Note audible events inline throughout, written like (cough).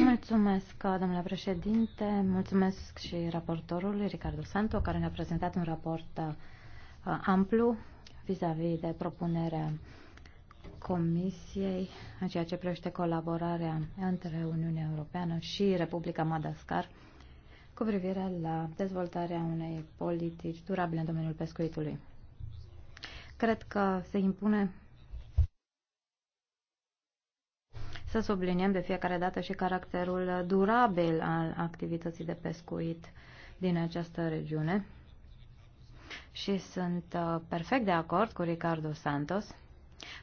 Mulțumesc, domnule președinte, mulțumesc și raportorului Ricardo Santo, care ne-a prezentat un raport uh, amplu vis-a-vis -vis de propunerea Comisiei în ceea ce privește colaborarea între Uniunea Europeană și Republica Madagascar cu privire la dezvoltarea unei politici durabile în domeniul pescuitului. Cred că se impune să subliniem de fiecare dată și caracterul durabil al activității de pescuit din această regiune. Și sunt uh, perfect de acord cu Ricardo Santos.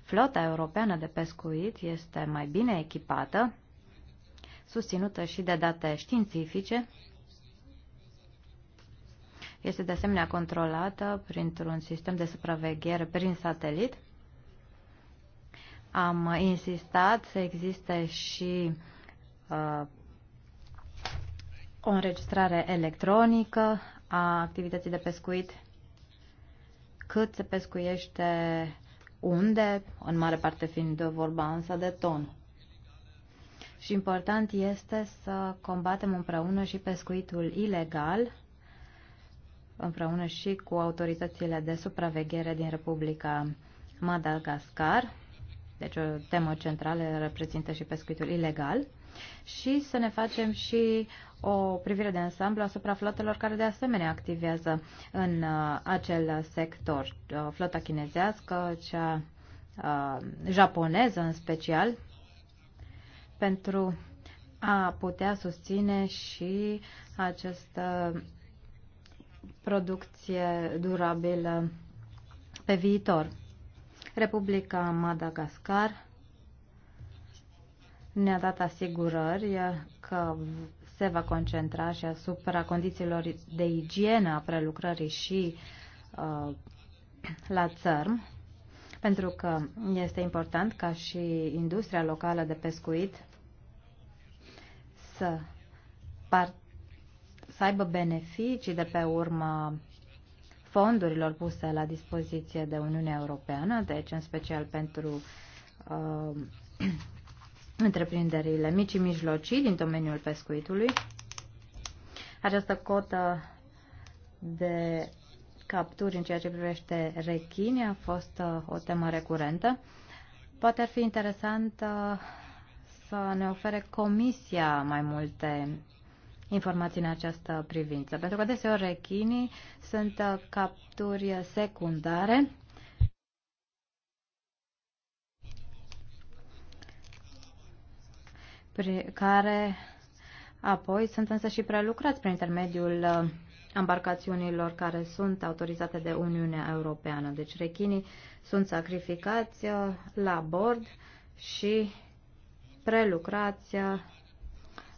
Flota europeană de pescuit este mai bine echipată, susținută și de date științifice, este de asemenea controlată printr-un sistem de supraveghere prin satelit am insistat să existe și uh, o înregistrare electronică a activității de pescuit, cât se pescuiește unde, în mare parte fiind vorba însă de ton. Și important este să combatem împreună și pescuitul ilegal, împreună și cu autoritățile de supraveghere din Republica Madagascar, deci o temă centrală reprezintă și pescuitul ilegal și să ne facem și o privire de ansamblu asupra flotelor care de asemenea activează în uh, acel sector. Flota chinezească, cea uh, japoneză în special, pentru a putea susține și această producție durabilă pe viitor. Republica Madagascar ne-a dat asigurări că se va concentra și asupra condițiilor de igienă a prelucrării și uh, la țărm, pentru că este important ca și industria locală de pescuit să, par, să aibă beneficii de pe urma fondurilor puse la dispoziție de Uniunea Europeană, deci în special pentru uh, (clears throat) întreprinderile mici și mijlocii din domeniul pescuitului. Această cotă de capturi în ceea ce privește rechini a fost uh, o temă recurentă. Poate ar fi interesant uh, să ne ofere comisia mai multe informații în această privință. Pentru că deseori rechinii sunt uh, capturi secundare. care apoi sunt însă și prelucrați prin intermediul uh, embarcațiunilor care sunt autorizate de Uniunea Europeană. Deci rechinii sunt sacrificați uh, la bord și prelucrați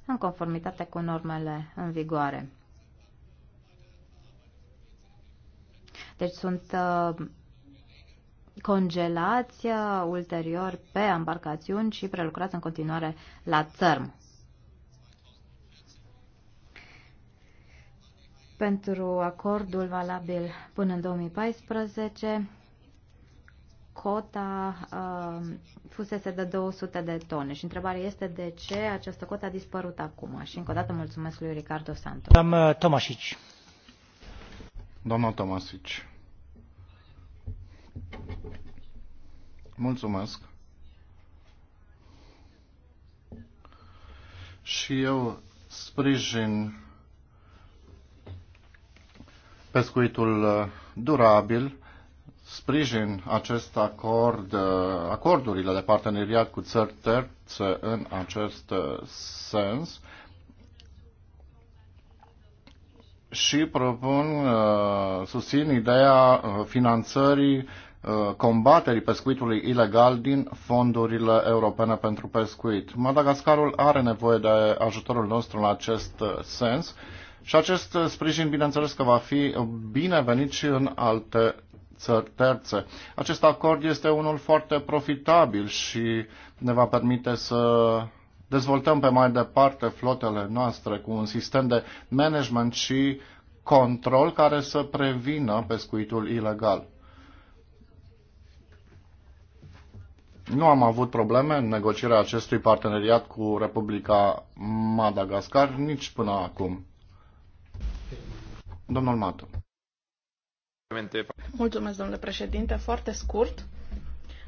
în conformitate cu normele în vigoare. Deci sunt uh, congelați uh, ulterior pe embarcațiuni și prelucrați în continuare la țărm. Pentru acordul valabil până în 2014, cota uh, fusese de 200 de tone și întrebarea este de ce această cotă a dispărut acum. Și încă o dată mulțumesc lui Ricardo Santos. Doamna uh, Tomasici. Doamna Tomasici. Mulțumesc. Și eu sprijin pescuitul uh, durabil sprijin acest acord, uh, acordurile de parteneriat cu țări terțe în acest uh, sens și propun, uh, susțin ideea finanțării combaterii pescuitului ilegal din fondurile europene pentru pescuit. Madagascarul are nevoie de ajutorul nostru în acest sens și acest sprijin, bineînțeles că va fi binevenit și în alte țări terțe. Acest acord este unul foarte profitabil și ne va permite să dezvoltăm pe mai departe flotele noastre cu un sistem de management și control care să prevină pescuitul ilegal. Nu am avut probleme în negocierea acestui parteneriat cu Republica Madagascar nici până acum. Domnul Matu. Mulțumesc, domnule președinte. Foarte scurt.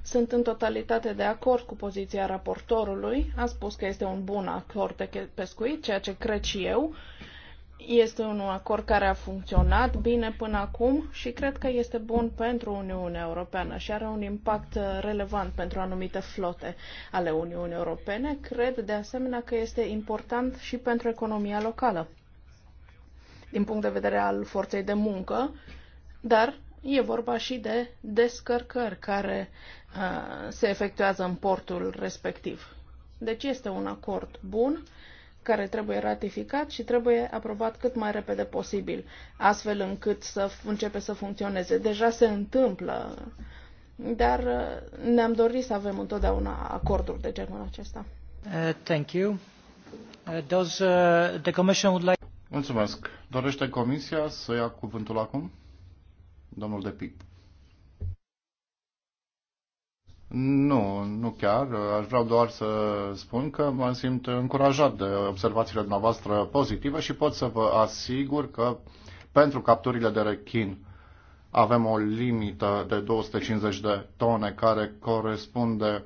Sunt în totalitate de acord cu poziția raportorului. A spus că este un bun acord de pescuit, ceea ce cred și eu. Este un acord care a funcționat bine până acum și cred că este bun pentru Uniunea Europeană și are un impact relevant pentru anumite flote ale Uniunii Europene. Cred de asemenea că este important și pentru economia locală. Din punct de vedere al forței de muncă, dar e vorba și de descărcări care uh, se efectuează în portul respectiv. Deci este un acord bun care trebuie ratificat și trebuie aprobat cât mai repede posibil, astfel încât să începe să funcționeze. Deja se întâmplă, dar uh, ne-am dorit să avem întotdeauna acorduri de genul acesta. Uh, thank you. Uh, does, uh, the commission would like... Mulțumesc. Dorește Comisia să ia cuvântul acum? Domnul De Pic. Nu, nu chiar. Aș vrea doar să spun că mă simt încurajat de observațiile dumneavoastră pozitive și pot să vă asigur că pentru capturile de rechin avem o limită de 250 de tone care corespunde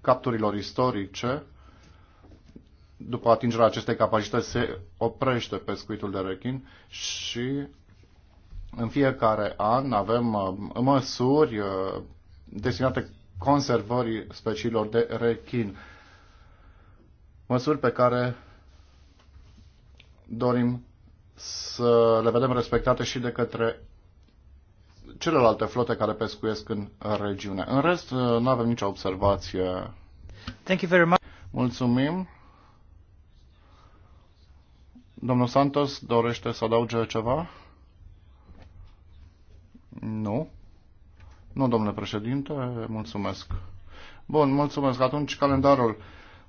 capturilor istorice. După atingerea acestei capacități se oprește pescuitul de rechin și în fiecare an avem uh, măsuri uh, destinate conservării speciilor de rechin. Măsuri pe care dorim să le vedem respectate și de către celelalte flote care pescuiesc în regiune. În rest, uh, nu avem nicio observație. Thank you very much. Mulțumim. Domnul Santos dorește să adauge ceva? Nu. Nu, domnule președinte, mulțumesc. Bun, mulțumesc. Atunci calendarul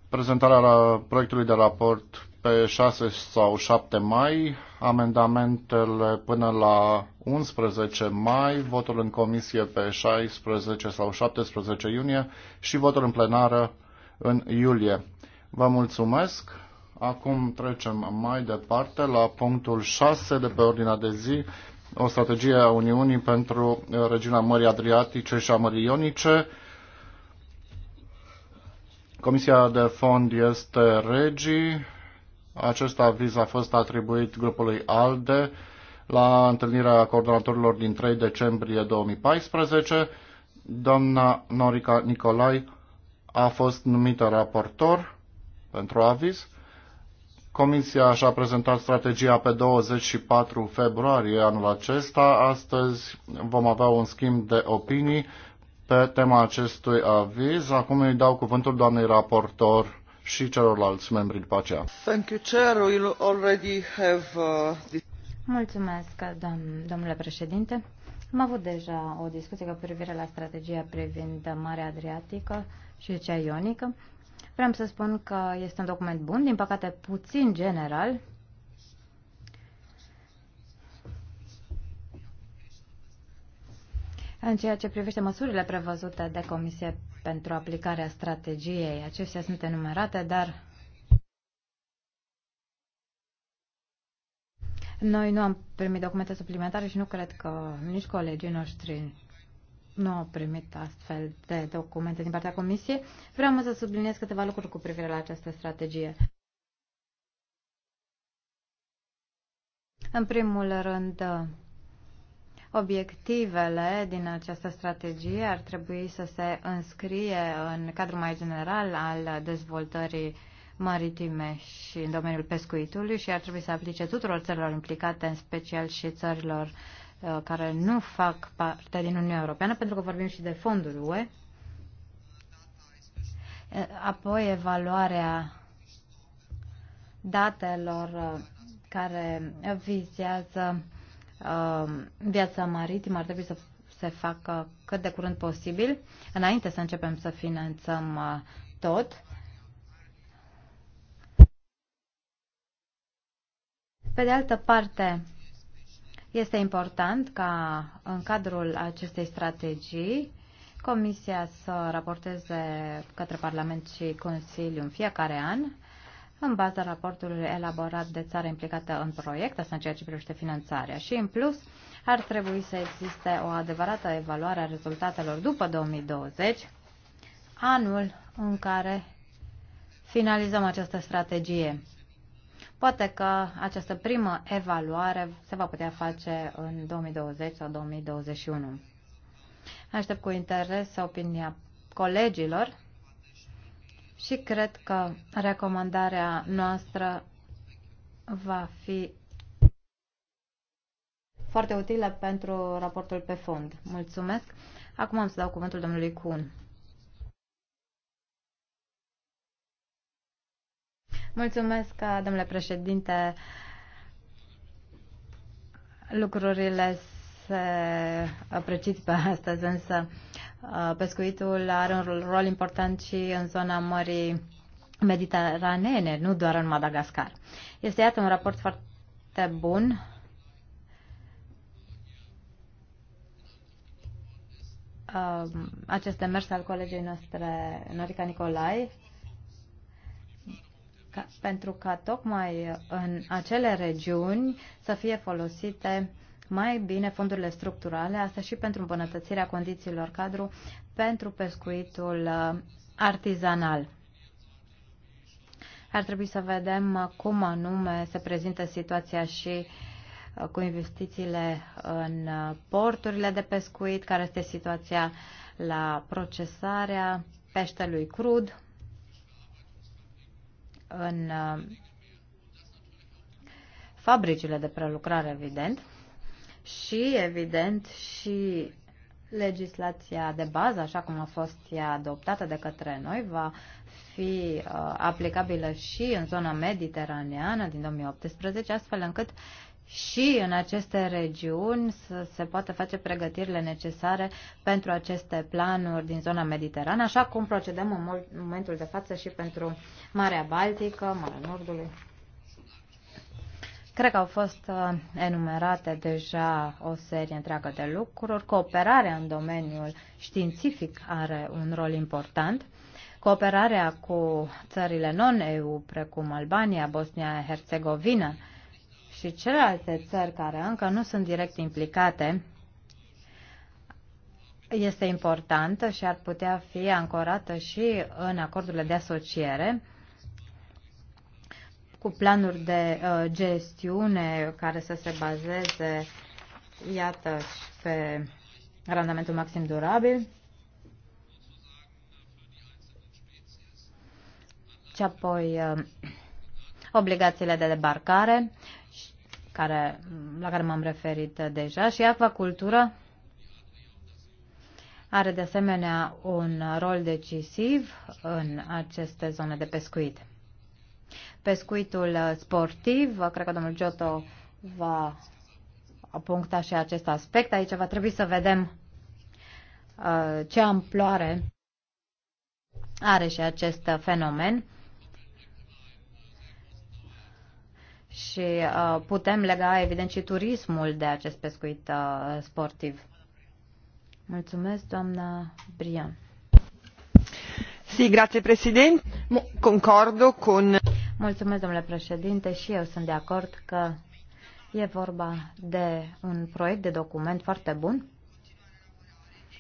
prezentarea la proiectului de raport pe 6 sau 7 mai, amendamentele până la 11 mai, votul în comisie pe 16 sau 17 iunie și votul în plenară în iulie. Vă mulțumesc. Acum trecem mai departe la punctul 6 de pe ordinea de zi, o strategie a Uniunii pentru uh, regiunea Mării Adriatice și a Mării Ionice. Comisia de fond este Regi. Acest aviz a fost atribuit grupului ALDE la întâlnirea coordonatorilor din 3 decembrie 2014. Doamna Norica Nicolai a fost numită raportor pentru aviz. Comisia și-a prezentat strategia pe 24 februarie anul acesta. Astăzi vom avea un schimb de opinii pe tema acestui aviz. Acum îi dau cuvântul doamnei raportor și celorlalți membri după aceea. Thank you, Chair. We'll already have, uh, this... Mulțumesc, dom- domnule președinte. Am avut deja o discuție cu privire la strategia privind Marea Adriatică și cea Ionică. Vreau să spun că este un document bun, din păcate puțin general. În ceea ce privește măsurile prevăzute de Comisie pentru aplicarea strategiei, acestea sunt enumerate, dar noi nu am primit documente suplimentare și nu cred că nici colegii noștri nu au primit astfel de documente din partea Comisiei. Vreau să subliniez câteva lucruri cu privire la această strategie. În primul rând, obiectivele din această strategie ar trebui să se înscrie în cadrul mai general al dezvoltării maritime și în domeniul pescuitului și ar trebui să aplice tuturor țărilor implicate, în special și țărilor Uh, care nu fac parte din Uniunea Europeană, pentru că vorbim și de fonduri UE. Uh, apoi evaluarea datelor uh, care vizează viața maritimă ar trebui să se facă cât de curând posibil, înainte să începem să finanțăm tot. Pe de altă parte, este important ca în cadrul acestei strategii Comisia să raporteze către Parlament și Consiliu în fiecare an în baza raportului elaborat de țara implicată în proiect, asta în ceea ce privește finanțarea. Și, în plus, ar trebui să existe o adevărată evaluare a rezultatelor după 2020, anul în care finalizăm această strategie. Poate că această primă evaluare se va putea face în 2020 sau 2021. Aștept cu interes opinia colegilor și cred că recomandarea noastră va fi foarte utilă pentru raportul pe fond. Mulțumesc. Acum am să dau cuvântul domnului Kuhn. Mulțumesc, domnule președinte. Lucrurile se precipă astăzi, însă pescuitul are un rol important și în zona Mării Mediteranene, nu doar în Madagascar. Este, iată, un raport foarte bun acest demers al colegii noastre, Norica Nicolai, ca, pentru ca tocmai în acele regiuni să fie folosite mai bine fondurile structurale, asta și pentru îmbunătățirea condițiilor cadru pentru pescuitul uh, artizanal. Ar trebui să vedem uh, cum anume se prezintă situația și uh, cu investițiile în porturile de pescuit, care este situația la procesarea peștelui crud în uh, fabricile de prelucrare, evident, și, evident, și legislația de bază, așa cum a fost ea adoptată de către noi, va fi uh, aplicabilă și în zona mediteraneană din 2018, astfel încât și în aceste regiuni să se poată face pregătirile necesare pentru aceste planuri din zona mediterană, așa cum procedăm în momentul de față și pentru Marea Baltică, Marea Nordului. Cred că au fost uh, enumerate deja o serie întreagă de lucruri. Cooperarea în domeniul științific are un rol important. Cooperarea cu țările non-EU, precum Albania, Bosnia-Herzegovina, și celelalte țări care încă nu sunt direct implicate este importantă și ar putea fi ancorată și în acordurile de asociere cu planuri de uh, gestiune care să se bazeze, iată, și pe randamentul maxim durabil. Și apoi uh, obligațiile de debarcare care, la care m-am referit deja, și acvacultura are de asemenea un rol decisiv în aceste zone de pescuit. Pescuitul sportiv, cred că domnul Giotto va puncta și acest aspect. Aici va trebui să vedem uh, ce amploare are și acest fenomen. și uh, putem lega, evident, și turismul de acest pescuit uh, sportiv. Mulțumesc, doamna Brian. Sì, grazie Presidente. Concordo con... Mulțumesc, domnule președinte, și eu sunt de acord că e vorba de un proiect de document foarte bun,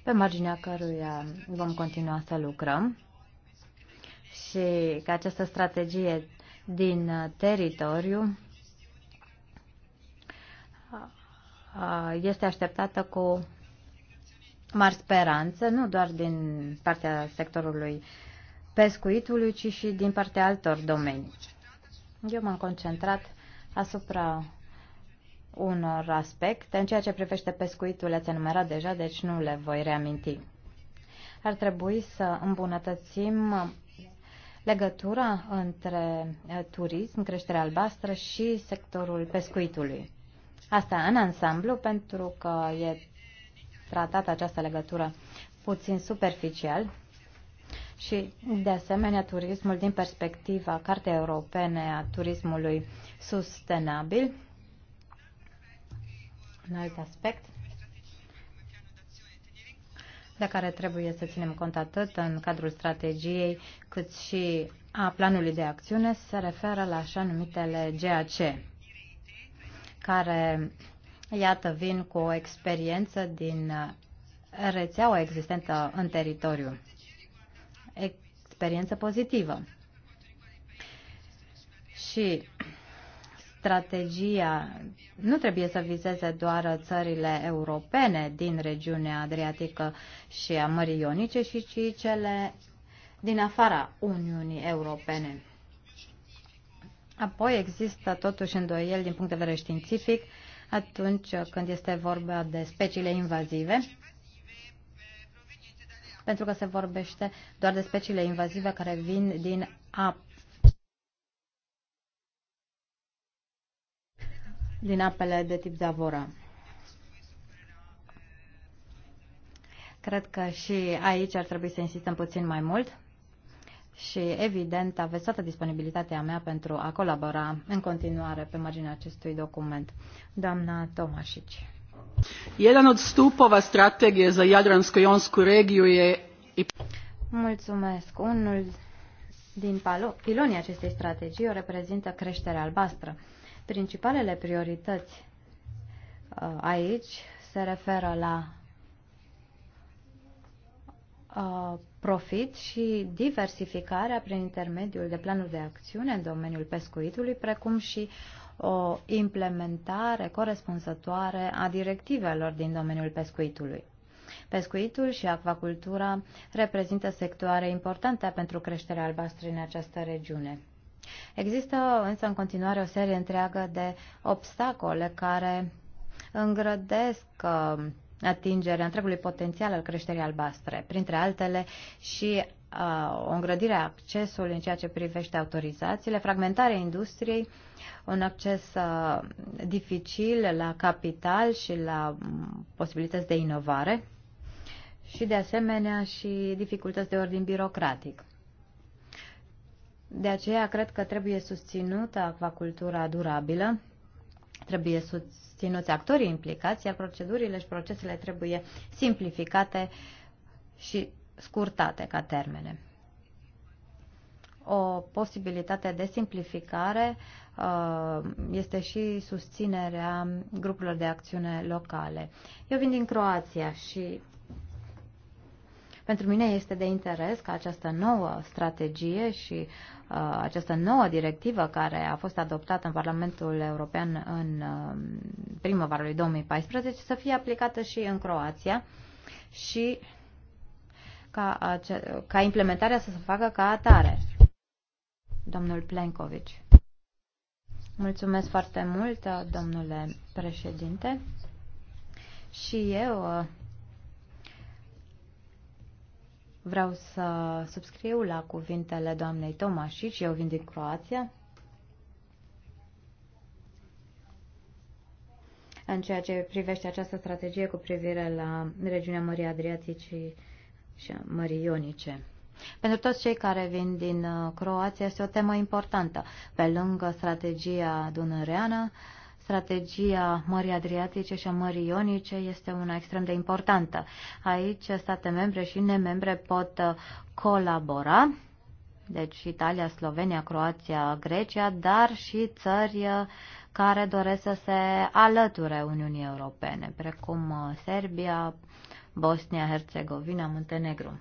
pe marginea căruia vom continua să lucrăm și că această strategie din teritoriu Uh, este așteptată cu mari speranță, nu doar din partea sectorului pescuitului, ci și din partea altor domenii. Eu m-am concentrat asupra unor aspecte. În ceea ce privește pescuitul, le-ați enumerat deja, deci nu le voi reaminti. Ar trebui să îmbunătățim legătura între turism, creșterea albastră și sectorul pescuitului. Asta în ansamblu, pentru că e tratată această legătură puțin superficial și, de asemenea, turismul din perspectiva Cartei Europene a Turismului Sustenabil. Un alt aspect de care trebuie să ținem cont atât în cadrul strategiei cât și a planului de acțiune se referă la așa numitele GAC care, iată, vin cu o experiență din rețeaua existentă în teritoriu. Experiență pozitivă. Și strategia nu trebuie să vizeze doar țările europene din regiunea Adriatică și a Mării Ionice, și ci cele din afara Uniunii Europene. Apoi există totuși îndoieli din punct de vedere științific atunci când este vorba de speciile invazive, pentru că se vorbește doar de speciile invazive care vin din apă. din apele de tip Zavora. Cred că și aici ar trebui să insistăm puțin mai mult și evident aveți toată disponibilitatea mea pentru a colabora în continuare pe marginea acestui document. Doamna Tomașici. Jedan od stupova strategije za Jadransko-Jonsku regiju je Mulțumesc. Unul din pilonii acestei strategii o reprezintă creșterea albastră. Principalele priorități uh, aici se referă la uh, profit și diversificarea prin intermediul de planuri de acțiune în domeniul pescuitului, precum și o implementare corespunzătoare a directivelor din domeniul pescuitului. Pescuitul și acvacultura reprezintă sectoare importante pentru creșterea albastră în această regiune. Există însă în continuare o serie întreagă de obstacole care îngrădesc uh, atingerea întregului potențial al creșterii albastre, printre altele și uh, o îngrădire a accesului în ceea ce privește autorizațiile, fragmentarea industriei, un acces uh, dificil la capital și la um, posibilități de inovare și, de asemenea, și dificultăți de ordin birocratic. De aceea, cred că trebuie susținută acvacultura durabilă, Trebuie susținuți actorii implicați, iar procedurile și procesele trebuie simplificate și scurtate ca termene. O posibilitate de simplificare uh, este și susținerea grupurilor de acțiune locale. Eu vin din Croația și pentru mine este de interes ca această nouă strategie și uh, această nouă directivă care a fost adoptată în Parlamentul European în uh, um, primăvara lui 2014 să fie aplicată și în Croația și ca, ace- ca implementarea să se facă ca atare. Domnul Plenković. Mulțumesc foarte mult, domnule președinte. Și eu uh, Vreau să subscriu la cuvintele doamnei Tomașic, eu vin din Croația. În ceea ce privește această strategie cu privire la regiunea Mării Adriatice și Mării Ionice. Pentru toți cei care vin din uh, Croația este o temă importantă. Pe lângă strategia dunăreană, uh, Strategia Mării Adriatice și a Mării Ionice este una extrem de importantă. Aici state membre și nemembre pot uh, colabora, deci Italia, Slovenia, Croația, Grecia, dar și țări uh, care doresc să se alăture Uniunii Europene, precum uh, Serbia, Bosnia, Herțegovina, Muntenegru.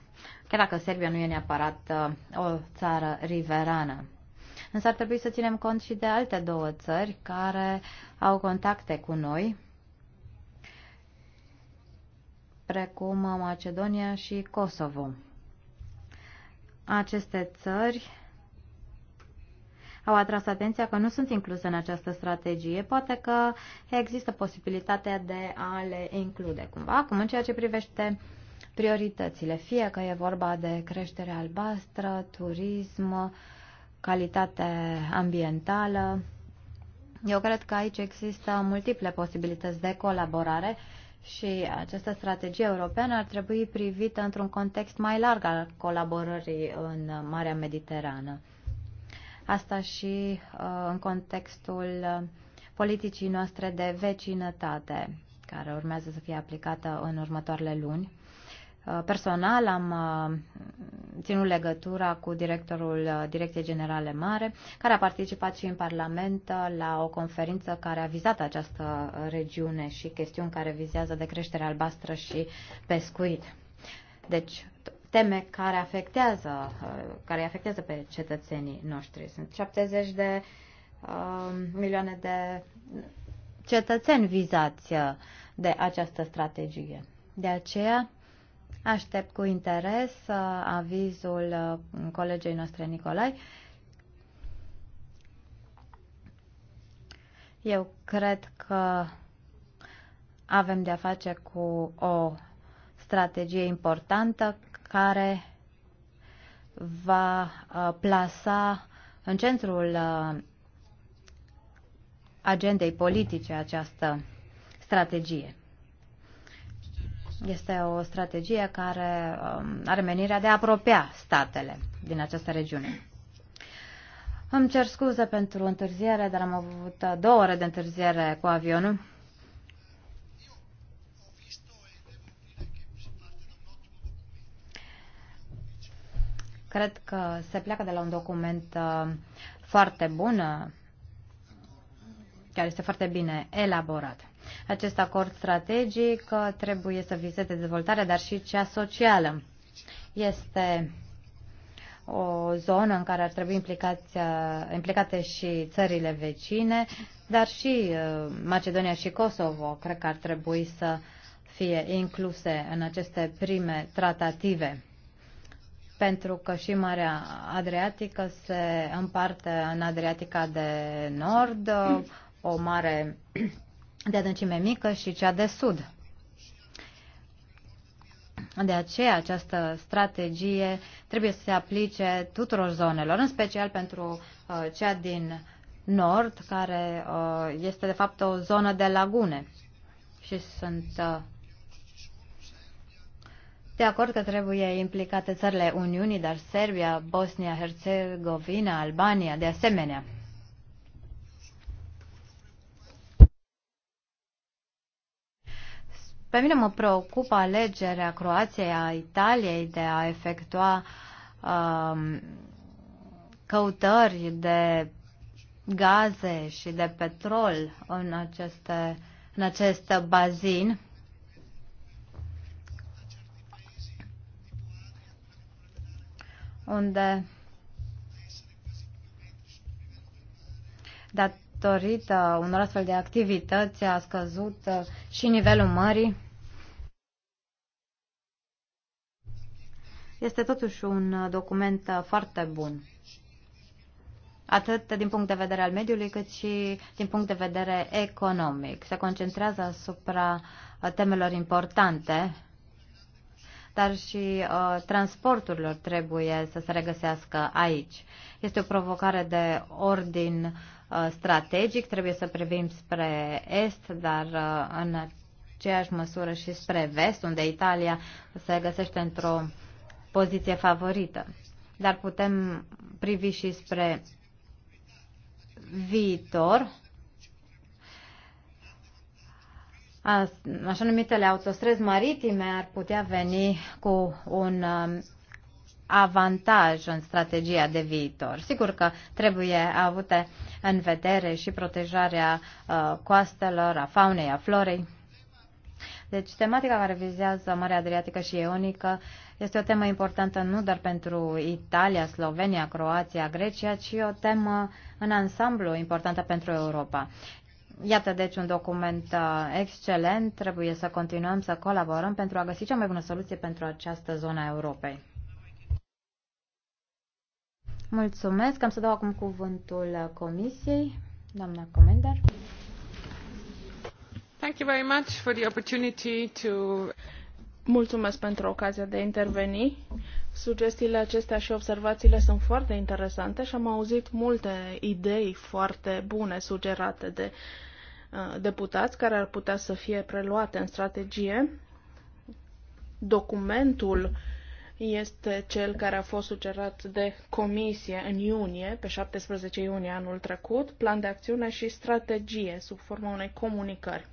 Chiar dacă Serbia nu e neapărat o țară riverană. Însă ar trebui să ținem cont și de alte două țări care au contacte cu noi, precum Macedonia și Kosovo. Aceste țări au atras atenția că nu sunt incluse în această strategie. Poate că există posibilitatea de a le include cumva. Acum, în ceea ce privește prioritățile, fie că e vorba de creștere albastră, turism, calitate ambientală. Eu cred că aici există multiple posibilități de colaborare și această strategie europeană ar trebui privită într-un context mai larg al colaborării în Marea Mediterană. Asta și uh, în contextul politicii noastre de vecinătate, care urmează să fie aplicată în următoarele luni Uh, personal am uh, ținut legătura cu directorul uh, Direcției Generale Mare, care a participat și în Parlament la o conferință care a vizat această regiune și chestiuni care vizează de creștere albastră și pescuit. Deci, teme care afectează, care afectează pe cetățenii noștri. Sunt 70 de uh, milioane de cetățeni vizați de această strategie. De aceea, Aștept cu interes uh, avizul uh, colegei noastre Nicolai. Eu cred că avem de-a face cu o strategie importantă care va uh, plasa în centrul agendei politice această strategie. Este o strategie care um, are menirea de a apropia statele din această regiune. Îmi cer scuze pentru întârziere, dar am avut două ore de întârziere cu avionul. Cred că se pleacă de la un document uh, foarte bun, uh, care este foarte bine elaborat. Acest acord strategic trebuie să vizeze dezvoltarea, dar și cea socială. Este o zonă în care ar trebui uh, implicate și țările vecine, dar și uh, Macedonia și Kosovo cred că ar trebui să fie incluse în aceste prime tratative pentru că și Marea Adriatică se împarte în Adriatica de Nord, o mare de adâncime mică și cea de sud. De aceea, această strategie trebuie să se aplice tuturor zonelor, în special pentru uh, cea din nord, care uh, este de fapt o zonă de lagune. Și sunt uh, de acord că trebuie implicate țările Uniunii, dar Serbia, Bosnia, herzegovina Albania, de asemenea. Pe mine mă preocupă alegerea Croației, a Italiei de a efectua um, căutări de gaze și de petrol în, aceste, în acest bazin. unde datorită unor astfel de activități a scăzut uh, și nivelul mării Este totuși un uh, document uh, foarte bun, atât din punct de vedere al mediului, cât și din punct de vedere economic. Se concentrează asupra uh, temelor importante, dar și uh, transporturilor trebuie să se regăsească aici. Este o provocare de ordin uh, strategic, trebuie să privim spre est, dar uh, în aceeași măsură și spre vest, unde Italia se găsește într-o poziție favorită. Dar putem privi și spre viitor. Așa numitele autostrăzi maritime ar putea veni cu un um, avantaj în strategia de viitor. Sigur că trebuie avute în vedere și protejarea uh, coastelor, a faunei, a florei. Deci tematica care vizează Marea Adriatică și Ionică este o temă importantă nu doar pentru Italia, Slovenia, Croația, Grecia, ci o temă în ansamblu importantă pentru Europa. Iată deci un document uh, excelent, trebuie să continuăm să colaborăm pentru a găsi cea mai bună soluție pentru această zonă a Europei. Mulțumesc, am să dau acum cuvântul Comisiei, doamna Comender. Thank you very much for the opportunity to Mulțumesc pentru ocazia de a interveni. Sugestiile acestea și observațiile sunt foarte interesante și am auzit multe idei foarte bune sugerate de uh, deputați care ar putea să fie preluate în strategie. Documentul este cel care a fost sugerat de comisie în iunie, pe 17 iunie anul trecut, plan de acțiune și strategie sub forma unei comunicări.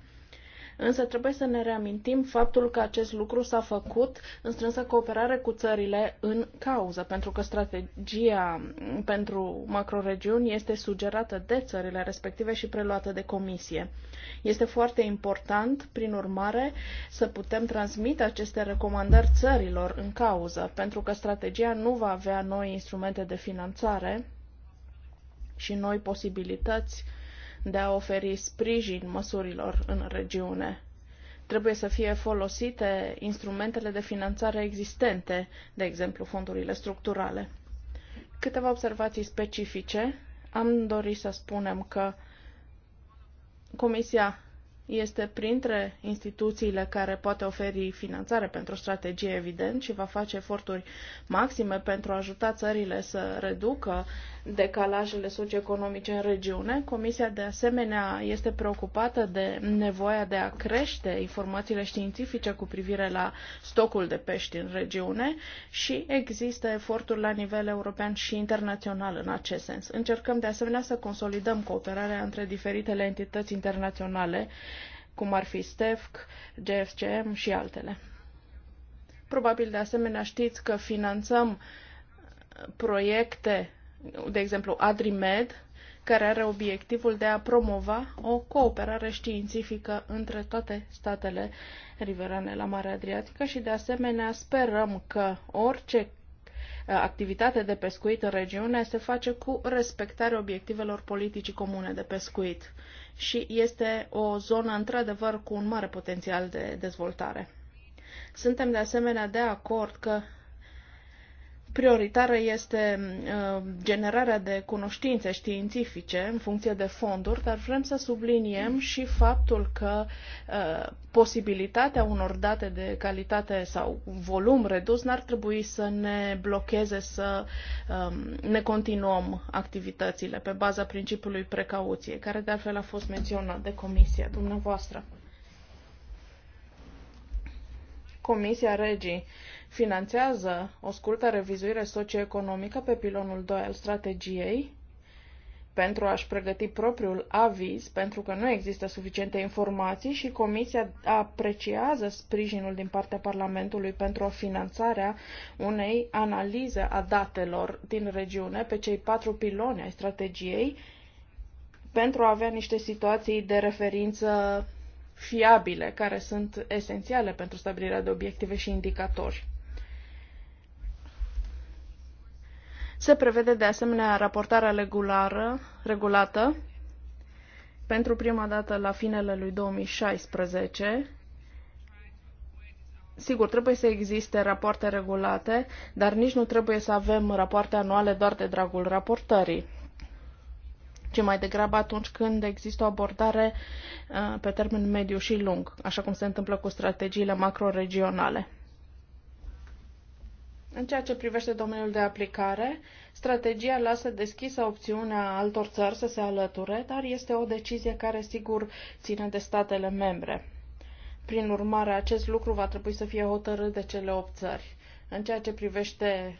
Însă trebuie să ne reamintim faptul că acest lucru s-a făcut în strânsă cooperare cu țările în cauză, pentru că strategia pentru macroregiuni este sugerată de țările respective și preluată de comisie. Este foarte important, prin urmare, să putem transmite aceste recomandări țărilor în cauză, pentru că strategia nu va avea noi instrumente de finanțare și noi posibilități uh, de a oferi sprijin măsurilor în regiune. Trebuie să fie folosite instrumentele de finanțare existente, de exemplu fondurile structurale. Câteva observații specifice. Am dorit să spunem că Comisia este printre instituțiile care poate oferi finanțare pentru strategie, evident, și va face eforturi maxime pentru a ajuta țările să reducă decalajele socioeconomice în regiune. Comisia, de asemenea, este preocupată de nevoia de a crește informațiile științifice cu privire la stocul de pești în regiune și există eforturi la nivel european și internațional în acest sens. Încercăm, de asemenea, să consolidăm cooperarea între diferitele entități internaționale, cum ar fi STEFC, GFCM și altele. Probabil de asemenea știți că finanțăm proiecte de exemplu AdriMed, care are obiectivul de a promova o cooperare științifică între toate statele riverane la Marea Adriatică și de asemenea sperăm că orice uh, activitate de pescuit în regiune se face cu respectarea obiectivelor politicii comune de pescuit și este o zonă într-adevăr cu un mare potențial de dezvoltare. Suntem de asemenea de acord că prioritară este uh, generarea de cunoștințe științifice în funcție de fonduri, dar vrem să subliniem și faptul că uh, posibilitatea unor date de calitate sau volum redus n-ar trebui să ne blocheze să um, ne continuăm activitățile pe baza principiului precauție, care de altfel a fost menționat de comisia dumneavoastră. Comisia Regii finanțează o scurtă revizuire socioeconomică pe pilonul 2 al strategiei pentru a-și pregăti propriul aviz, pentru că nu există suficiente informații și Comisia apreciază sprijinul din partea Parlamentului pentru finanțarea unei analize a datelor din regiune pe cei patru piloni ai strategiei pentru a avea niște situații de referință fiabile, care sunt esențiale pentru stabilirea de obiective și indicatori. Se prevede de asemenea raportarea regulară, regulată pentru prima dată la finele lui 2016. Sigur, trebuie să existe rapoarte regulate, dar nici nu trebuie să avem rapoarte anuale doar de dragul raportării ci mai degrabă atunci când există o abordare uh, pe termen mediu și lung, așa cum se întâmplă cu strategiile macroregionale. În ceea ce privește domeniul de aplicare, strategia lasă deschisă opțiunea altor țări să se alăture, dar este o decizie care sigur ține de statele membre. Prin urmare, acest lucru va trebui să fie hotărât de cele opt țări. În ceea ce privește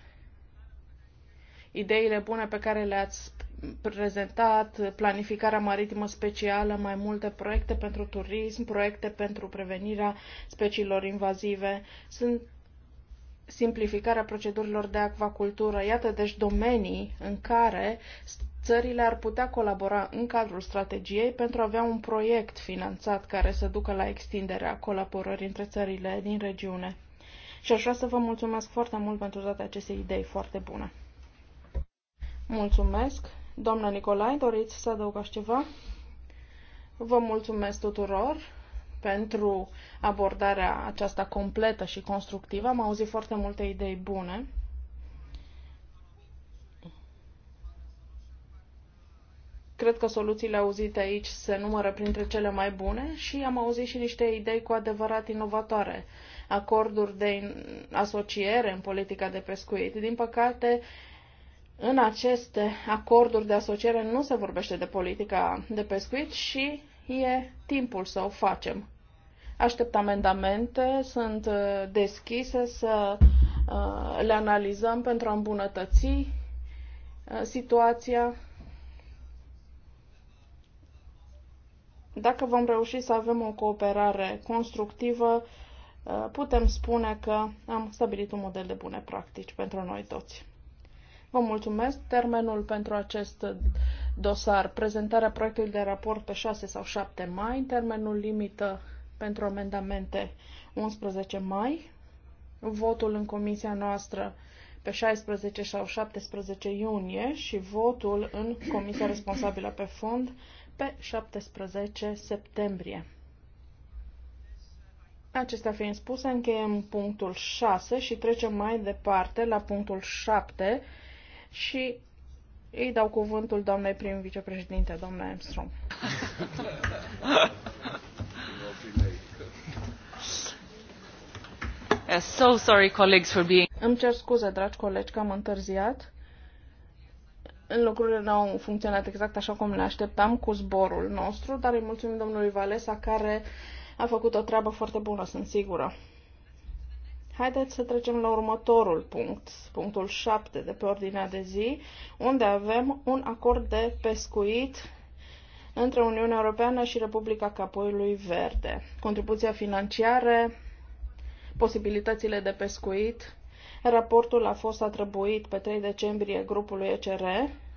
ideile bune pe care le-ați prezentat, planificarea maritimă specială, mai multe proiecte pentru turism, proiecte pentru prevenirea speciilor invazive. Sunt simplificarea procedurilor de acvacultură. Iată, deci, domenii în care țările ar putea colabora în cadrul strategiei pentru a avea un proiect finanțat care să ducă la extinderea colaborării între țările din regiune. Și aș vrea să vă mulțumesc foarte mult pentru toate aceste idei foarte bune. Mulțumesc. Doamna Nicolae, doriți să adăugați ceva? Vă mulțumesc tuturor pentru abordarea aceasta completă și constructivă. Am auzit foarte multe idei bune. Cred că soluțiile auzite aici se numără printre cele mai bune și am auzit și niște idei cu adevărat inovatoare. Acorduri de asociere în politica de pescuit. Din păcate, în aceste acorduri de asociere nu se vorbește de politica de pescuit și e timpul să o facem. Aștept amendamente, sunt uh, deschise să uh, le analizăm pentru a îmbunătăți uh, situația. Dacă vom reuși să avem o cooperare constructivă, putem spune că am stabilit un model de bune practici pentru noi toți. Vă mulțumesc. Termenul pentru acest dosar, prezentarea proiectului de raport pe 6 sau 7 mai, termenul limită pentru amendamente 11 mai, votul în comisia noastră pe 16 sau 17 iunie și votul în comisia responsabilă pe fond pe 17 septembrie. Acestea fiind spuse, încheiem punctul 6 și trecem mai departe la punctul 7 și îi dau cuvântul doamnei prim vicepreședinte, doamna Armstrong. (laughs) Uh, so sorry, colleagues, for being... Îmi cer scuze, dragi colegi, că am întârziat. Lucrurile nu au funcționat exact așa cum ne așteptam cu zborul nostru, dar îi mulțumim domnului Valesa care a făcut o treabă foarte bună, sunt sigură. Haideți să trecem la următorul punct, punctul 7 de pe ordinea de zi, unde avem un acord de pescuit între Uniunea Europeană și Republica Capoiului Verde. Contribuția financiară posibilitățile de pescuit. Raportul a fost atribuit pe 3 decembrie grupului ECR.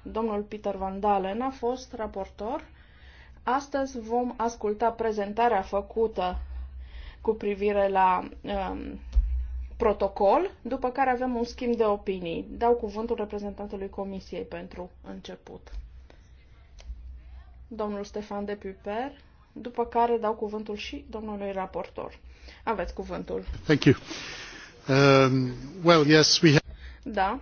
Domnul Peter Van Dalen a fost raportor. Astăzi vom asculta prezentarea făcută cu privire la um, protocol, după care avem un schimb de opinii. Dau cuvântul reprezentantului Comisiei pentru început. Domnul Stefan de Piper, după care dau cuvântul și domnului raportor. Aveți cuvântul. Thank you. Um, well, yes, we have... Da.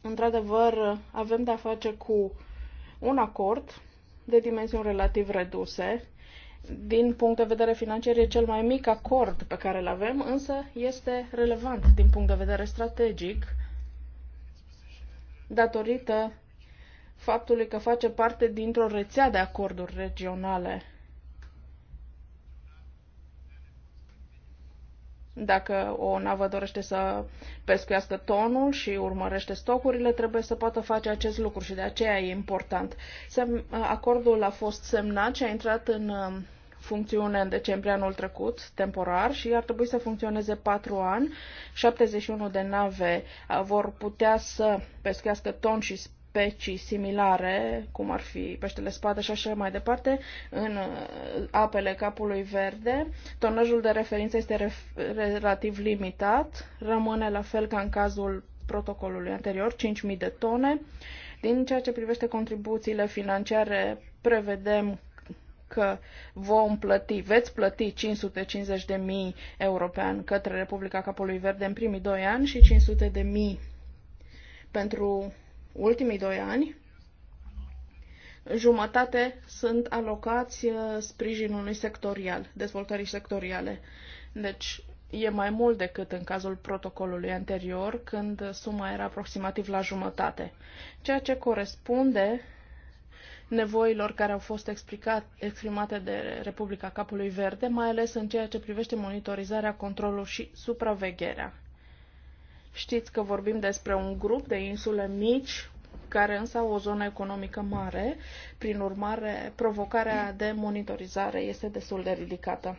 Într-adevăr, avem de-a face cu un acord de dimensiuni relativ reduse. Din punct de vedere financiar e cel mai mic acord pe care îl avem, însă este relevant din punct de vedere strategic datorită faptului că face parte dintr-o rețea de acorduri regionale Dacă o navă dorește să pescuiască tonul și urmărește stocurile, trebuie să poată face acest lucru și de aceea e important. Acordul a fost semnat și a intrat în um, funcțiune în decembrie anul trecut, temporar, și ar trebui să funcționeze 4 ani. 71 de nave uh, vor putea să pescuiască ton și specii similare, cum ar fi peștele spadă și așa mai departe, în uh, apele capului verde. Tonajul de referință este relativ limitat, rămâne la fel ca în cazul protocolului anterior, 5.000 de tone. Din ceea ce privește contribuțiile financiare, prevedem că vom plăti, veți plăti 550 de mii european către Republica Capului Verde în primii doi ani și 500 de mii pentru ultimii doi ani, jumătate sunt alocați uh, sprijinului sectorial, dezvoltării sectoriale. Deci e mai mult decât în cazul protocolului anterior, când suma era aproximativ la jumătate, ceea ce corespunde nevoilor care au fost explicat, exprimate de Republica Capului Verde, mai ales în ceea ce privește monitorizarea, controlul și supravegherea. Știți că vorbim despre un grup de insule mici, care însă au o zonă economică mare, prin urmare, provocarea de monitorizare este destul de ridicată.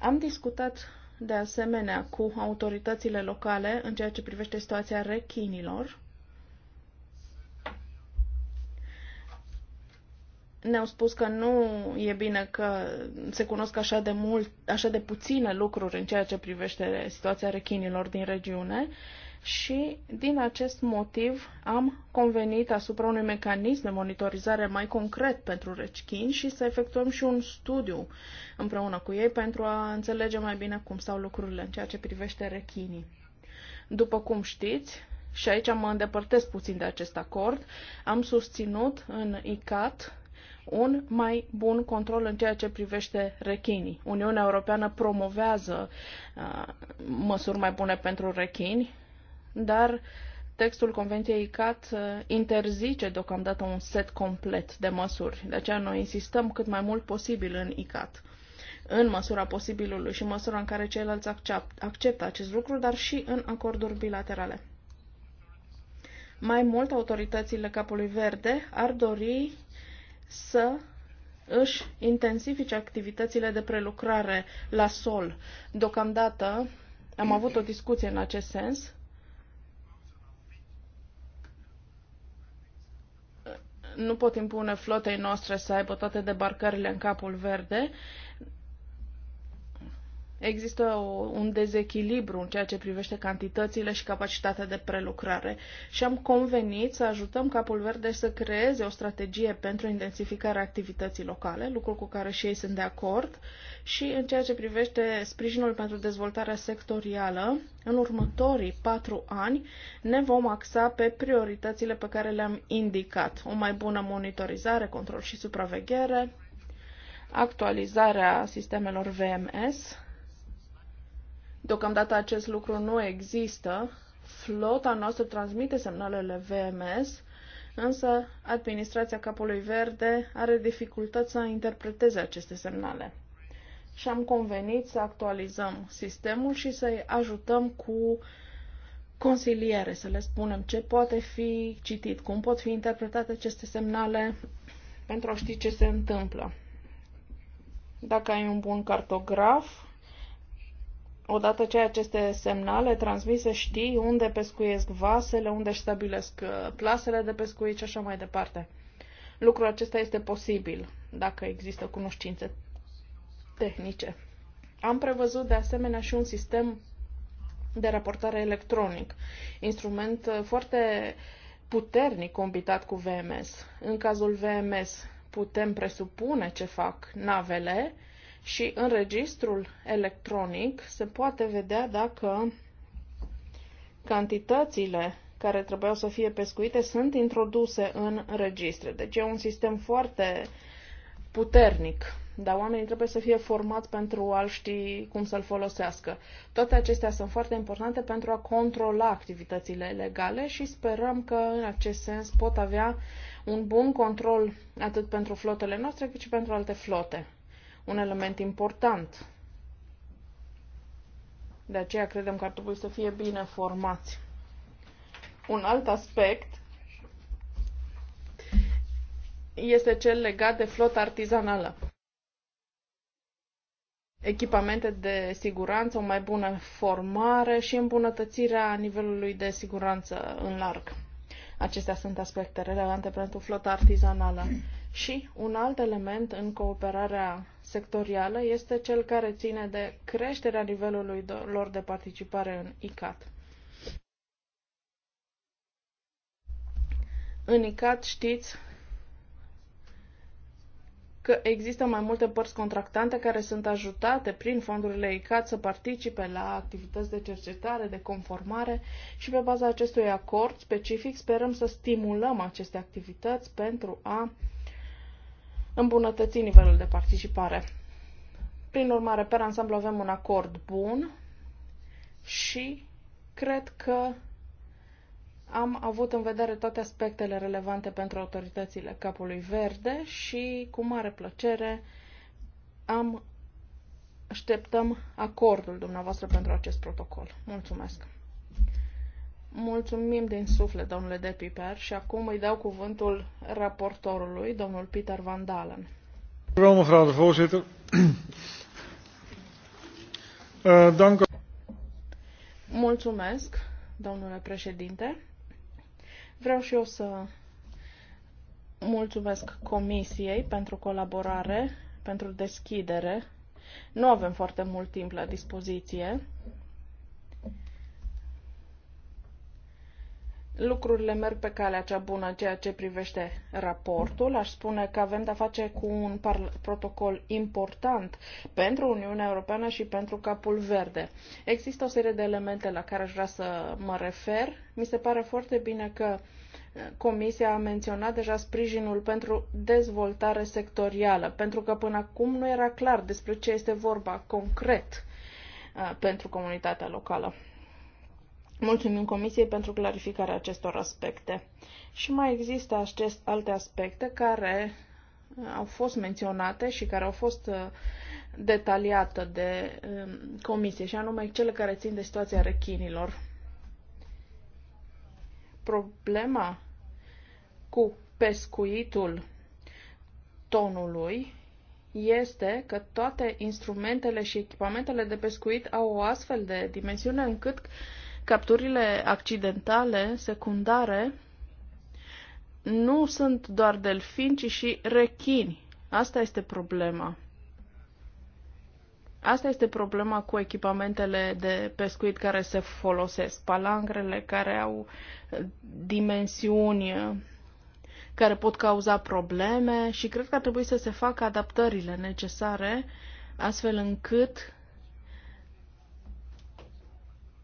Am discutat de asemenea cu autoritățile locale în ceea ce privește situația rechinilor ne-au spus că nu e bine că se cunosc așa de mult, așa de puține lucruri în ceea ce privește situația rechinilor din regiune și din acest motiv am convenit asupra unui mecanism de monitorizare mai concret pentru rechini și să efectuăm și un studiu împreună cu ei pentru a înțelege mai bine cum stau lucrurile în ceea ce privește rechinii. După cum știți, și aici mă îndepărtez puțin de acest acord, am susținut în ICAT un mai bun control în ceea ce privește rechinii. Uniunea Europeană promovează uh, măsuri mai bune pentru rechini, dar textul Convenției ICAT uh, interzice deocamdată un set complet de măsuri. De aceea noi insistăm cât mai mult posibil în ICAT în măsura posibilului și măsura în care ceilalți acceptă acest lucru, dar și în acorduri bilaterale. Mai mult, autoritățile Capului Verde ar dori să își intensifice activitățile de prelucrare la sol. Deocamdată am avut o discuție în acest sens. Nu pot impune flotei noastre să aibă toate debarcările în capul verde, Există o, un dezechilibru în ceea ce privește cantitățile și capacitatea de prelucrare și am convenit să ajutăm Capul Verde să creeze o strategie pentru intensificarea activității locale, lucru cu care și ei sunt de acord, și în ceea ce privește sprijinul pentru dezvoltarea sectorială, în următorii patru ani ne vom axa pe prioritățile pe care le-am indicat. O mai bună monitorizare, control și supraveghere, actualizarea sistemelor VMS, Deocamdată acest lucru nu există. Flota noastră transmite semnalele VMS, însă administrația Capului Verde are dificultăți să interpreteze aceste semnale. Și am convenit să actualizăm sistemul și să-i ajutăm cu consiliere, să le spunem ce poate fi citit, cum pot fi interpretate aceste semnale pentru a ști ce se întâmplă. Dacă ai un bun cartograf, odată ce aceste semnale transmise știi unde pescuiesc vasele, unde își stabilesc uh, plasele de pescuit și așa mai departe. Lucrul acesta este posibil dacă există cunoștințe tehnice. Am prevăzut de asemenea și un sistem de raportare electronic, instrument uh, foarte puternic combinat cu VMS. În cazul VMS putem presupune ce fac navele, și în registrul electronic se poate vedea dacă cantitățile care trebuiau să fie pescuite sunt introduse în registre. Deci e un sistem foarte puternic, dar oamenii trebuie să fie formați pentru a ști cum să-l folosească. Toate acestea sunt foarte importante pentru a controla activitățile legale și sperăm că în acest sens pot avea un bun control atât pentru flotele noastre cât și pentru alte flote un element important. De aceea credem că ar trebui să fie bine formați. Un alt aspect este cel legat de flota artizanală. Echipamente de siguranță, o mai bună formare și îmbunătățirea nivelului de siguranță în larg. Acestea sunt aspecte relevante pentru flota artizanală. Și un alt element în cooperarea sectorială este cel care ține de creșterea nivelului lor de participare în ICAT. În ICAT știți că există mai multe părți contractante care sunt ajutate prin fondurile ICAT să participe la activități de cercetare, de conformare și pe baza acestui acord specific sperăm să stimulăm aceste activități pentru a îmbunătăți nivelul de participare. Prin urmare, pe ansamblu avem un acord bun și cred că am avut în vedere toate aspectele relevante pentru autoritățile Capului Verde și cu mare plăcere am așteptăm acordul dumneavoastră pentru acest protocol. Mulțumesc! Mulțumim din suflet, domnule de Piper, și acum îi dau cuvântul raportorului, domnul Peter Van Dalen. Vreau, mevrouw de voorzitter. (clears throat) Eh, mulțumesc, domnule președinte. Vreau și eu să mulțumesc Comisiei pentru colaborare, pentru deschidere. Nu avem foarte mult timp la dispoziție, lucrurile merg pe calea cea bună în ceea ce privește raportul. Aș spune că avem de-a face cu un protocol important pentru Uniunea Europeană și pentru Capul Verde. Există o serie de elemente la care aș vrea să mă refer. Mi se pare foarte bine că eh, Comisia a menționat deja sprijinul pentru dezvoltare sectorială, pentru că până acum nu era clar despre ce este vorba concret eh, pentru comunitatea locală. Mulțumim Comisiei pentru clarificarea acestor aspecte. Și mai există acest, alte aspecte care uh, au fost menționate și care au fost uh, detaliate de um, Comisie, și anume cele care țin de situația rechinilor. Problema cu pescuitul tonului este că toate instrumentele și echipamentele de pescuit au o astfel de dimensiune încât uh, Capturile accidentale, secundare, nu sunt doar delfini, ci și rechini. Asta este problema. Asta este problema cu echipamentele de pescuit care se folosesc, palangrele care au eh, dimensiuni eh, care pot cauza probleme și cred că ar trebui să se facă adaptările necesare astfel încât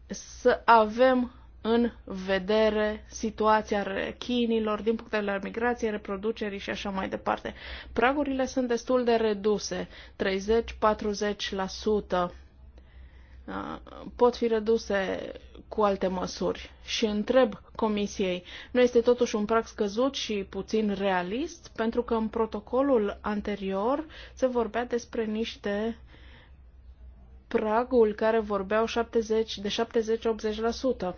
să avem în vedere situația rechinilor din punct de vedere al migrației, reproducerii și așa mai departe. Pragurile sunt destul de reduse, 30-40% ah, pot fi reduse cu alte măsuri. Și întreb Comisiei, nu este totuși un prag scăzut și puțin realist? Pentru că în protocolul anterior se vorbea despre niște pragul care vorbeau 70, de 70-80%.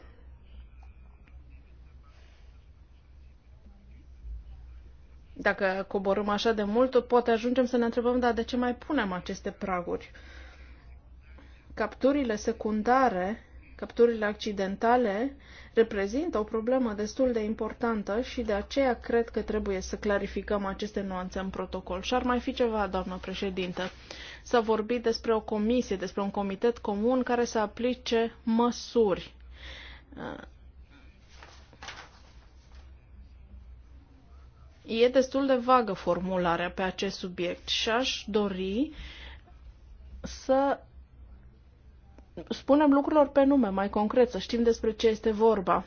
Dacă coborâm așa de mult, poate ajungem să ne întrebăm, dar de ce mai punem aceste praguri? Capturile secundare, capturile accidentale, reprezintă o problemă destul de importantă și de aceea cred că trebuie să clarificăm aceste nuanțe în protocol. Și ar mai fi ceva, doamnă președintă. S-a vorbit despre o comisie, despre un comitet comun care să aplice măsuri. E destul de vagă formularea pe acest subiect și aș dori să spunem lucrurilor pe nume, mai concret, să știm despre ce este vorba.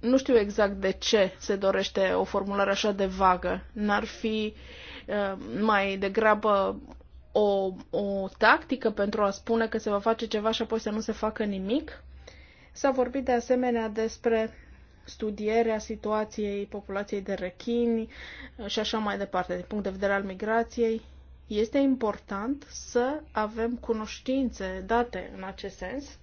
Nu știu exact de ce se dorește o formulare așa de vagă. N-ar fi uh, Uh, mai degrabă o, o tactică pentru a spune că se va face ceva și apoi să nu se facă nimic. S-a vorbit de asemenea despre studierea situației populației de rechini uh, și așa mai departe, din punct de vedere al migrației. Este important să avem cunoștințe date în acest sens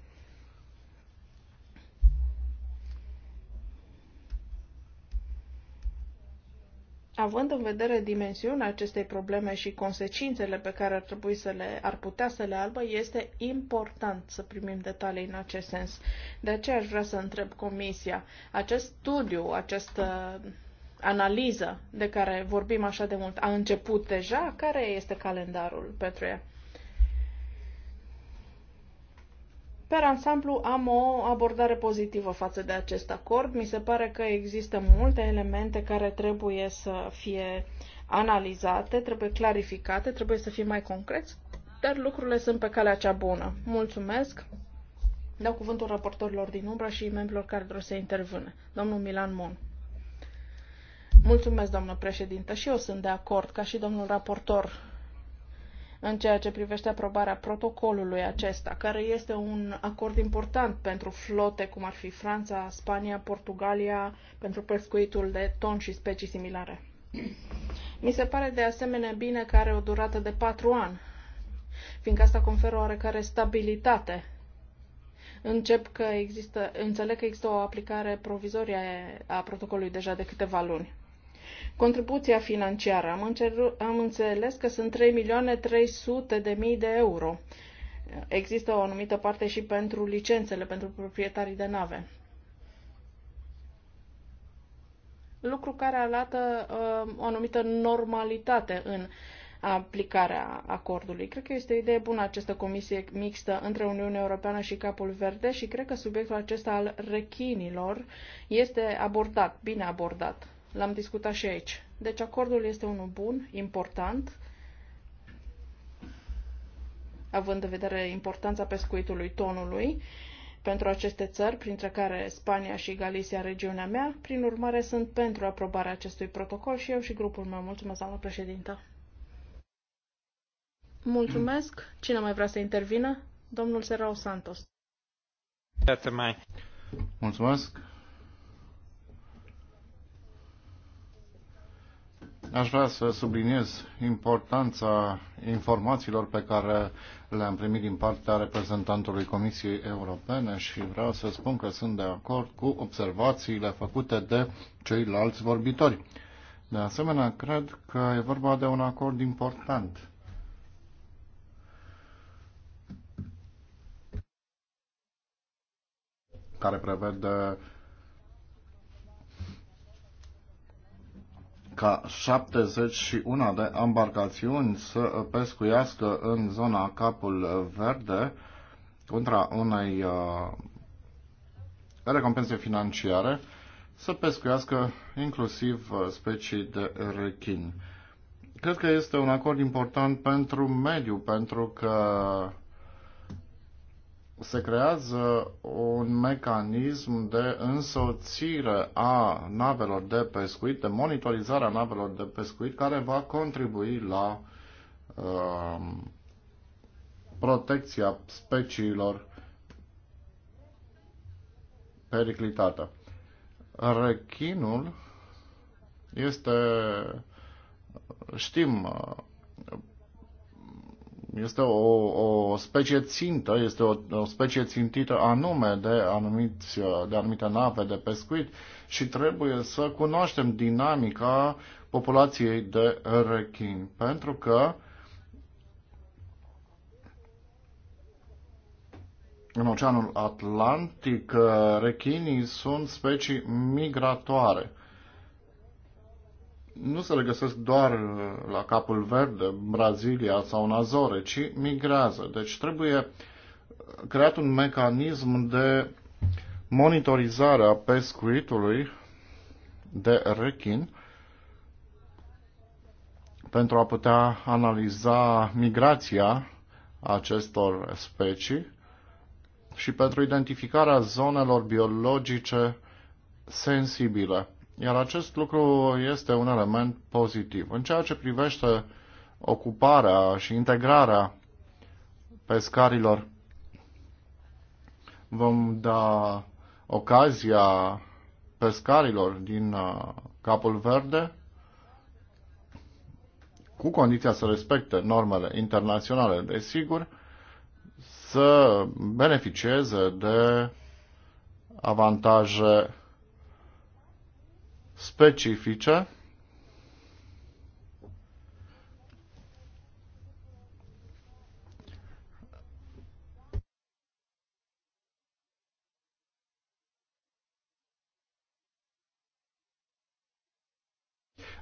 Având în vedere dimensiunea acestei probleme și consecințele pe care ar trebui să le, ar putea să le albă, este important să primim detalii în acest sens. De aceea aș vrea să întreb Comisia, acest studiu, această analiză de care vorbim așa de mult, a început deja? Care este calendarul pentru ea? Per ansamblu am o abordare pozitivă față de acest acord. Mi se pare că există multe elemente care trebuie să fie analizate, trebuie clarificate, trebuie să fie mai concreți, dar lucrurile sunt pe calea cea bună. Mulțumesc! Dau cuvântul raportorilor din umbra și membrilor care doresc să intervână. Domnul Milan Mon. Mulțumesc, doamnă președintă, și eu sunt de acord, ca și domnul raportor, în ceea ce privește aprobarea protocolului acesta, care este un acord important pentru flote cum ar fi Franța, Spania, Portugalia, pentru pescuitul de ton și specii similare. Mi se pare de asemenea bine că are o durată de patru ani, fiindcă asta conferă oarecare stabilitate încep că există, înțeleg că există o aplicare provizorie a protocolului deja de câteva luni. Contribuția financiară. Am, înceru- am înțeles că sunt 3.300.000 de euro. Există o anumită parte și pentru licențele pentru proprietarii de nave. Lucru care arată uh, o anumită normalitate în aplicarea acordului. Cred că este o idee bună această comisie mixtă între Uniunea Europeană și Capul Verde și cred că subiectul acesta al rechinilor este abordat, bine abordat. L-am discutat și aici. Deci acordul este unul bun, important, având în vedere importanța pescuitului tonului pentru aceste țări, printre care Spania și Galicia, regiunea mea. Prin urmare, sunt pentru aprobarea acestui protocol și eu și grupul meu. Mulțumesc, doamnă președintă. Mulțumesc. Cine mai vrea să intervină? Domnul Serau Santos. mai. Mulțumesc. Aș vrea să subliniez importanța informațiilor pe care le-am primit din partea reprezentantului Comisiei Europene și vreau să spun că sunt de acord cu observațiile făcute de ceilalți vorbitori. De asemenea, cred că e vorba de un acord important. care prevede ca 71 de embarcațiuni să pescuiască în zona Capul Verde contra unei uh, recompense financiare să pescuiască inclusiv uh, specii de rechin. Cred că este un acord important pentru mediu, pentru că se creează un mecanism de însoțire a navelor de pescuit, de monitorizare a navelor de pescuit, care va contribui la um, protecția speciilor periclitată. Rechinul este, știm, este o, o specie țintă, este o, o specie țintită anume de, anumiți, de anumite nave de pescuit și trebuie să cunoaștem dinamica populației de rechin, pentru că în Oceanul Atlantic eh, rechinii sunt specii migratoare nu se regăsesc doar uh, la capul verde, Brazilia sau în Azore, ci migrează. Deci trebuie uh, creat un mecanism de monitorizare a pescuitului de rechin pentru a putea analiza migrația acestor specii și pentru identificarea zonelor biologice sensibile. Iar acest lucru este un element pozitiv. În ceea ce privește ocuparea și integrarea pescarilor, vom da ocazia pescarilor din uh, Capul Verde cu condiția să respecte normele internaționale, desigur, să beneficieze de avantaje specifice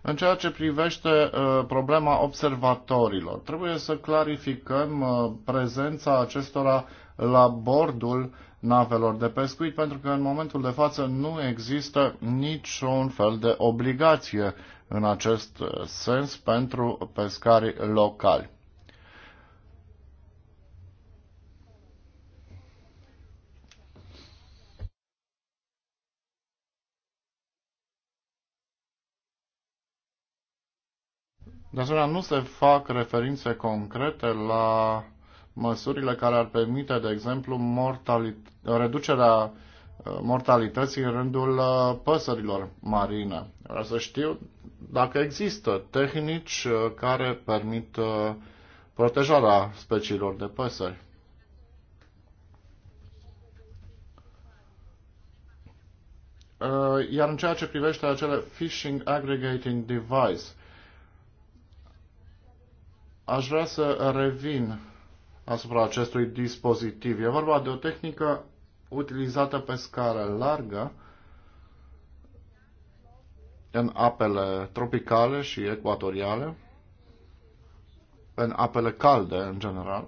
În ceea ce privește uh, problema observatorilor, trebuie să clarificăm uh, prezența acestora la bordul navelor de pescuit, pentru că în momentul de față nu există niciun fel de obligație în acest sens pentru pescari locali. De asemenea, nu se fac referințe concrete la măsurile care ar permite, de exemplu, mortalit- reducerea uh, mortalității în rândul uh, păsărilor marine. Vreau să știu dacă există tehnici uh, care permit protejarea speciilor de păsări. Iar în ceea ce privește acele Fishing Aggregating Device, aș vrea să revin asupra acestui dispozitiv. E vorba de o tehnică utilizată pe scară largă în apele tropicale și ecuatoriale, în apele calde în general.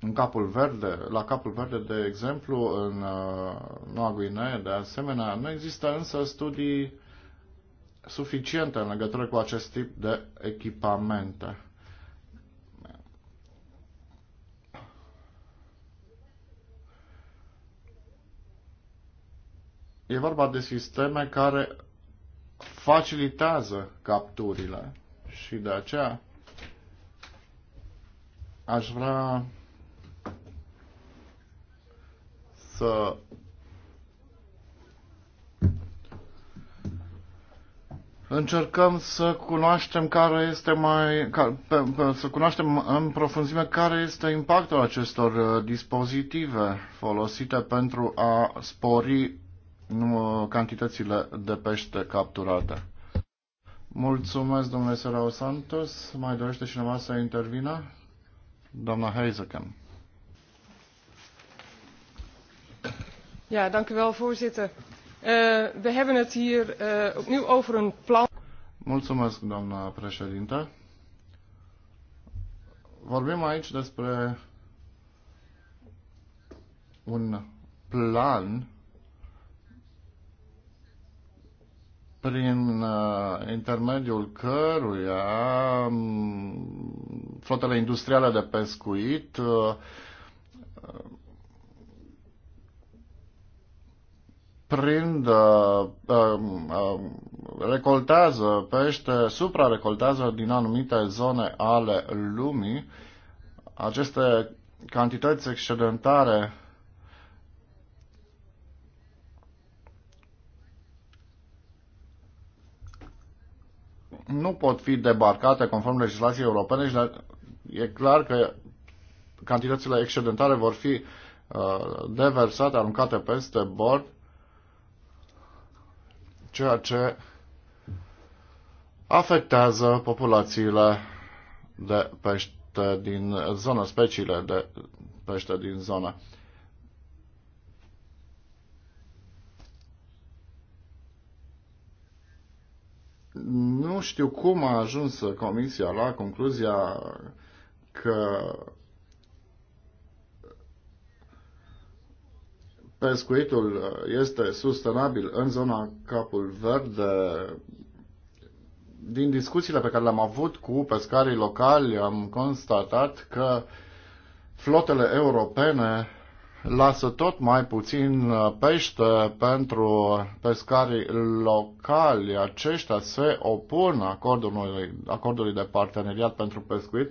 În capul verde, la capul verde, de exemplu, în uh, Noua Guinee, de asemenea, nu există însă studii suficiente în legătură cu acest tip de echipamente. E vorba de sisteme care facilitează capturile și de aceea aș vrea să încercăm să cunoaștem care este mai, ca, pe, pe, să cunoaștem în profunzime care este impactul acestor uh, dispozitive folosite pentru a spori uh, cantitățile de pește capturate. Mulțumesc, domnule Serau Santos. Mai dorește cineva să intervină? Doamna Heizeken. Ja, dank u wel, voorzitter. Eh, we hebben het hier eh, opnieuw over een plan. Mulțumesc, doamna președinte. Vorbim aici despre un plan prin eh, intermediul căruia mm, flotele industriale de pescuit prind, uh, um, uh, um, recoltează pește, suprarecoltează din anumite zone ale lumii. Aceste cantități excedentare nu pot fi debarcate conform legislației europene și e clar că cantitățile excedentare vor fi uh, deversate, aruncate peste bord ceea ce afectează populațiile de pește din zonă, speciile de pește din zonă. Nu știu cum a ajuns Comisia la concluzia că pescuitul uh, este sustenabil în zona Capul Verde, din discuțiile pe care le-am avut cu pescarii locali, am constatat că flotele europene lasă tot mai puțin uh, pește pentru pescarii locali. Aceștia se opun acordului, acordului de parteneriat pentru pescuit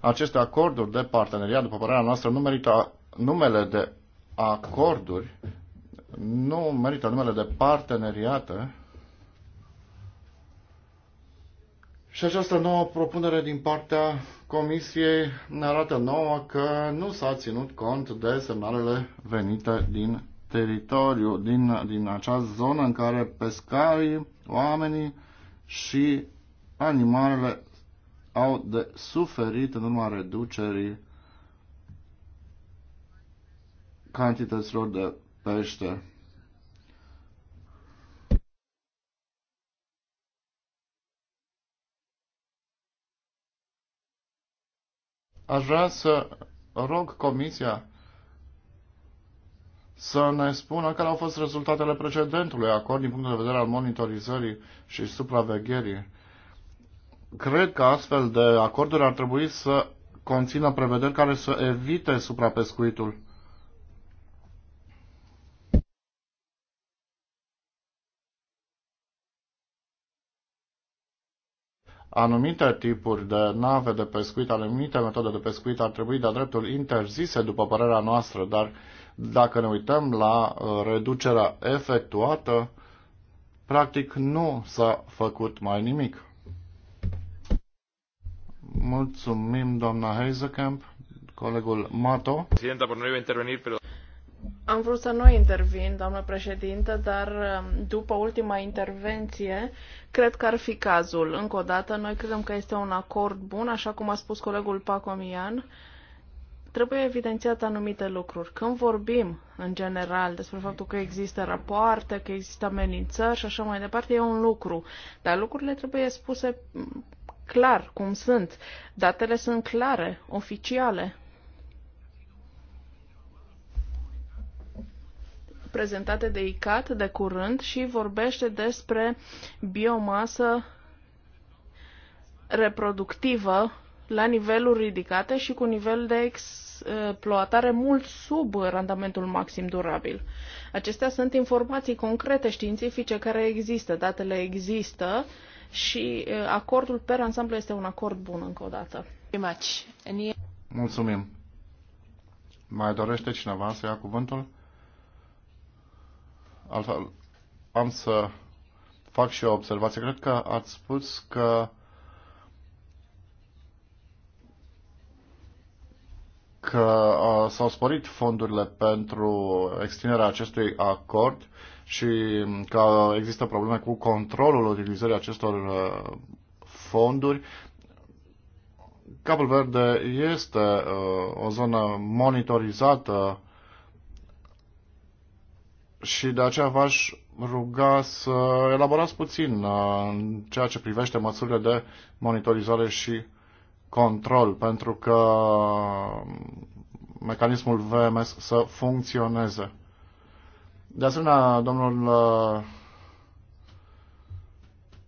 aceste acorduri de parteneriat, după părerea noastră, nu merită numele de acorduri, nu merită numele de parteneriate. Și această nouă propunere din partea Comisiei ne arată nouă că nu s-a ținut cont de semnalele venite din teritoriu, din, din acea zonă în care pescarii, oamenii și animalele au de suferit în urma reducerii cantităților de pește. Aș vrea să rog Comisia să ne spună care au fost rezultatele precedentului acord din punct de vedere al monitorizării și supravegherii cred că astfel de acorduri ar trebui să conțină prevederi care să evite suprapescuitul. Anumite tipuri de nave de pescuit, anumite metode de pescuit ar trebui de-a dreptul interzise, după părerea noastră, dar dacă ne uităm la uh, reducerea efectuată, practic nu s-a făcut mai nimic. Mulțumim, doamna Heisekamp, colegul Mato. Am vrut să nu intervin, doamnă președintă, dar um, după ultima intervenție, cred că ar fi cazul. Încă o dată, noi credem că este un acord bun, așa cum a spus colegul Pacomian. Trebuie evidențiat anumite lucruri. Când vorbim, în general, despre faptul că există rapoarte, că există amenințări și așa mai departe, e un lucru. Dar lucrurile trebuie spuse clar cum sunt. Datele sunt clare, oficiale. prezentate de ICAT de curând și vorbește despre biomasă reproductivă la niveluri ridicate și cu nivel de exploatare eh, mult sub randamentul maxim durabil. Acestea sunt informații concrete științifice care există, datele există, și acordul per ansamblu este un acord bun încă o dată. Mulțumim. Mai dorește cineva să ia cuvântul? Altfel, am să fac și o observație. Cred că ați spus că că s-au sporit fondurile pentru extinderea acestui acord și că există probleme cu controlul utilizării acestor uh, fonduri. Capul Verde este uh, o zonă monitorizată și de aceea v-aș ruga să elaborați puțin uh, în ceea ce privește măsurile de monitorizare și control, pentru că mecanismul VMS să funcționeze. De asemenea, domnul uh,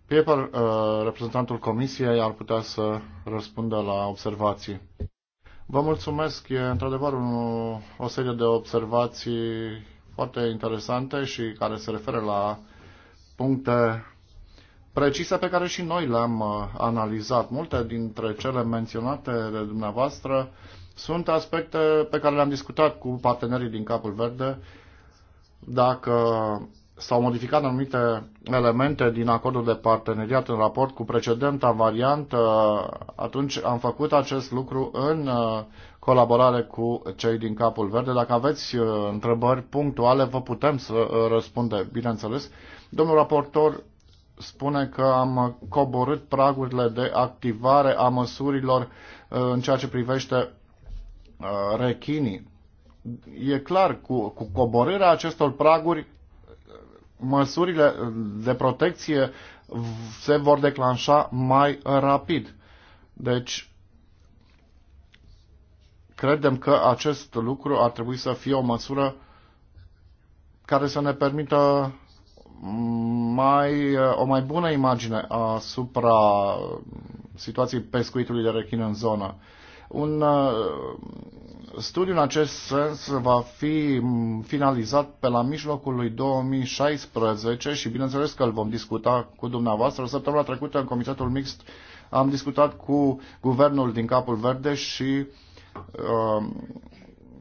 Pieper, uh, reprezentantul Comisiei, ar putea să răspundă la observații. Vă mulțumesc, e într-adevăr o serie de observații foarte interesante și care se referă la puncte precise pe care și noi le-am uh, analizat. Multe dintre cele menționate de dumneavoastră sunt aspecte pe care le-am discutat cu partenerii din Capul Verde dacă s-au modificat anumite elemente din acordul de parteneriat în raport cu precedenta variantă, atunci am făcut acest lucru în uh, colaborare cu cei din Capul Verde. Dacă aveți uh, întrebări punctuale, vă putem să uh, răspunde, bineînțeles. Domnul raportor spune că am coborât pragurile de activare a măsurilor în ceea ce privește rechinii e clar, cu, cu coborârea acestor praguri, măsurile de protecție se vor declanșa mai rapid. Deci, credem că acest lucru ar trebui să fie o măsură care să ne permită mai, o mai bună imagine asupra situației pescuitului de rechin în zonă. Un Studiul în acest sens va fi finalizat pe la mijlocul lui 2016 și bineînțeles că îl vom discuta cu dumneavoastră. Săptămâna trecută în Comitetul Mixt am discutat cu Guvernul din Capul Verde și uh,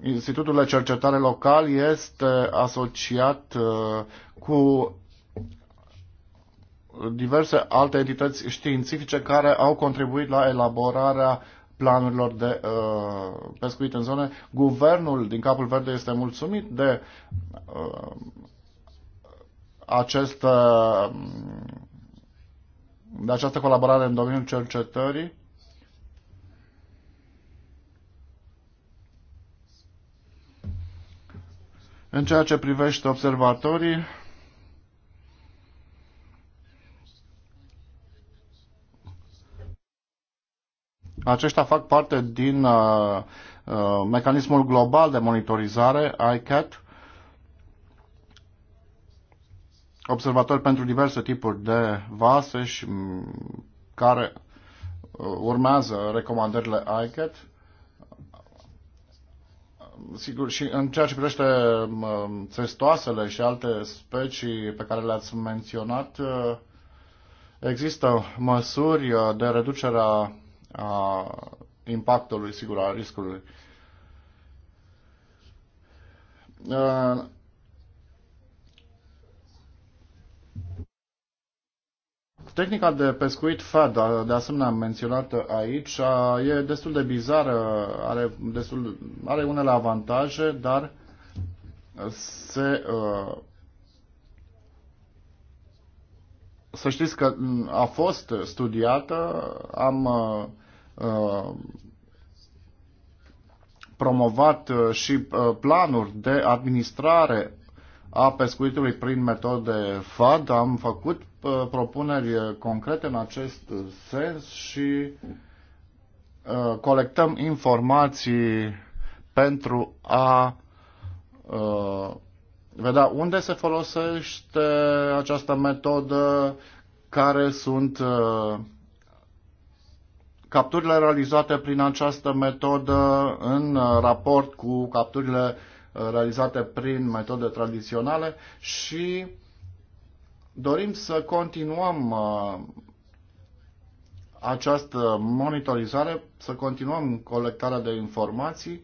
Institutul de Cercetare Local este asociat uh, cu diverse alte entități științifice care au contribuit la elaborarea planurilor de uh, pescuit în zone. Guvernul din Capul Verde este mulțumit de uh, acest, uh, de această colaborare în domeniul cercetării. În ceea ce privește observatorii, Aceștia fac parte din uh, uh, mecanismul global de monitorizare, ICAT, observator pentru diverse tipuri de vase și mm, care uh, urmează recomandările ICAT. Sigur, și în ceea ce privește testoasele mm, și alte specii pe care le-ați menționat, uh, există măsuri uh, de reducere a a impactului, sigur, a riscului. Uh, Tehnica de pescuit FAD, de asemenea menționată aici, e destul de bizară, are, destul, are unele avantaje, dar se, uh, să știți că mm, a fost studiată, am uh, promovat uh, și uh, planuri de administrare a pescuitului prin metode FAD. Am făcut uh, propuneri concrete în acest sens și colectăm informații pentru a vedea unde se folosește această metodă, care sunt capturile realizate prin această metodă în uh, raport cu capturile uh, realizate prin metode tradiționale și dorim să continuăm uh, această monitorizare, să continuăm colectarea de informații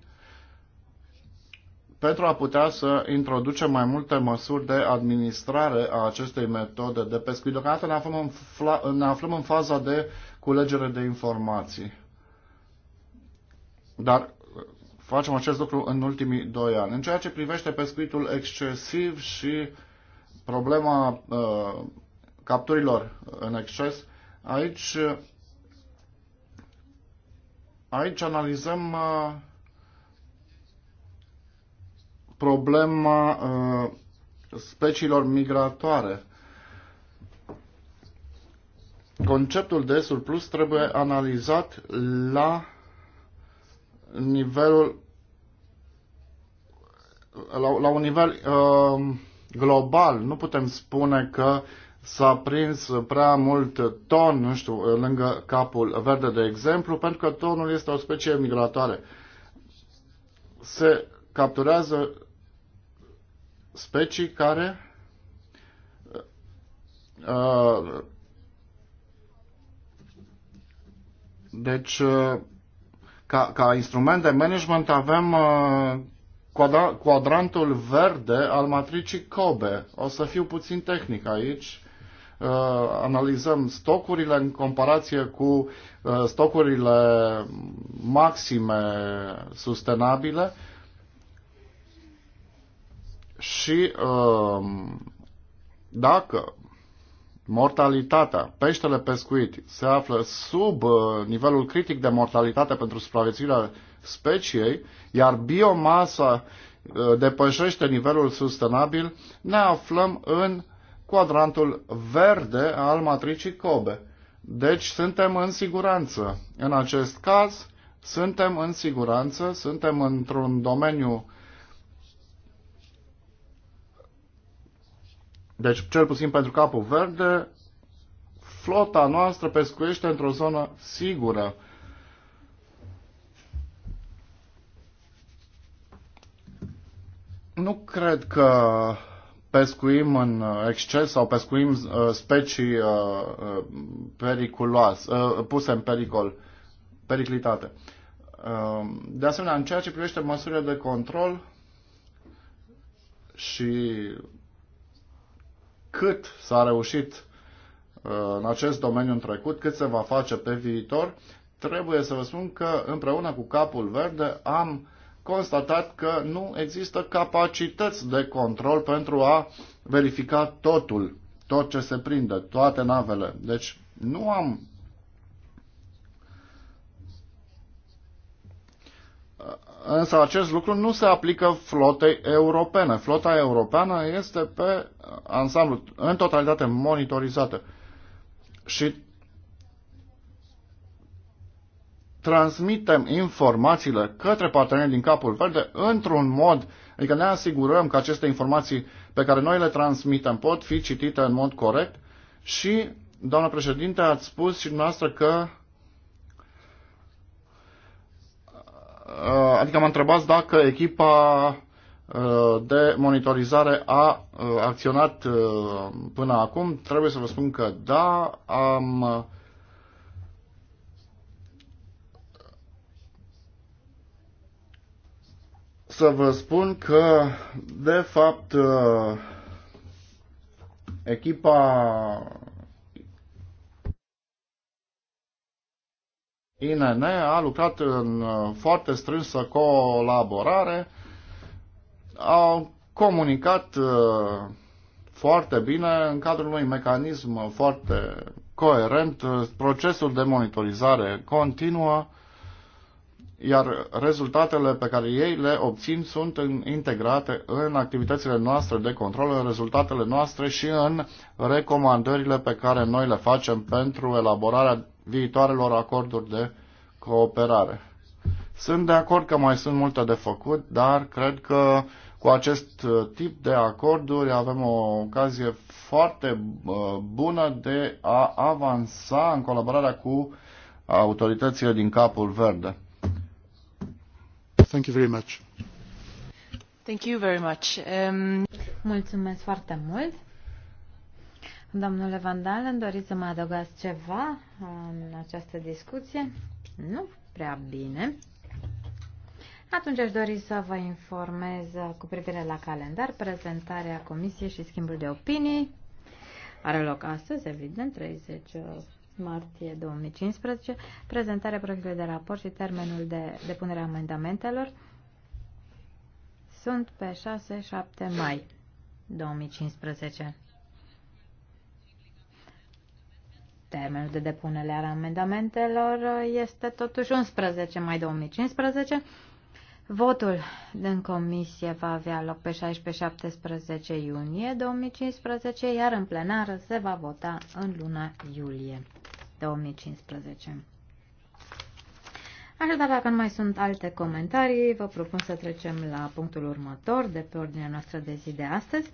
pentru a putea să introducem mai multe măsuri de administrare a acestei metode de pescuit. Deocamdată ne aflăm în, ne aflăm în faza de uh, culegere de informații. Dar uh, facem acest lucru în ultimii doi ani. În ceea ce privește pescuitul excesiv și problema uh, capturilor în exces, aici, uh, aici analizăm uh, problema uh, speciilor migratoare conceptul de surplus trebuie analizat la nivelul la, la un nivel uh, global. Nu putem spune că s-a prins prea mult ton, nu știu, lângă capul verde, de exemplu, pentru că tonul este o specie migratoare. Se capturează specii care uh, Deci, uh, ca, ca instrument de management avem uh, quadra, quadrantul verde al matricii COBE. O să fiu puțin tehnic aici. Uh, analizăm stocurile în comparație cu stocurile maxime sustenabile și dacă Mortalitatea. Peștele pescuit se află sub uh, nivelul critic de mortalitate pentru supraviețuirea speciei, iar biomasa uh, depășește nivelul sustenabil, ne aflăm în cuadrantul verde al matricii Kobe. Deci suntem în siguranță. În acest caz, suntem în siguranță, suntem într-un domeniu Deci, cel puțin pentru Capul Verde, flota noastră pescuiește într-o zonă sigură. Nu cred că pescuim în exces sau pescuim uh, specii uh, uh, periculoase, puse în pericol, periclitate. De asemenea, în ceea ce privește măsurile de control și cât s-a reușit uh, în acest domeniu în trecut, cât se va face pe viitor, trebuie să vă spun că împreună cu Capul Verde am constatat că nu există capacități de control pentru a verifica totul, tot ce se prinde, toate navele. Deci nu am Însă acest lucru nu se aplică flotei europene. Flota europeană este pe ansamblu, în totalitate monitorizată. Și transmitem informațiile către partenerii din Capul Verde într-un mod, adică ne asigurăm că aceste informații pe care noi le transmitem pot fi citite în mod corect și, doamnă președinte, ați spus și dumneavoastră că Uh, adică m m-am întrebat dacă echipa uh, de monitorizare a uh, acționat până acum. Trebuie să vă spun că da, am să vă spun că de fapt echipa INN a lucrat în uh, foarte strânsă colaborare, au comunicat uh, foarte bine în cadrul unui mecanism foarte coerent uh, procesul de monitorizare continuă, iar rezultatele pe care ei le obțin sunt integrate în activitățile noastre de control, în rezultatele noastre și în recomandările pe care noi le facem pentru elaborarea viitoarelor acorduri de cooperare. Sunt de acord că mai sunt multe de făcut, dar cred că cu acest uh, tip de acorduri avem o ocazie foarte uh, bună de a avansa în colaborarea cu autoritățile din Capul Verde. Thank you very much. Thank you very much. Um... Mulțumesc foarte mult. Domnule Van Dalen, doriți să mă adăugați ceva în această discuție? Nu prea bine. Atunci aș dori să vă informez cu privire la calendar, prezentarea comisiei și schimbul de opinii. Are loc astăzi, evident, 30 martie 2015, prezentarea proiectului de raport și termenul de depunere a amendamentelor sunt pe 6-7 mai 2015. Termenul de depunere a amendamentelor este totuși 11 mai 2015. Votul din comisie va avea loc pe 16-17 iunie 2015, iar în plenară se va vota în luna iulie 2015. Așadar, dacă nu mai sunt alte comentarii, vă propun să trecem la punctul următor de pe ordinea noastră de zi de astăzi.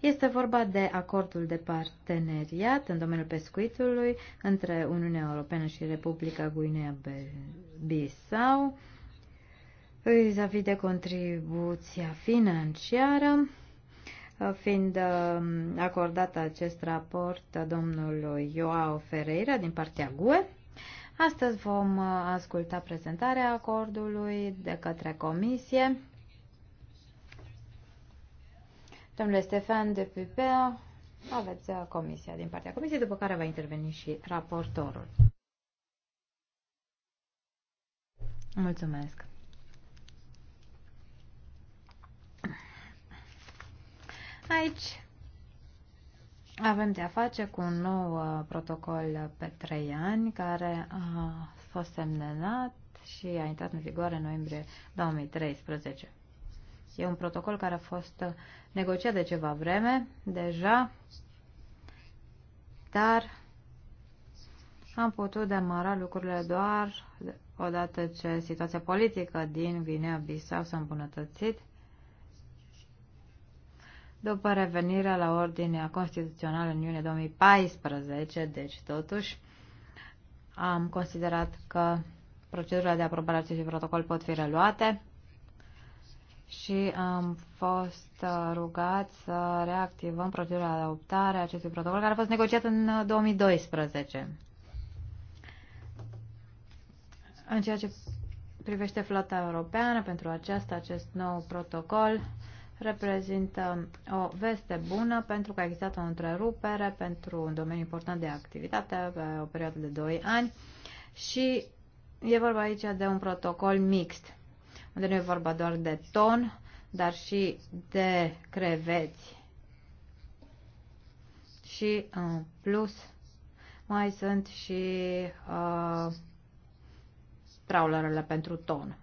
Este vorba de acordul de parteneriat în domeniul pescuitului între Uniunea Europeană și Republica Guinea-Bissau vis-a-vis de contribuția financiară fiind um, acordat acest raport domnului Joao Ferreira din partea GUE. Astăzi vom uh, asculta prezentarea acordului de către comisie Domnule Stefan de Piper, aveți uh, comisia din partea comisiei, după care va interveni și raportorul. Mulțumesc. Aici avem de a face cu un nou uh, protocol pe trei ani care a fost semnat și a intrat în vigoare în noiembrie 2013. E un protocol care a fost negociat de ceva vreme deja, dar am putut demara lucrurile doar odată ce situația politică din Guinea-Bissau s-a îmbunătățit după revenirea la ordinea constituțională în iunie 2014, deci totuși am considerat că procedurile de aprobare a acestui protocol pot fi reluate și am fost uh, rugat să reactivăm procedura de adoptare a acestui protocol care a fost negociat în 2012. Uh, în ceea ce privește flota europeană, pentru aceasta acest nou protocol reprezintă o veste bună pentru că a existat o întrerupere pentru un domeniu important de activitate pe o perioadă de 2 ani și e vorba aici de un protocol mixt unde nu e vorba doar de ton, dar și de creveți. Și în plus mai sunt și uh, traulerele pentru ton.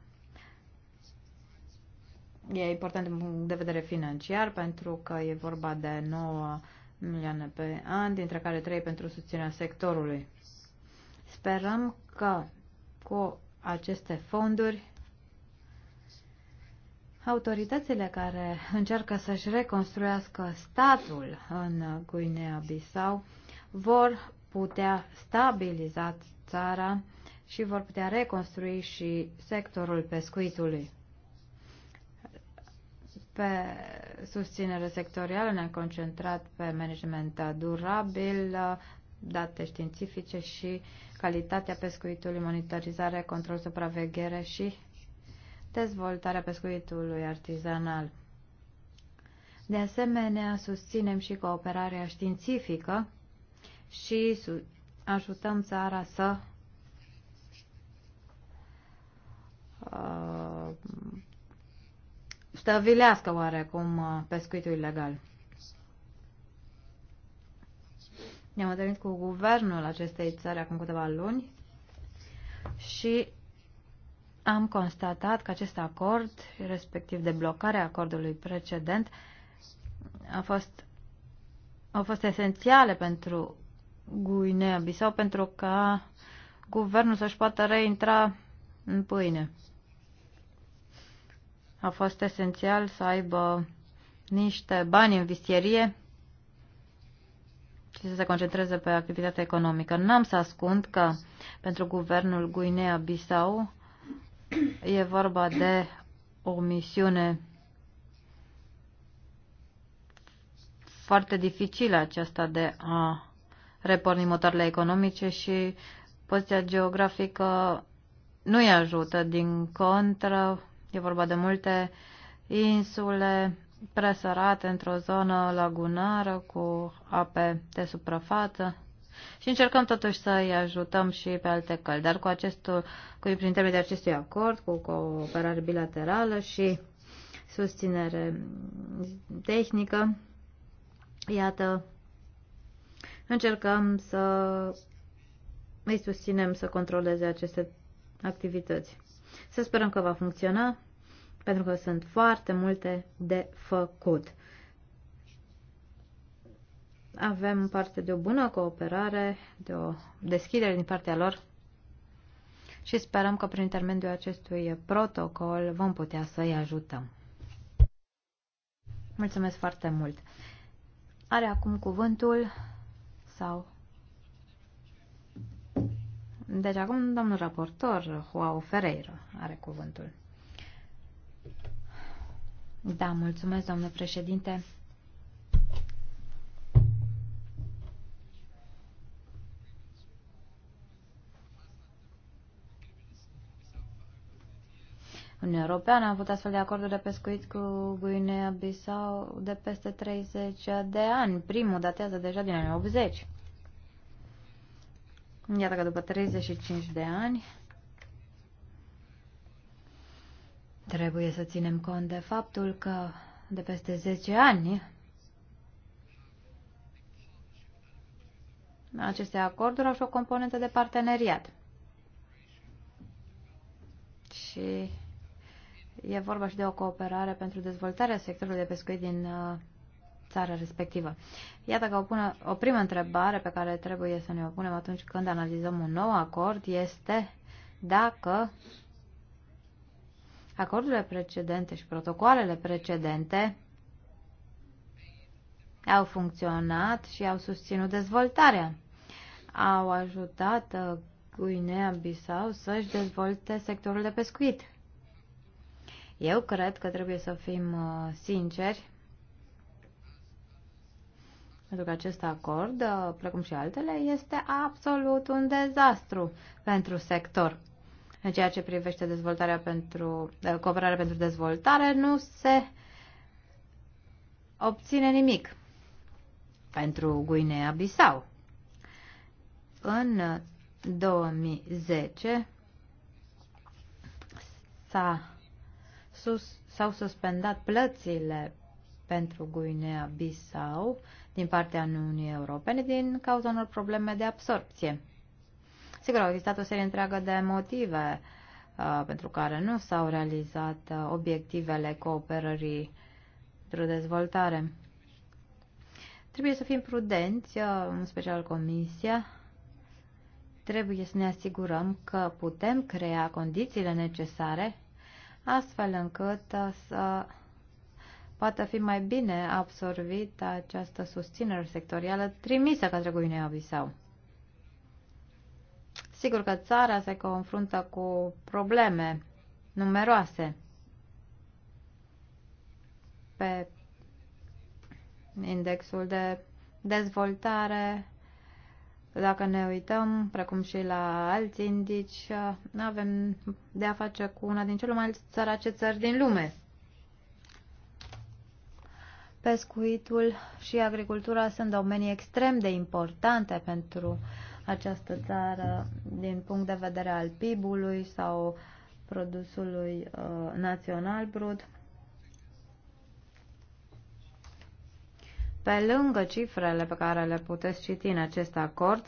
E important din punct de vedere financiar pentru că e vorba de 9 milioane pe an, dintre care 3 pentru susținerea sectorului. Sperăm că cu aceste fonduri Autoritățile care încearcă să-și reconstruiască statul în Guinea-Bissau vor putea stabiliza țara și vor putea reconstrui și sectorul pescuitului. Pe susținere sectorială ne-am concentrat pe management durabil, date științifice și calitatea pescuitului, monitorizare, control, supraveghere și dezvoltarea pescuitului artizanal. De asemenea, susținem și cooperarea științifică și ajutăm țara să uh, stăvilească oarecum uh, pescuitul ilegal. Ne-am întâlnit cu guvernul acestei țări acum câteva luni și am constatat că acest acord, respectiv deblocarea acordului precedent, a fost, au fost esențiale pentru Guinea-Bissau pentru ca guvernul să-și poată reintra în pâine. A fost esențial să aibă niște bani în vistierie și să se concentreze pe activitatea economică. N-am să ascund că pentru guvernul Guinea-Bissau E vorba de o misiune foarte dificilă aceasta de a reporni motoarele economice și poziția geografică nu îi ajută. Din contră, e vorba de multe insule presărate într-o zonă lagunară cu ape de suprafață și încercăm totuși să îi ajutăm și pe alte căli, dar cu acest cu prin intermediul acestui acord, cu cooperare bilaterală și susținere tehnică, iată, încercăm să îi susținem să controleze aceste activități. Să sperăm că va funcționa, pentru că sunt foarte multe de făcut avem parte de o bună cooperare, de o deschidere din partea lor și sperăm că prin intermediul acestui protocol vom putea să-i ajutăm. Mulțumesc foarte mult! Are acum cuvântul sau... Deci acum domnul raportor Joao Ferreira are cuvântul. Da, mulțumesc, domnule președinte. Uniunea Europeană. a avut astfel de acorduri de pescuit cu Guinea-Bissau de peste 30 de ani. Primul datează deja din anii 80. Iată că după 35 de ani trebuie să ținem cont de faptul că de peste 10 ani aceste acorduri au și o componentă de parteneriat. Și e vorba și de o cooperare pentru dezvoltarea sectorului de pescuit din uh, țara respectivă. Iată că o, pune, o primă întrebare pe care trebuie să ne o punem atunci când analizăm un nou acord este dacă acordurile precedente și protocoalele precedente au funcționat și au susținut dezvoltarea. Au ajutat uh, Guinea-Bissau să-și dezvolte sectorul de pescuit. Eu cred că trebuie să fim uh, sinceri pentru că acest acord, uh, precum și altele, este absolut un dezastru pentru sector. În ceea ce privește dezvoltarea pentru, uh, cooperarea pentru dezvoltare, nu se obține nimic pentru Guinea-Bissau. În 2010 s-a sus, s-au suspendat plățile pentru Guinea-Bissau din partea Uniunii Europene din cauza unor probleme de absorpție. Sigur, au existat o serie întreagă de motive uh, pentru care nu s-au realizat uh, obiectivele cooperării pentru dezvoltare. Trebuie să fim prudenți, uh, în special Comisia, trebuie să ne asigurăm că putem crea condițiile necesare astfel încât uh, să poată fi mai bine absorbită această susținere sectorială trimisă către Guinea Bissau. Sigur că țara se confruntă cu probleme numeroase pe indexul de dezvoltare dacă ne uităm, precum și la alți indici, avem de a face cu una din cele mai sărace țări din lume. Pescuitul și agricultura sunt domenii extrem de importante pentru această țară din punct de vedere al PIB-ului sau produsului uh, național brut. Pe lângă cifrele pe care le puteți citi în acest acord,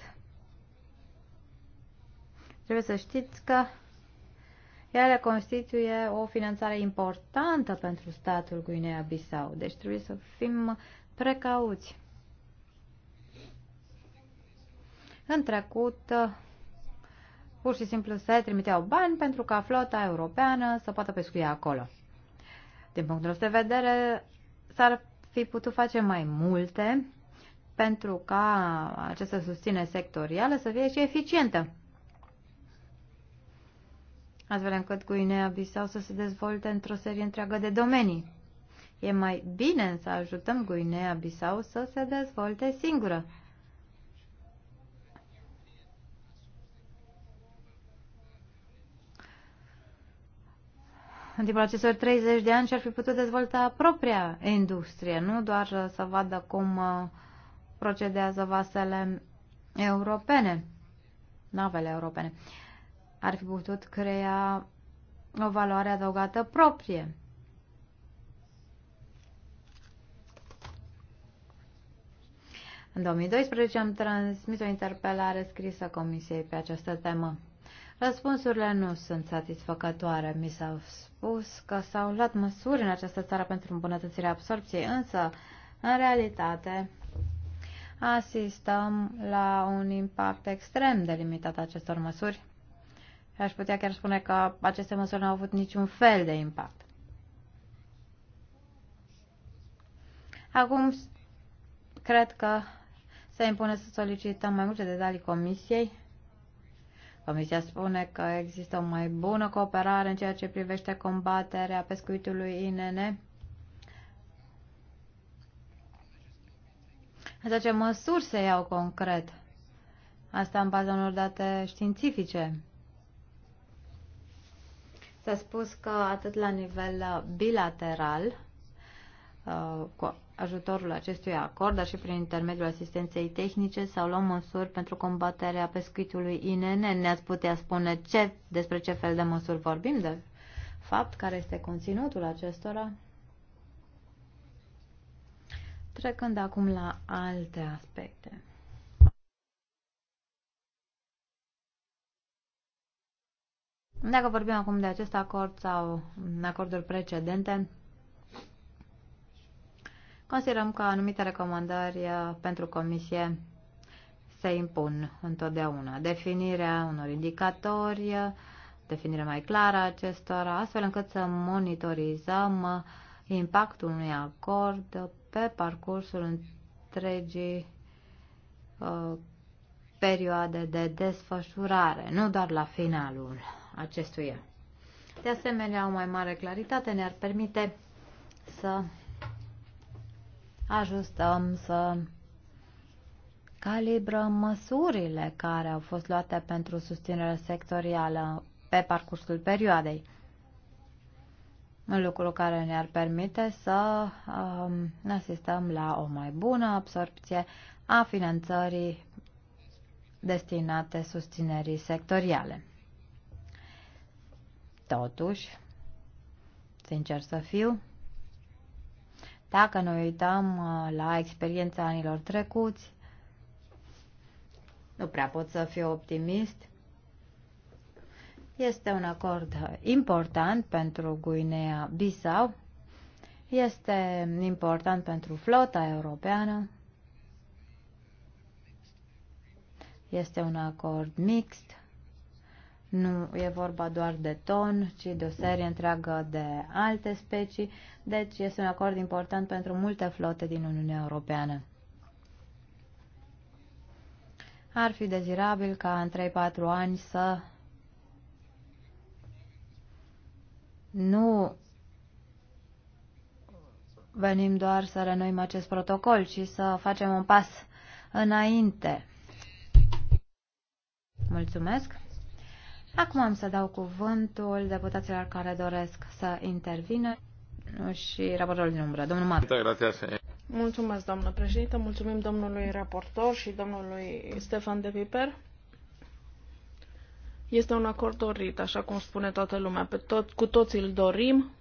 trebuie să știți că ele constituie o finanțare importantă pentru statul Guinea-Bissau, deci trebuie să fim precauți. În trecut, pur și simplu se trimiteau bani pentru ca flota europeană să poată pescui acolo. Din punctul nostru de vedere, s-ar fi putut face mai multe pentru ca această susținere sectorială să fie și eficientă. Astfel încât Guinea Bissau să se dezvolte într-o serie întreagă de domenii. E mai bine să ajutăm Guinea Bissau să se dezvolte singură în timpul acestor 30 de ani și-ar fi putut dezvolta propria industrie, nu doar uh, să vadă cum uh, procedează vasele europene, navele europene. Ar fi putut crea o valoare adăugată proprie. În 2012 am transmis o interpelare scrisă Comisiei pe această temă. Răspunsurile nu sunt satisfăcătoare. Mi s-au spus că s-au luat măsuri în această țară pentru îmbunătățirea absorpției, însă, în realitate, asistăm la un impact extrem de limitat acestor măsuri. Aș putea chiar spune că aceste măsuri nu au avut niciun fel de impact. Acum, cred că se impune să solicităm mai multe detalii comisiei Comisia spune că există o mai bună cooperare în ceea ce privește combaterea pescuitului INN. Asta ce măsuri se iau concret? Asta în baza unor date științifice. S-a spus că atât la nivel bilateral, uh, ajutorul acestui acord, dar și prin intermediul asistenței tehnice, s-au luat măsuri pentru combaterea pescuitului INN. Ne-ați putea spune ce, despre ce fel de măsuri vorbim, de fapt, care este conținutul acestora? Trecând acum la alte aspecte. Dacă vorbim acum de acest acord sau acorduri precedente, Considerăm că anumite recomandări uh, pentru comisie se impun întotdeauna. Definirea unor indicatori, uh, definirea mai clară a acestora, astfel încât să monitorizăm uh, impactul unui acord pe parcursul întregii perioade de desfășurare, nu doar la finalul acestuia. De asemenea, o mai mare claritate ne-ar permite să ajustăm să calibrăm măsurile care au fost luate pentru susținerea sectorială pe parcursul perioadei. Un lucru care ne-ar permite să um, asistăm la o mai bună absorpție a finanțării destinate susținerii sectoriale. Totuși, sincer să fiu, dacă ne uităm uh, la experiența anilor trecuți, nu prea pot să fiu optimist. Este un acord important pentru Guinea-Bissau, este important pentru flota europeană, este un acord mixt nu e vorba doar de ton, ci de o serie întreagă de alte specii, deci este un acord important pentru multe flote din Uniunea Europeană. Ar fi dezirabil ca în 3-4 ani să nu venim doar să renoim acest protocol, ci să facem un pas înainte. Mulțumesc! Acum am să dau cuvântul deputaților care doresc să intervină și raportorul din umbră, domnul Matu. Eh. Mulțumesc, doamnă președintă, mulțumim domnului raportor și domnului Stefan de Viper. Este un acord dorit, așa cum spune toată lumea, pe tot, cu toți îl dorim,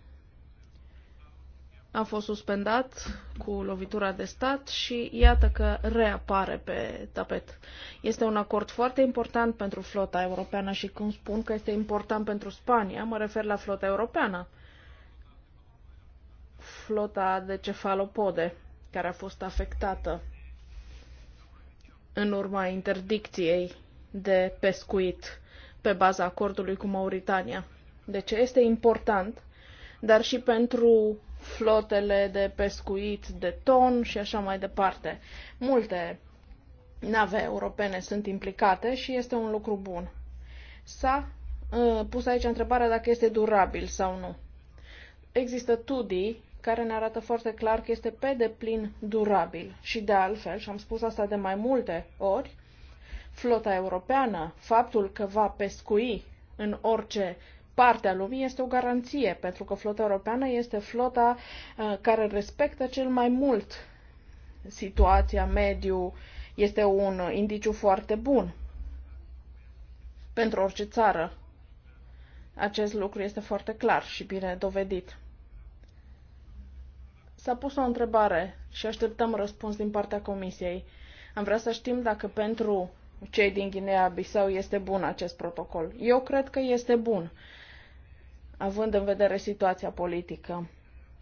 a fost suspendat cu lovitura de stat și iată că reapare pe tapet. Este un acord foarte important pentru flota europeană și cum spun că este important pentru Spania, mă refer la flota europeană. Flota de cefalopode care a fost afectată în urma interdicției de pescuit pe baza acordului cu Mauritania. De Deci este important, dar și pentru flotele de pescuit de ton și așa mai departe. Multe nave europene sunt implicate și este un lucru bun. S-a uh, pus aici întrebarea dacă este durabil sau nu. Există studii care ne arată foarte clar că este pe deplin durabil și de altfel, și am spus asta de mai multe ori, flota europeană, faptul că va pescui în orice parte a lumii este o garanție, pentru că flota europeană este flota uh, care respectă cel mai mult situația, mediu, este un indiciu foarte bun pentru orice țară. Acest lucru este foarte clar și bine dovedit. S-a pus o întrebare și așteptăm răspuns din partea Comisiei. Am vrea să știm dacă pentru cei din Guinea-Bissau este bun acest protocol. Eu cred că este bun, având în vedere situația politică.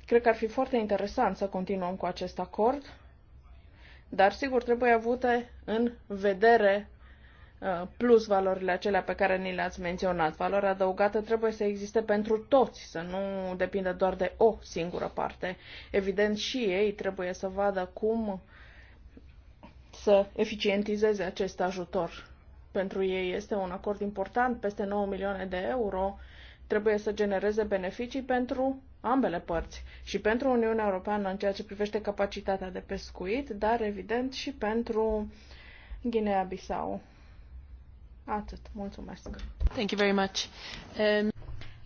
Cred că ar fi foarte interesant să continuăm cu acest acord, dar sigur trebuie avute în vedere uh, plus valorile acelea pe care ni le-ați menționat. Valoarea adăugată trebuie să existe pentru toți, să nu depindă doar de o singură parte. Evident, și ei trebuie să vadă cum să eficientizeze acest ajutor. Pentru ei este un acord important, peste 9 milioane de euro trebuie să genereze beneficii pentru ambele părți și pentru Uniunea Europeană în ceea ce privește capacitatea de pescuit, dar evident și pentru Guinea-Bissau. Atât. Mulțumesc. Thank you very much. Um...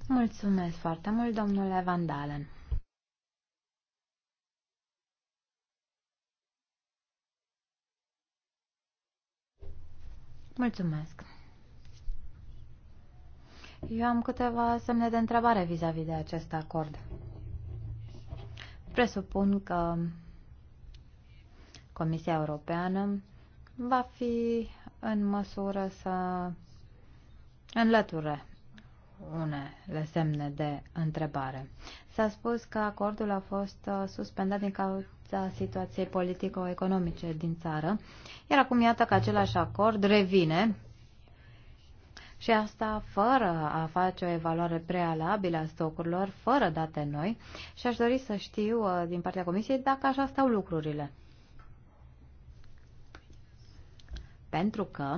Mulțumesc foarte mult, domnule Van Dalen. Mulțumesc. Eu am câteva semne de întrebare vis-a-vis -vis de acest acord. Presupun că Comisia Europeană va fi în măsură să înlăture unele semne de întrebare. S-a spus că acordul a fost uh, suspendat din cauza situației politico-economice din țară, iar acum iată că același acord revine și asta fără a face o evaluare prealabilă a stocurilor, fără date noi și aș dori să știu uh, din partea Comisiei dacă așa stau lucrurile. Pentru că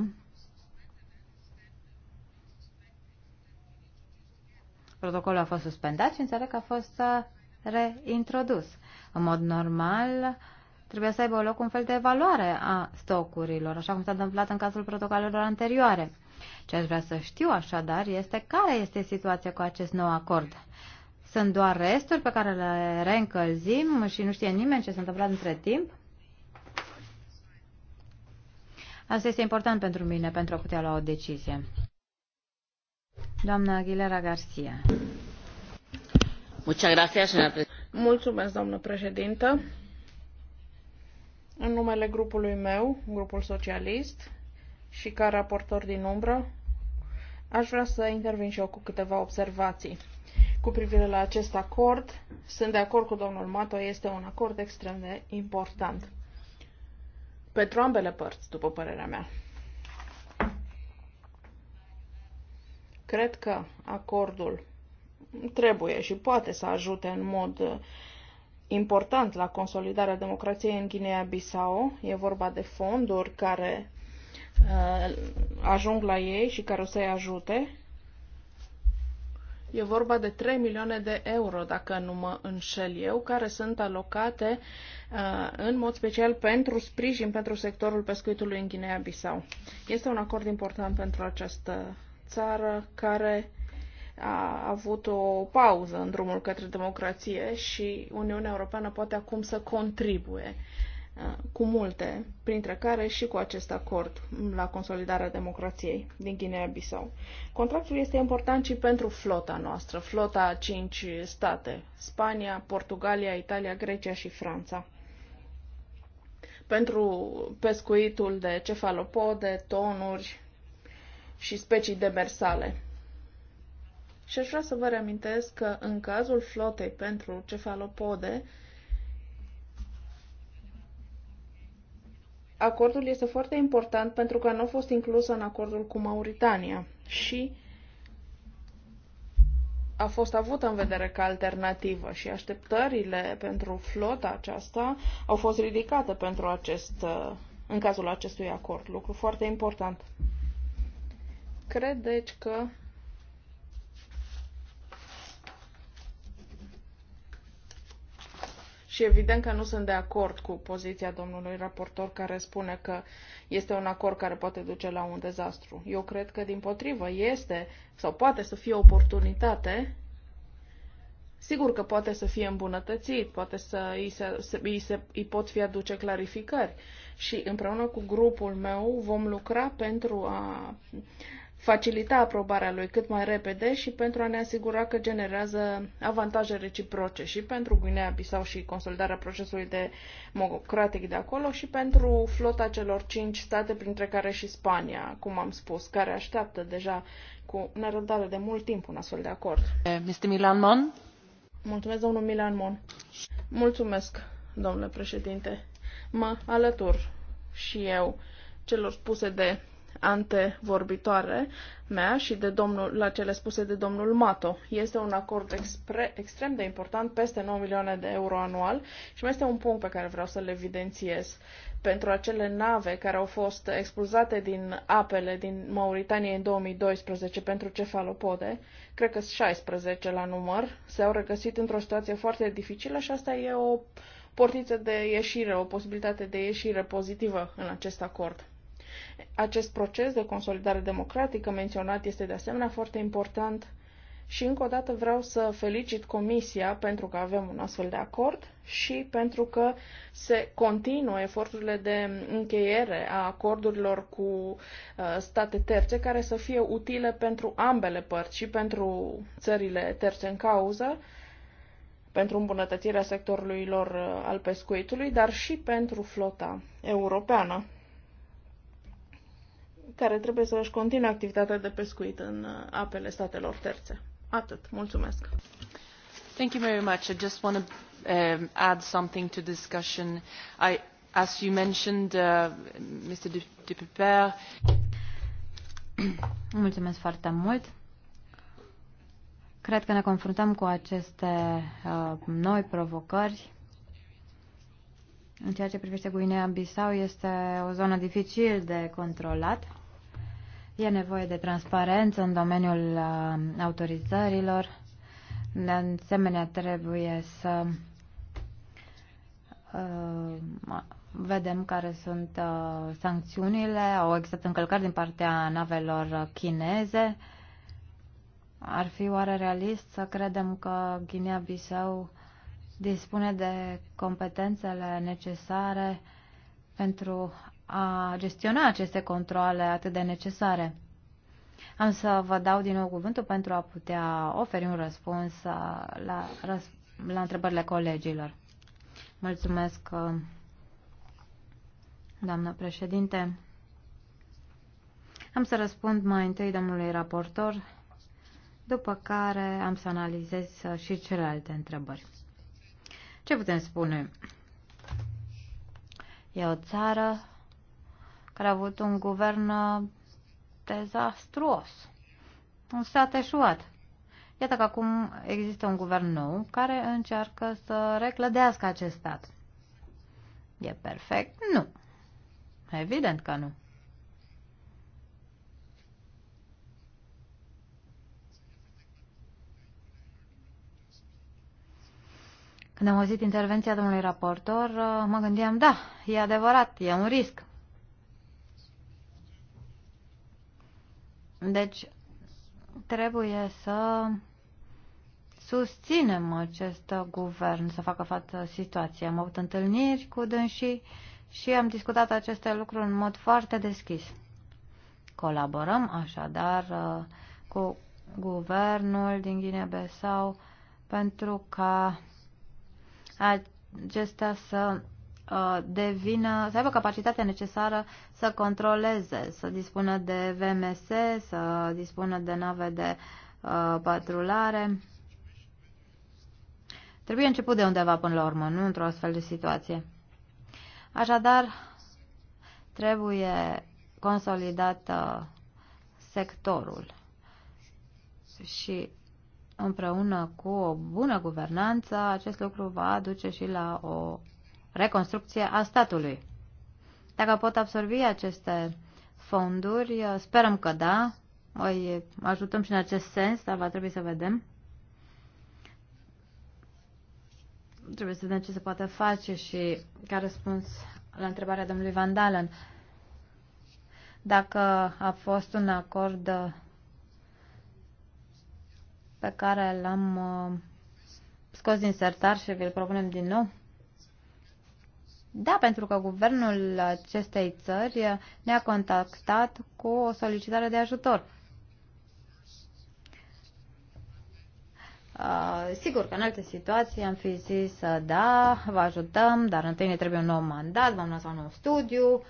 protocolul a fost suspendat și înțeleg că a fost uh, reintrodus. În mod normal, trebuie să aibă loc un fel de evaluare a stocurilor, așa cum s-a întâmplat în cazul protocolelor anterioare. Ce aș vrea să știu așadar este care este situația cu acest nou acord. Sunt doar resturi pe care le reîncălzim și nu știe nimeni ce s-a întâmplat între timp? Asta este important pentru mine, pentru a putea lua o decizie. Doamna Aguilera Garcia. Mulțumesc, doamnă președintă. În numele grupului meu, grupul socialist, și ca raportor din umbră, Aș vrea să intervin și eu cu câteva observații. Cu privire la acest acord, sunt de acord cu domnul Mato, este un acord extrem de important. Pentru ambele părți, după părerea mea. Cred că acordul trebuie și poate să ajute în mod uh, important la consolidarea democrației în Guinea-Bissau. E vorba de fonduri care Uh, ajung la ei și care o să-i ajute. E vorba de 3 milioane de euro, dacă nu mă înșel eu, care sunt alocate uh, în mod special pentru sprijin pentru sectorul pescuitului în Guinea-Bissau. Este un acord important pentru această țară care a avut o pauză în drumul către democrație și Uniunea Europeană poate acum să contribuie Uh, cu multe, printre care și cu acest acord la consolidarea democrației din Guinea-Bissau. Contractul este important și pentru flota noastră, flota a cinci state, Spania, Portugalia, Italia, Grecia și Franța. Pentru pescuitul de cefalopode, tonuri și specii demersale. Și aș vrea să vă reamintesc că în cazul flotei pentru cefalopode, acordul este foarte important pentru că nu a fost inclus în acordul cu Mauritania și a fost avută în vedere ca alternativă și așteptările pentru flota aceasta au fost ridicate pentru acest, în cazul acestui acord, lucru foarte important. Cred deci că Și evident că nu sunt de acord cu poziția domnului raportor care spune că este un acord care poate duce la un dezastru. Eu cred că, din potrivă, este sau poate să fie o oportunitate. Sigur că poate să fie îmbunătățit, poate să îi, se, să, îi, se, îi pot fi aduce clarificări. Și împreună cu grupul meu vom lucra pentru a facilita aprobarea lui cât mai repede și pentru a ne asigura că generează avantaje reciproce și pentru Guinea-Bissau și consolidarea procesului democratic de acolo și pentru flota celor cinci state, printre care și Spania, cum am spus, care așteaptă deja cu nerăbdare de mult timp un astfel de acord. Mr. Milan Mon? Mulțumesc, domnul Milan Mon. Mulțumesc, domnule președinte. Mă alătur și eu celor spuse de antevorbitoare mea și de domnul, la cele spuse de domnul Mato. Este un acord expre, extrem de important, peste 9 milioane de euro anual și mai este un punct pe care vreau să-l evidențiez. Pentru acele nave care au fost expulzate din apele din Mauritanie în 2012 pentru cefalopode, cred că 16 la număr, se-au regăsit într-o situație foarte dificilă și asta e o portiță de ieșire, o posibilitate de ieșire pozitivă în acest acord. Acest proces de consolidare democratică menționat este de asemenea foarte important și încă o dată vreau să felicit Comisia pentru că avem un astfel de acord și pentru că se continuă eforturile de încheiere a acordurilor cu uh, state terțe care să fie utile pentru ambele părți și pentru țările terțe în cauză, pentru îmbunătățirea sectorului lor uh, al pescuitului, dar și pentru flota europeană care trebuie să își continue activitatea de pescuit în uh, apele statelor terțe. Atât. Mulțumesc. Thank you very much. I just want to um, add something to discussion. I, as you mentioned, uh, Mr. Dupuper. (clears throat) Mulțumesc foarte mult. Cred că ne confruntăm cu aceste uh, noi provocări. În ceea ce privește Guinea-Bissau, este o zonă dificil de controlat. E nevoie de transparență în domeniul uh, autorizărilor. De asemenea, trebuie să uh, vedem care sunt uh, sancțiunile. Au existat încălcări din partea navelor chineze. Ar fi oare realist să credem că Guinea-Bissau dispune de competențele necesare pentru a gestiona aceste controle atât de necesare. Am să vă dau din nou cuvântul pentru a putea oferi un răspuns uh, la, la întrebările colegilor. Mulțumesc, uh, doamnă președinte. Am să răspund mai întâi domnului raportor, după care am să analizez uh, și celelalte întrebări. Ce putem spune? E o țară care a avut un guvern uh, dezastruos, un stat eșuat. Iată că acum există un guvern nou care încearcă să reclădească acest stat. E perfect? Nu. Evident că nu. Când am auzit intervenția domnului raportor, uh, mă gândeam, da, e adevărat, e un risc. Deci, trebuie să susținem acest guvern să facă față situației. Am avut întâlniri cu dânsii și am discutat aceste lucruri în mod foarte deschis. Colaborăm așadar uh, cu guvernul din Guinea-Bissau pentru ca acesta să Uh, devină, să aibă capacitatea necesară să controleze, să dispună de VMS, să dispună de nave de uh, patrulare. Trebuie început de undeva până la urmă, nu într-o astfel de situație. Așadar, trebuie consolidat uh, sectorul și împreună cu o bună guvernanță, acest lucru va duce și la o reconstrucție a statului. Dacă pot absorbi aceste fonduri, uh, sperăm că da, îi ajutăm și în acest sens, dar va trebui să vedem. Trebuie să vedem ce se poate face și ca răspuns la întrebarea domnului Van Dalen, dacă a fost un acord uh, pe care l-am uh, scos din sertar și vi-l propunem din nou. Da, pentru că guvernul acestei țări ne-a contactat cu o solicitare de ajutor. Uh, sigur că în alte situații am fi zis uh, da, vă ajutăm, dar întâi ne trebuie un nou mandat, v-am lăsat un nou studiu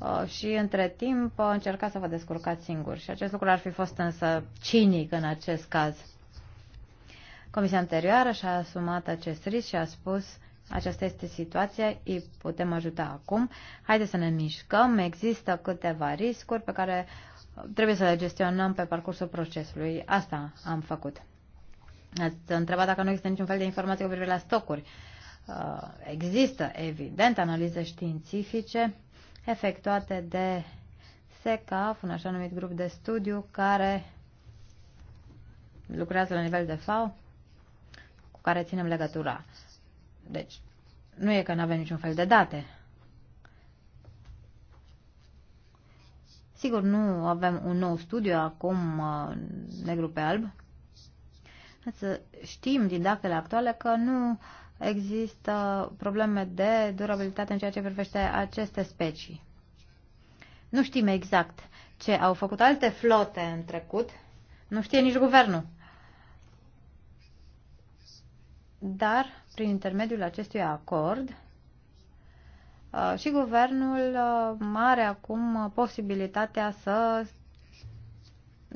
uh, și între timp uh, încercați să vă descurcați singuri. Și acest lucru ar fi fost însă cinic în acest caz. Comisia anterioară și-a asumat acest risc și a spus aceasta este situația, îi putem ajuta acum. Haideți să ne mișcăm, există câteva riscuri pe care trebuie să le gestionăm pe parcursul procesului. Asta am făcut. Ați întrebat dacă nu există niciun fel de informație cu privire la stocuri. Uh, există, evident, analize științifice efectuate de SECAF, un așa numit grup de studiu care lucrează la nivel de FAO, cu care ținem legătura. Deci, nu e că nu avem niciun fel de date. Sigur, nu avem un nou studiu acum uh, negru pe alb. Să știm din datele actuale că nu există probleme de durabilitate în ceea ce privește aceste specii. Nu știm exact ce au făcut alte flote în trecut. Nu știe nici guvernul. Dar prin intermediul acestui acord uh, și guvernul uh, are acum uh, posibilitatea să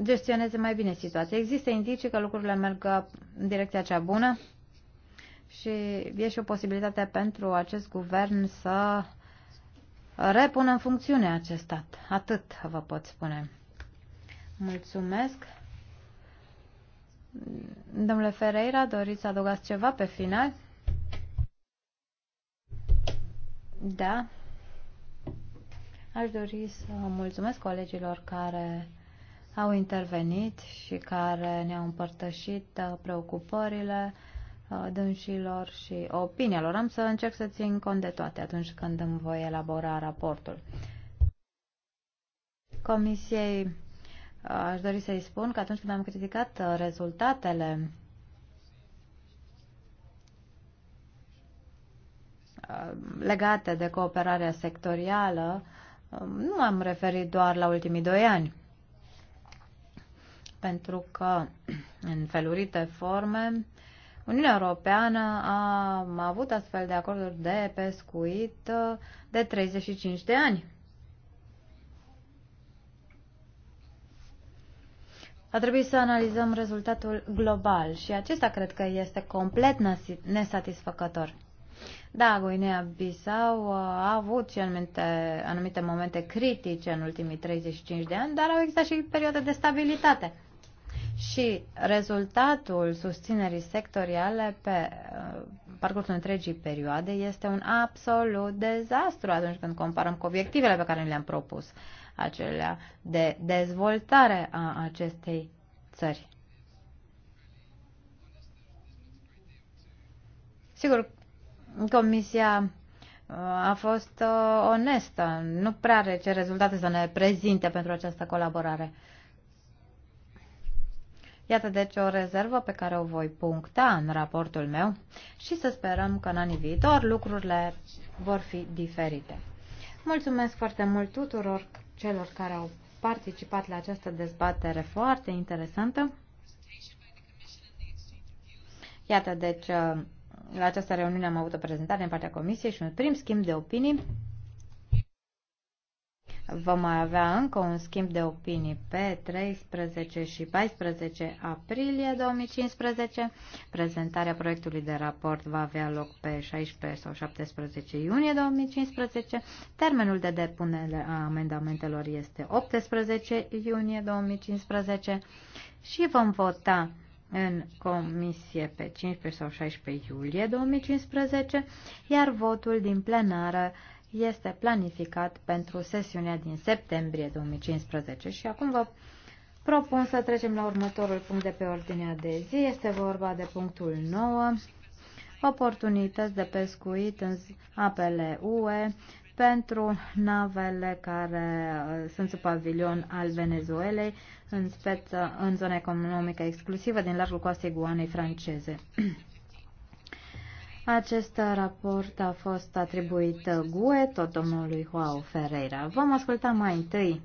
gestioneze mai bine situația. Există indicii că lucrurile merg în direcția cea bună și e și o posibilitate pentru acest guvern să repună în funcțiune acest stat. Atât vă pot spune. Mulțumesc. Domnule Ferreira, doriți să adăugați ceva pe final? Da. Aș dori să mulțumesc colegilor care au intervenit și care ne-au împărtășit uh, preocupările uh, dânșilor și opiniilor. Am să încerc să țin cont de toate atunci când îmi voi elabora raportul. Comisiei uh, aș dori să-i spun că atunci când am criticat rezultatele Uh, legate de cooperarea sectorială, um, nu am referit doar la ultimii doi ani, pentru că (clears throat) în felurite forme Uniunea Europeană a, a avut astfel de acorduri de pescuit uh, de 35 de ani. A trebuit să analizăm rezultatul global și acesta cred că este complet nesatisfăcător. Da, Guinea-Bissau uh, a avut și anumite, anumite momente critice în ultimii 35 de ani, dar au existat și perioade de stabilitate. Și rezultatul susținerii sectoriale pe uh, parcursul întregii perioade este un absolut dezastru atunci când comparăm cu obiectivele pe care le-am propus, acelea de dezvoltare a acestei țări. Sigur, Comisia uh, a fost uh, onestă. Nu prea are ce rezultate să ne prezinte pentru această colaborare. Iată deci o rezervă pe care o voi puncta în raportul meu și să sperăm că în anii viitor lucrurile vor fi diferite. Mulțumesc foarte mult tuturor celor care au participat la această dezbatere foarte interesantă. Iată deci uh, la această reuniune am avut o prezentare în partea Comisiei și un prim schimb de opinii. Vom mai avea încă un schimb de opinii pe 13 și 14 aprilie 2015. Prezentarea proiectului de raport va avea loc pe 16 sau 17 iunie 2015. Termenul de depunere a amendamentelor este 18 iunie 2015 și vom vota în comisie pe 15 sau 16 iulie 2015, iar votul din plenară este planificat pentru sesiunea din septembrie 2015. Și acum vă propun să trecem la următorul punct de pe ordinea de zi. Este vorba de punctul 9, oportunități de pescuit în apele UE pentru navele care uh, sunt sub pavilion al Venezuelei, în speță în zona economică exclusivă din largul coastei Guanei franceze. (clears throat) Acest raport a fost atribuit GUE, tot domnului Joao Ferreira. Vom asculta mai întâi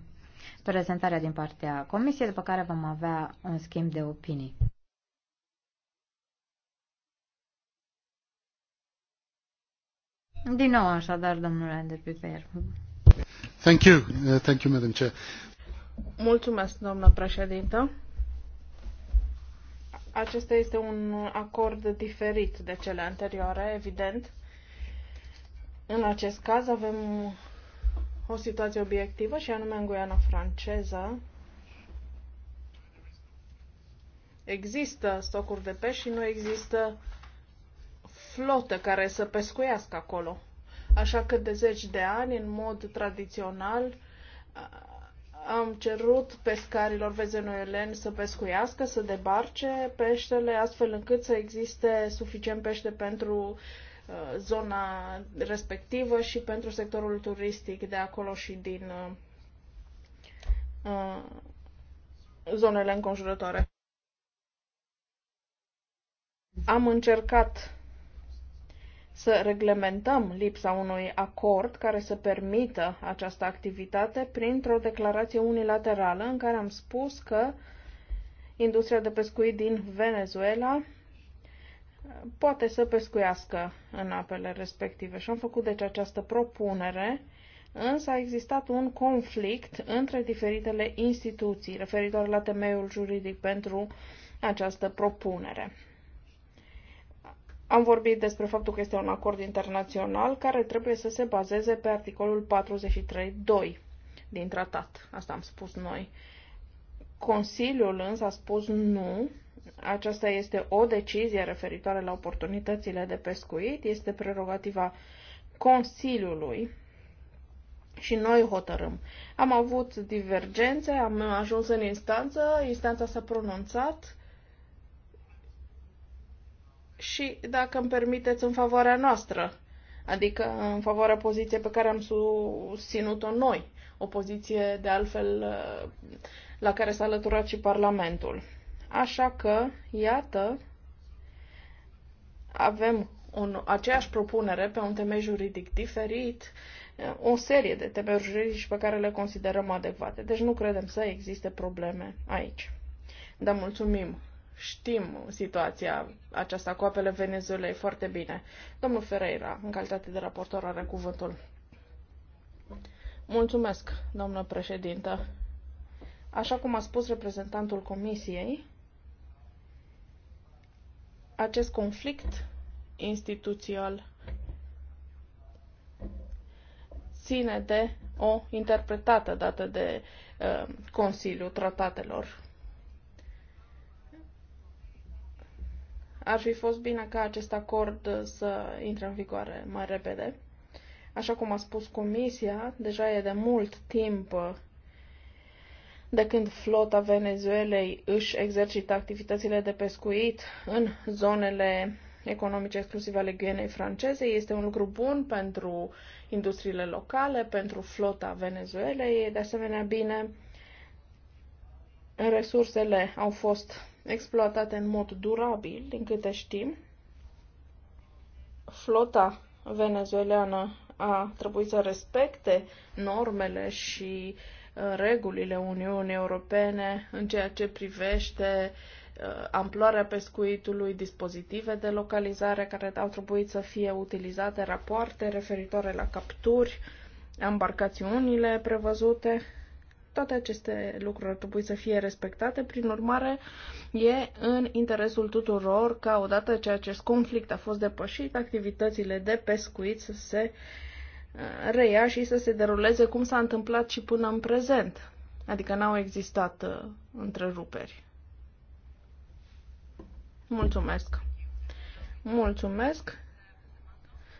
prezentarea din partea comisiei, după care vom avea un schimb de opinii. Din nou, așadar, domnule de Piper. Thank you. Uh, thank you, Madam Chair. Mulțumesc, doamna președintă. Acesta este un acord diferit de cele anterioare, evident. În acest caz avem o situație obiectivă și anume în Guiana franceză există stocuri de pești și nu există flotă care să pescuiască acolo. Așa că de zeci de ani, în mod tradițional, am cerut pescarilor venezueleni să pescuiască, să debarce peștele, astfel încât să existe suficient pește pentru uh, zona respectivă și pentru sectorul turistic de acolo și din uh, uh, zonele înconjurătoare. Am încercat să reglementăm lipsa unui acord care să permită această activitate printr-o declarație unilaterală în care am spus că industria de pescuit din Venezuela uh, poate să pescuiască în apele respective. Și am făcut deci această propunere, însă a existat un conflict între diferitele instituții referitor la temeiul juridic pentru această propunere. Am vorbit despre faptul că este un acord internațional care trebuie să se bazeze pe articolul 43.2 din tratat. Asta am spus noi. Consiliul însă a spus nu. Aceasta este o decizie referitoare la oportunitățile de pescuit, este prerogativa Consiliului și noi hotărâm. Am avut divergențe, am ajuns în instanță, instanța s-a pronunțat și, dacă îmi permiteți, în favoarea noastră, adică în favoarea poziției pe care am susținut-o noi, o poziție de altfel uh, la care s-a alăturat și Parlamentul. Așa că, iată, avem un, aceeași propunere pe un temei juridic diferit, uh, o serie de teme juridici pe care le considerăm adecvate. Deci nu credem să existe probleme aici. Dar mulțumim Știm situația aceasta cu apele Venezuelei foarte bine. Domnul Ferreira, în calitate de raportor, are cuvântul. Mulțumesc, domnul președintă. Așa cum a spus reprezentantul Comisiei, acest conflict instituțional ține de o interpretată dată de uh, Consiliul Tratatelor Ar fi fost bine ca acest acord să intre în vigoare mai repede. Așa cum a spus Comisia, deja e de mult timp de când flota Venezuelei își exercită activitățile de pescuit în zonele economice exclusive ale Guinei franceze. Este un lucru bun pentru industriile locale, pentru flota Venezuelei. E de asemenea bine resursele au fost exploatate în mod durabil, din câte știm. Flota venezuelană a trebuit să respecte normele și uh, regulile Uniunii Europene în ceea ce privește uh, amploarea pescuitului, dispozitive de localizare care au trebuit să fie utilizate, rapoarte referitoare la capturi, embarcațiunile prevăzute toate aceste lucruri ar trebui să fie respectate, prin urmare e în interesul tuturor ca odată ce acest conflict a fost depășit, activitățile de pescuit să se uh, reia și să se deruleze cum s-a întâmplat și până în prezent. Adică n-au existat uh, întreruperi. Mulțumesc. Mulțumesc.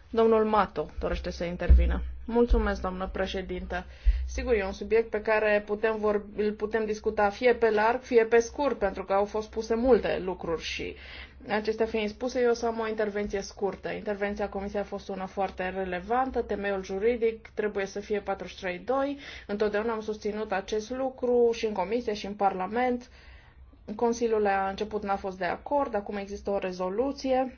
Domnul Mato dorește să intervină doamnă președintă. Sigur, e un subiect pe care putem vorbi, îl putem discuta fie pe larg, fie pe scurt, pentru că au fost puse multe lucruri și acestea fiind spuse, eu o să am o intervenție scurtă. Intervenția Comisiei a fost una foarte relevantă, temeiul juridic trebuie să fie 43.2, întotdeauna am susținut acest lucru și în Comisie și în Parlament. Consiliul la început n-a fost de acord, acum există o rezoluție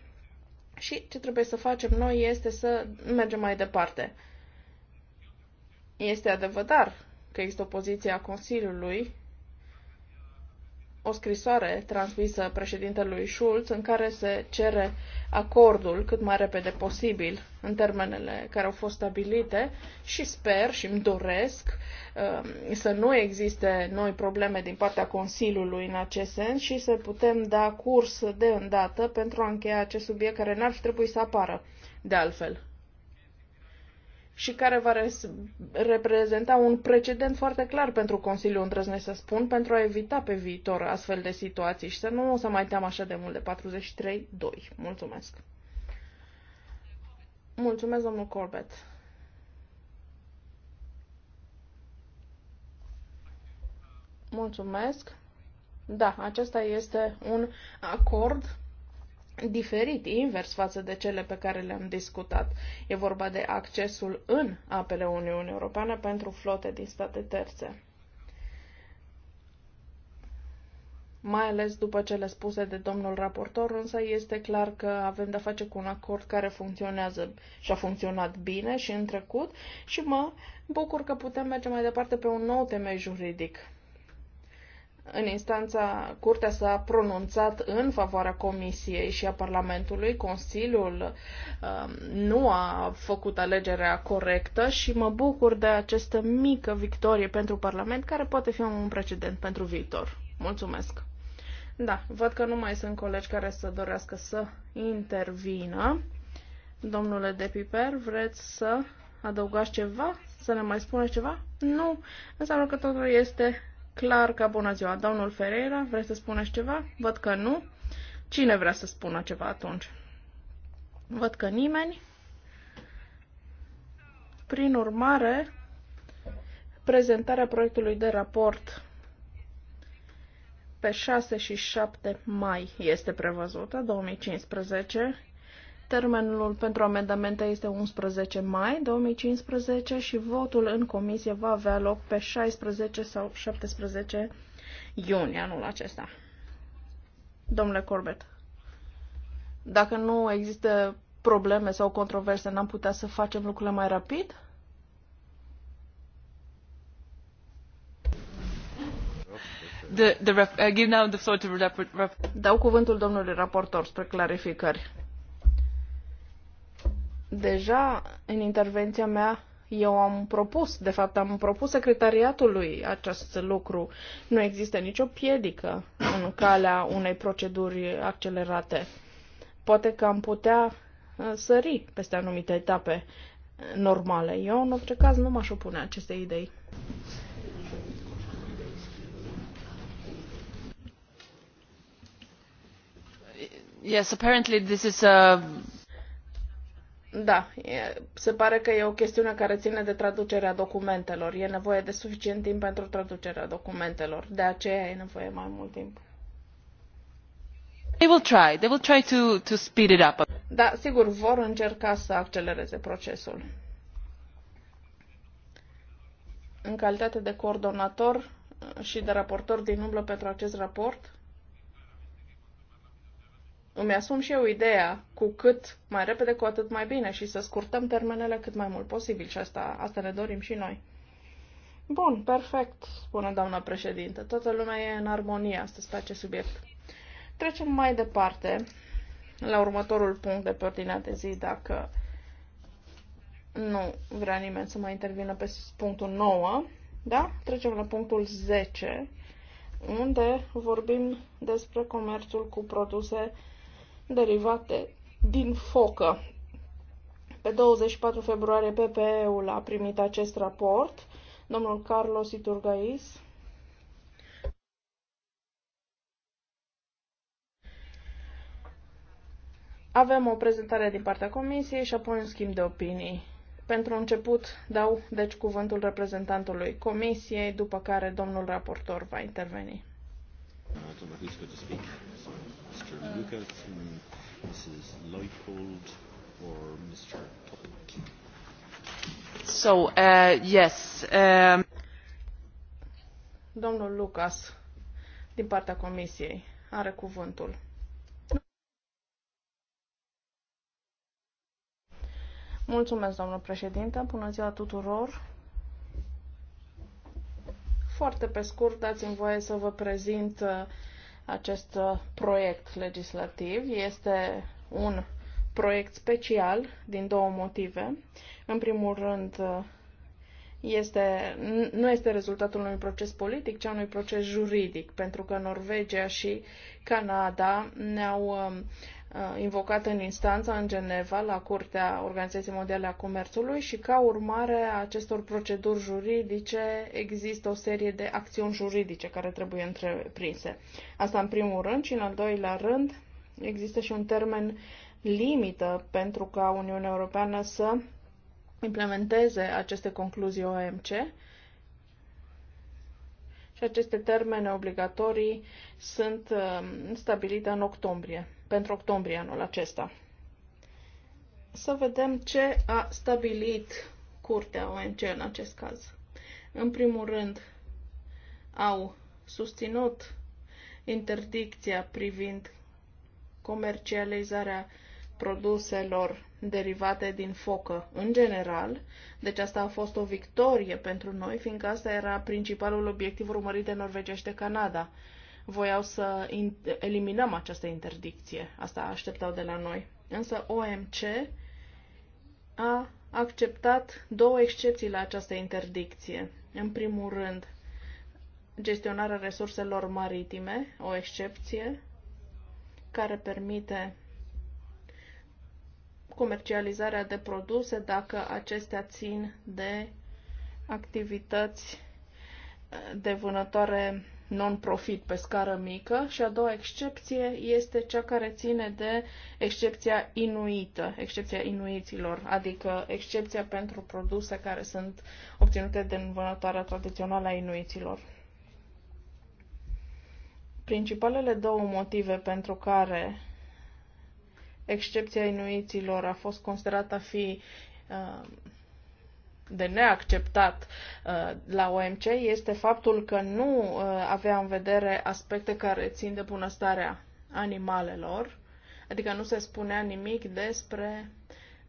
și ce trebuie să facem noi este să mergem mai departe. Este adevărat că există o poziție a Consiliului, o scrisoare transmisă președintelui Schulz în care se cere acordul cât mai repede posibil în termenele care au fost stabilite și sper și îmi doresc um, să nu existe noi probleme din partea Consiliului în acest sens și să putem da curs de îndată pentru a încheia acest subiect care n-ar trebui să apară de altfel și care va reprezenta un precedent foarte clar pentru Consiliul, îndrăznesc să spun, pentru a evita pe viitor astfel de situații și să nu o să mai teamă așa de mult de 43-2. Mulțumesc! Mulțumesc, domnul Corbett! Mulțumesc! Da, acesta este un acord diferit, invers față de cele pe care le-am discutat. E vorba de accesul în apele Uniunii Europene pentru flote din state terțe. Mai ales după cele spuse de domnul raportor, însă este clar că avem de-a face cu un acord care funcționează și a funcționat bine și în trecut și mă bucur că putem merge mai departe pe un nou temei juridic în instanța, curtea s-a pronunțat în favoarea Comisiei și a Parlamentului. Consiliul uh, nu a făcut alegerea corectă și mă bucur de această mică victorie pentru Parlament, care poate fi un precedent pentru viitor. Mulțumesc! Da, văd că nu mai sunt colegi care să dorească să intervină. Domnule de Piper, vreți să adăugați ceva? Să ne mai spuneți ceva? Nu, înseamnă că totul este Clar ca bună ziua. Domnul Ferreira, vreți să spuneți ceva? Văd că nu. Cine vrea să spună ceva atunci? Văd că nimeni. Prin urmare, prezentarea proiectului de raport pe 6 și 7 mai este prevăzută, 2015. Termenul pentru amendamente este 11 mai 2015 și votul în comisie va avea loc pe 16 sau 17 iunie anul acesta. Domnule Corbett, dacă nu există probleme sau controverse, n-am putea să facem lucrurile mai rapid? The, the, uh, give now the Dau cuvântul domnului raportor spre clarificări. Deja în intervenția mea eu am propus, de fapt am propus secretariatului acest lucru. Nu există nicio piedică în calea unei proceduri accelerate. Poate că am putea uh, sări peste anumite etape normale. Eu, în orice caz, nu m-aș opune acestei idei. Yes, apparently this is a da, e, se pare că e o chestiune care ține de traducerea documentelor. E nevoie de suficient timp pentru traducerea documentelor. De aceea e nevoie mai mult timp. They will try. They will try to, to speed it up. Da, sigur, vor încerca să accelereze procesul. În calitate de coordonator și de raportor din umblă pentru acest raport, îmi asum și eu ideea cu cât mai repede, cu atât mai bine și să scurtăm termenele cât mai mult posibil și asta, asta ne dorim și noi. Bun, perfect, spune doamna președinte. Toată lumea e în armonie astăzi pe acest subiect. Trecem mai departe la următorul punct de pe ordinea de zi, dacă nu vrea nimeni să mai intervină pe punctul 9, da? Trecem la punctul 10, unde vorbim despre comerțul cu produse derivate din focă. Pe 24 februarie PPE-ul a primit acest raport, domnul Carlos Iturgais. Avem o prezentare din partea comisiei și apoi un schimb de opinii. Pentru început dau deci cuvântul reprezentantului comisiei, după care domnul raportor va interveni. Uh, Mr. Mrs. Leupold or Mr. Topic. So, uh, yes. Um... Domnul Lucas, din partea Comisiei, are cuvântul. Mulțumesc, domnul președinte. Bună ziua tuturor. Foarte pe scurt, dați-mi voie să vă prezint uh, acest uh, proiect legislativ. Este un proiect special din două motive. În primul rând, uh, este, nu este rezultatul unui proces politic, ci unui proces juridic, pentru că Norvegia și Canada ne-au um, Uh, invocat în instanța în Geneva la Curtea Organizației Mondiale a Comerțului și ca urmare a acestor proceduri juridice există o serie de acțiuni juridice care trebuie întreprinse. Asta în primul rând și în al doilea rând există și un termen limită pentru ca Uniunea Europeană să implementeze aceste concluzii OMC și aceste termene obligatorii sunt uh, stabilite în octombrie pentru octombrie anul acesta. Să vedem ce a stabilit curtea ONG în acest caz. În primul rând, au susținut interdicția privind comercializarea produselor derivate din focă în general. Deci asta a fost o victorie pentru noi, fiindcă asta era principalul obiectiv urmărit de Norvegia și de Canada voiau să eliminăm această interdicție. Asta așteptau de la noi. Însă OMC a acceptat două excepții la această interdicție. În primul rând, gestionarea resurselor maritime, o excepție care permite comercializarea de produse dacă acestea țin de activități de vânătoare non-profit pe scară mică și a doua excepție este cea care ține de excepția inuită, excepția inuiților, adică excepția pentru produse care sunt obținute din vânătoarea tradițională a inuiților. Principalele două motive pentru care excepția inuiților a fost considerată a fi uh, de neacceptat uh, la OMC este faptul că nu uh, avea în vedere aspecte care țin de bunăstarea animalelor, adică nu se spunea nimic despre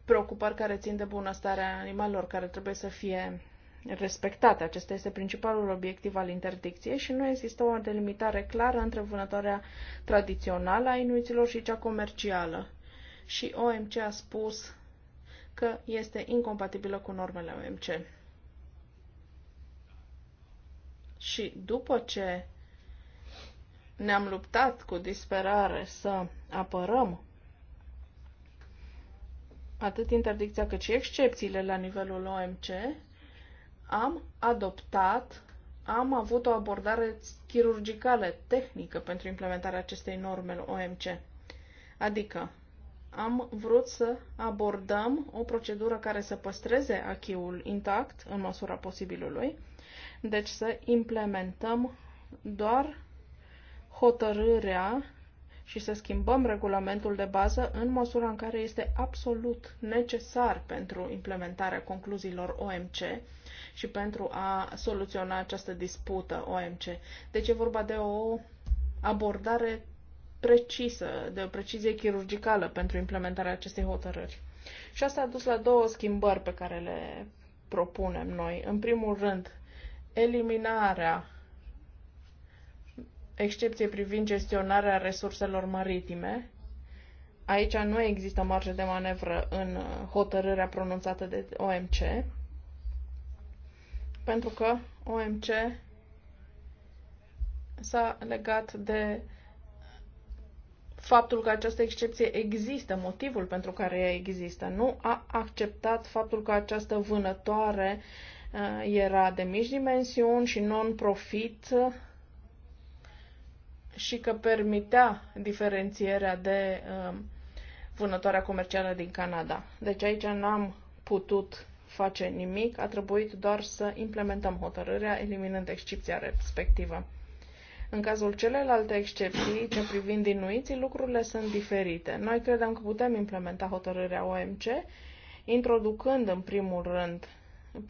preocupări care țin de bunăstarea animalelor, care trebuie să fie respectate. Acesta este principalul obiectiv al interdicției și nu există o delimitare clară între vânătoarea tradițională a inuiților și cea comercială. Și OMC a spus că este incompatibilă cu normele OMC. Și după ce ne-am luptat cu disperare să apărăm atât interdicția cât și excepțiile la nivelul OMC, am adoptat, am avut o abordare chirurgicală, tehnică pentru implementarea acestei norme OMC. Adică, am vrut să abordăm o procedură care să păstreze achiul intact în măsura posibilului, deci să implementăm doar hotărârea și să schimbăm regulamentul de bază în măsura în care este absolut necesar pentru implementarea concluziilor OMC și pentru a soluționa această dispută OMC. Deci e vorba de o abordare precisă, de o precizie chirurgicală pentru implementarea acestei hotărâri. Și asta a dus la două schimbări pe care le propunem noi. În primul rând, eliminarea excepției privind gestionarea resurselor maritime. Aici nu există marge de manevră în hotărârea pronunțată de OMC, pentru că OMC s-a legat de uh, faptul că această excepție există, motivul pentru care ea există. Nu a acceptat faptul că această vânătoare uh, era de mici dimensiuni și non-profit uh, și că permitea diferențierea de uh, vânătoarea comercială din Canada. Deci aici n-am putut face nimic, a trebuit doar să implementăm hotărârea, eliminând excepția respectivă. În cazul celelalte excepții, ce privind inuiții, lucrurile sunt diferite. Noi credem că putem implementa hotărârea OMC, introducând în primul rând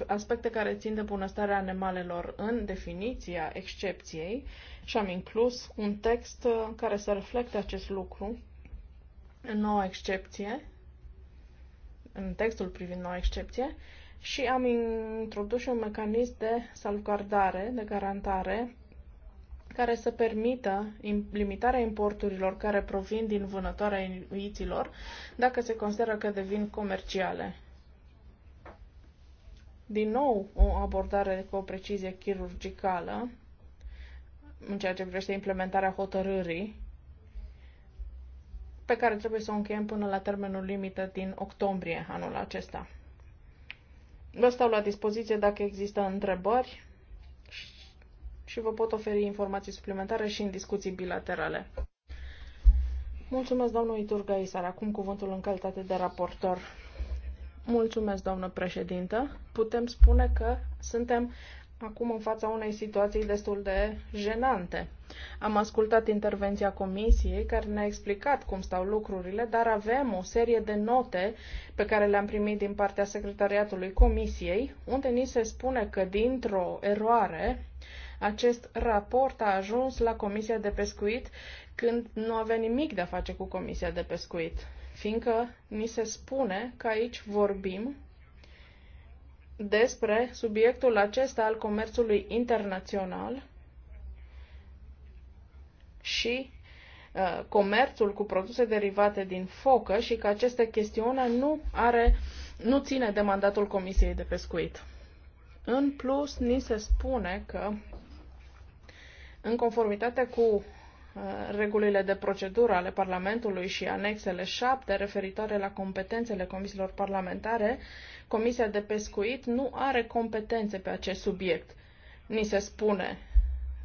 aspecte care țin de bunăstarea animalelor în definiția excepției și am inclus un text care să reflecte acest lucru în noua excepție, în textul privind noua excepție, și am introdus un mecanism de salvgardare, de garantare care să permită limitarea importurilor care provin din vânătoarea inuiților dacă se consideră că devin comerciale. Din nou, o abordare cu o precizie chirurgicală în ceea ce privește implementarea hotărârii pe care trebuie să o încheiem până la termenul limită din octombrie anul acesta. Vă stau la dispoziție dacă există întrebări și vă pot oferi informații suplimentare și în discuții bilaterale. Mulțumesc, domnului Turgaisar. Acum cuvântul în calitate de raportor. Mulțumesc, doamnă președintă. Putem spune că suntem acum în fața unei situații destul de jenante. Am ascultat intervenția comisiei care ne-a explicat cum stau lucrurile, dar avem o serie de note pe care le-am primit din partea secretariatului comisiei, unde ni se spune că dintr-o eroare acest raport a ajuns la Comisia de Pescuit când nu avea nimic de a face cu Comisia de Pescuit, fiindcă ni se spune că aici vorbim despre subiectul acesta al comerțului internațional și uh, comerțul cu produse derivate din focă și că această chestiune nu are, nu ține de mandatul Comisiei de Pescuit. În plus, ni se spune că în conformitate cu uh, regulile de procedură ale Parlamentului și anexele 7 referitoare la competențele comisiilor parlamentare, Comisia de Pescuit nu are competențe pe acest subiect. Ni se spune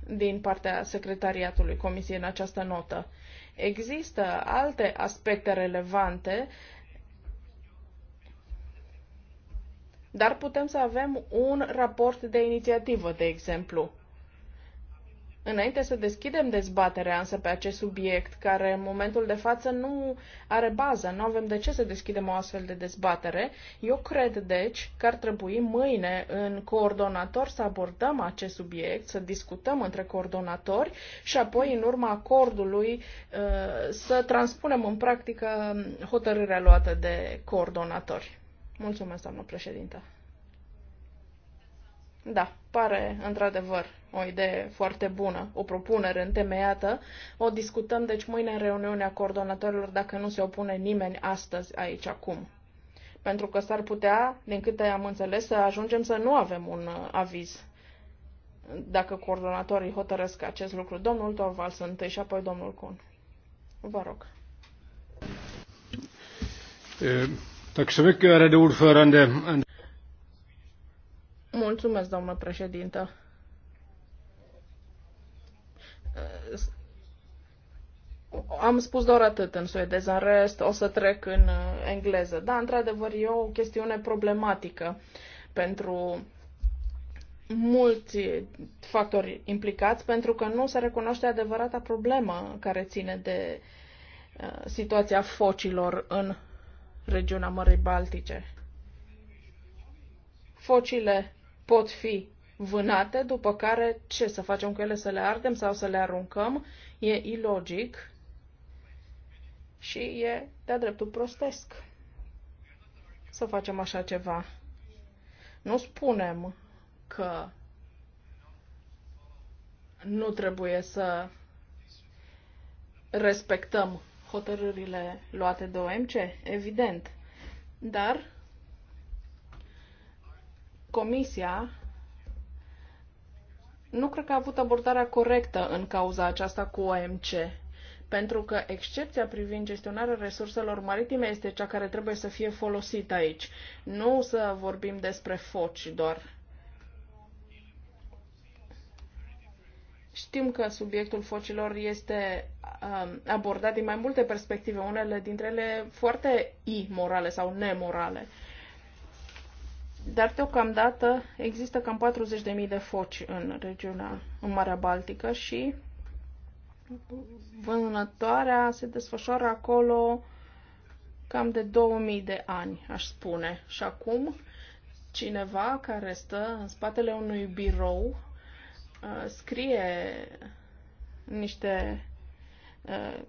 din partea secretariatului Comisiei în această notă. Există alte aspecte relevante, dar putem să avem un raport de inițiativă, de exemplu Înainte să deschidem dezbaterea însă pe acest subiect, care în momentul de față nu are bază, nu avem de ce să deschidem o astfel de dezbatere, eu cred deci că ar trebui mâine în coordonator să abordăm acest subiect, să discutăm între coordonatori și apoi în urma acordului uh, să transpunem în practică hotărârea luată de coordonatori. Mulțumesc, doamnă președintă. Da, pare într-adevăr o idee foarte bună, o propunere întemeiată. O discutăm deci mâine în reuniunea coordonatorilor dacă nu se opune nimeni astăzi aici acum. Pentru că s-ar putea, din câte am înțeles, să ajungem să nu avem un uh, aviz dacă coordonatorii hotărăsc acest lucru. Domnul Torvalds întâi și apoi domnul Cun. Vă rog. Tack så mycket, ärade ordförande. Mulțumesc, doamnă președintă. Am spus doar atât în suedeză, în rest o să trec în uh, engleză. Da, într-adevăr, e o chestiune problematică pentru mulți factori implicați, pentru că nu se recunoaște adevărata problemă care ține de uh, situația focilor în regiunea Mării Baltice. Focile pot fi vânate, după care ce să facem cu ele, să le ardem sau să le aruncăm, e ilogic și e de-a dreptul prostesc să facem așa ceva. Nu spunem că nu trebuie să respectăm hotărârile luate de OMC, evident, dar Comisia nu cred că a avut abordarea corectă în cauza aceasta cu OMC, pentru că excepția privind gestionarea resurselor maritime este cea care trebuie să fie folosită aici. Nu să vorbim despre foci doar. Știm că subiectul focilor este um, abordat din mai multe perspective, unele dintre ele foarte imorale sau nemorale. Dar deocamdată există cam 40.000 de foci în regiunea, în Marea Baltică și vânătoarea se desfășoară acolo cam de 2000 de ani, aș spune. Și acum cineva care stă în spatele unui birou uh, scrie niște uh,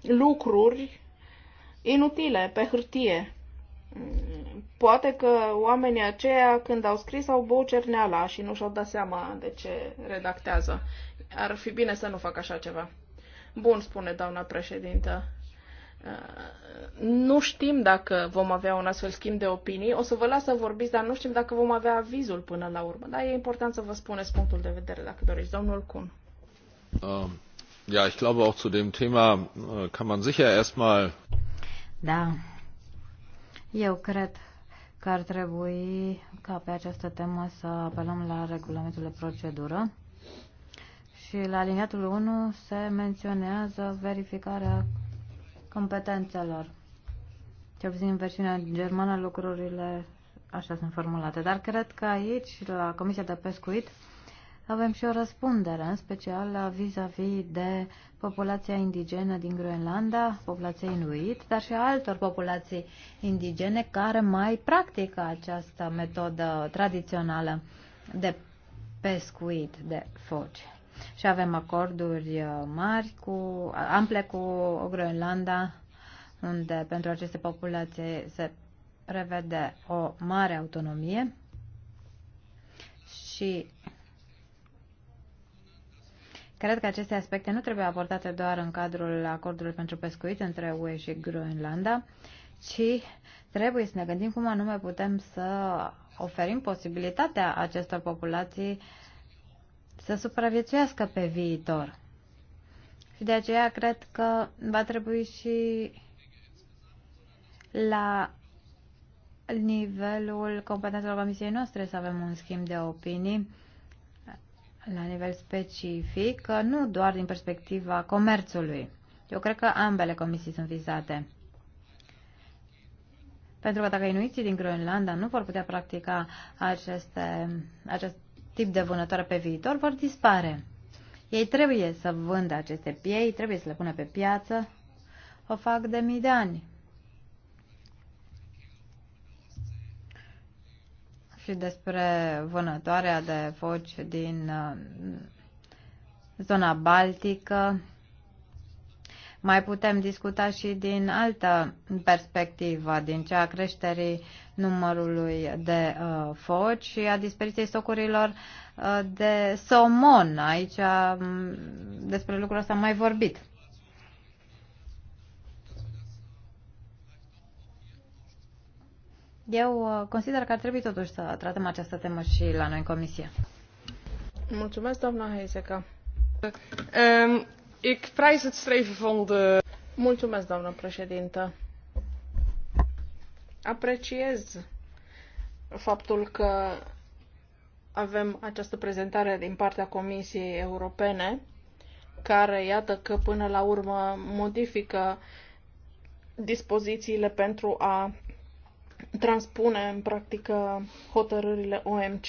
lucruri inutile pe hârtie Poate că oamenii aceia, când au scris, au băut cerneala și nu și-au dat seama de ce redactează. Ar fi bine să nu fac așa ceva. Bun, spune doamna președintă. Nu știm dacă vom avea un astfel schimb de opinii. O să vă las să vorbiți, dar nu știm dacă vom avea avizul până la urmă. Dar e important să vă spuneți punctul de vedere, dacă doriți. Domnul Kuhn. Uh, um, ja, ich glaube auch zu dem Thema äh, kann man sicher erstmal. Da. Eu cred că ar trebui ca pe această temă să apelăm la regulamentul de procedură. Și la aliniatul 1 se menționează verificarea competențelor. Cel puțin în versiunea germană lucrurile așa sunt formulate. Dar cred că aici, la Comisia de Pescuit, avem și o răspundere, în special vis-a-vis -vis de populația indigenă din Groenlanda, populația inuit, dar și a altor populații indigene care mai practică această metodă tradițională de pescuit de foci. Și avem acorduri uh, mari, cu, ample cu Groenlanda, unde pentru aceste populații se prevede o mare autonomie și Cred că aceste aspecte nu trebuie abordate doar în cadrul acordului pentru pescuit între UE și Groenlanda, ci trebuie să ne gândim cum anume putem să oferim posibilitatea acestor populații să supraviețuiască pe viitor. Și de aceea cred că va trebui și la nivelul competențelor comisiei noastre să avem un schimb de opinii la nivel specific, nu doar din perspectiva comerțului. Eu cred că ambele comisii sunt vizate. Pentru că dacă inuiții din Groenlanda nu vor putea practica aceste, acest tip de vânătoare pe viitor, vor dispare. Ei trebuie să vândă aceste piei, trebuie să le pună pe piață. O fac de mii de ani. și despre vânătoarea de foci din uh, zona Baltică. Mai putem discuta și din altă perspectivă, din cea a creșterii numărului de uh, foci și a dispariției stocurilor uh, de somon. Aici um, despre lucrul ăsta am mai vorbit. Eu uh, consider că ar trebui totuși să tratăm această temă și la noi în comisie. Mulțumesc, doamna Heiseca. Ehm, ik prijs het streven van de... Mulțumesc, doamna președintă. Apreciez faptul că avem această prezentare din partea Comisiei Europene, care, iată că până la urmă modifică dispozițiile pentru a transpune în practică hotărârile OMC.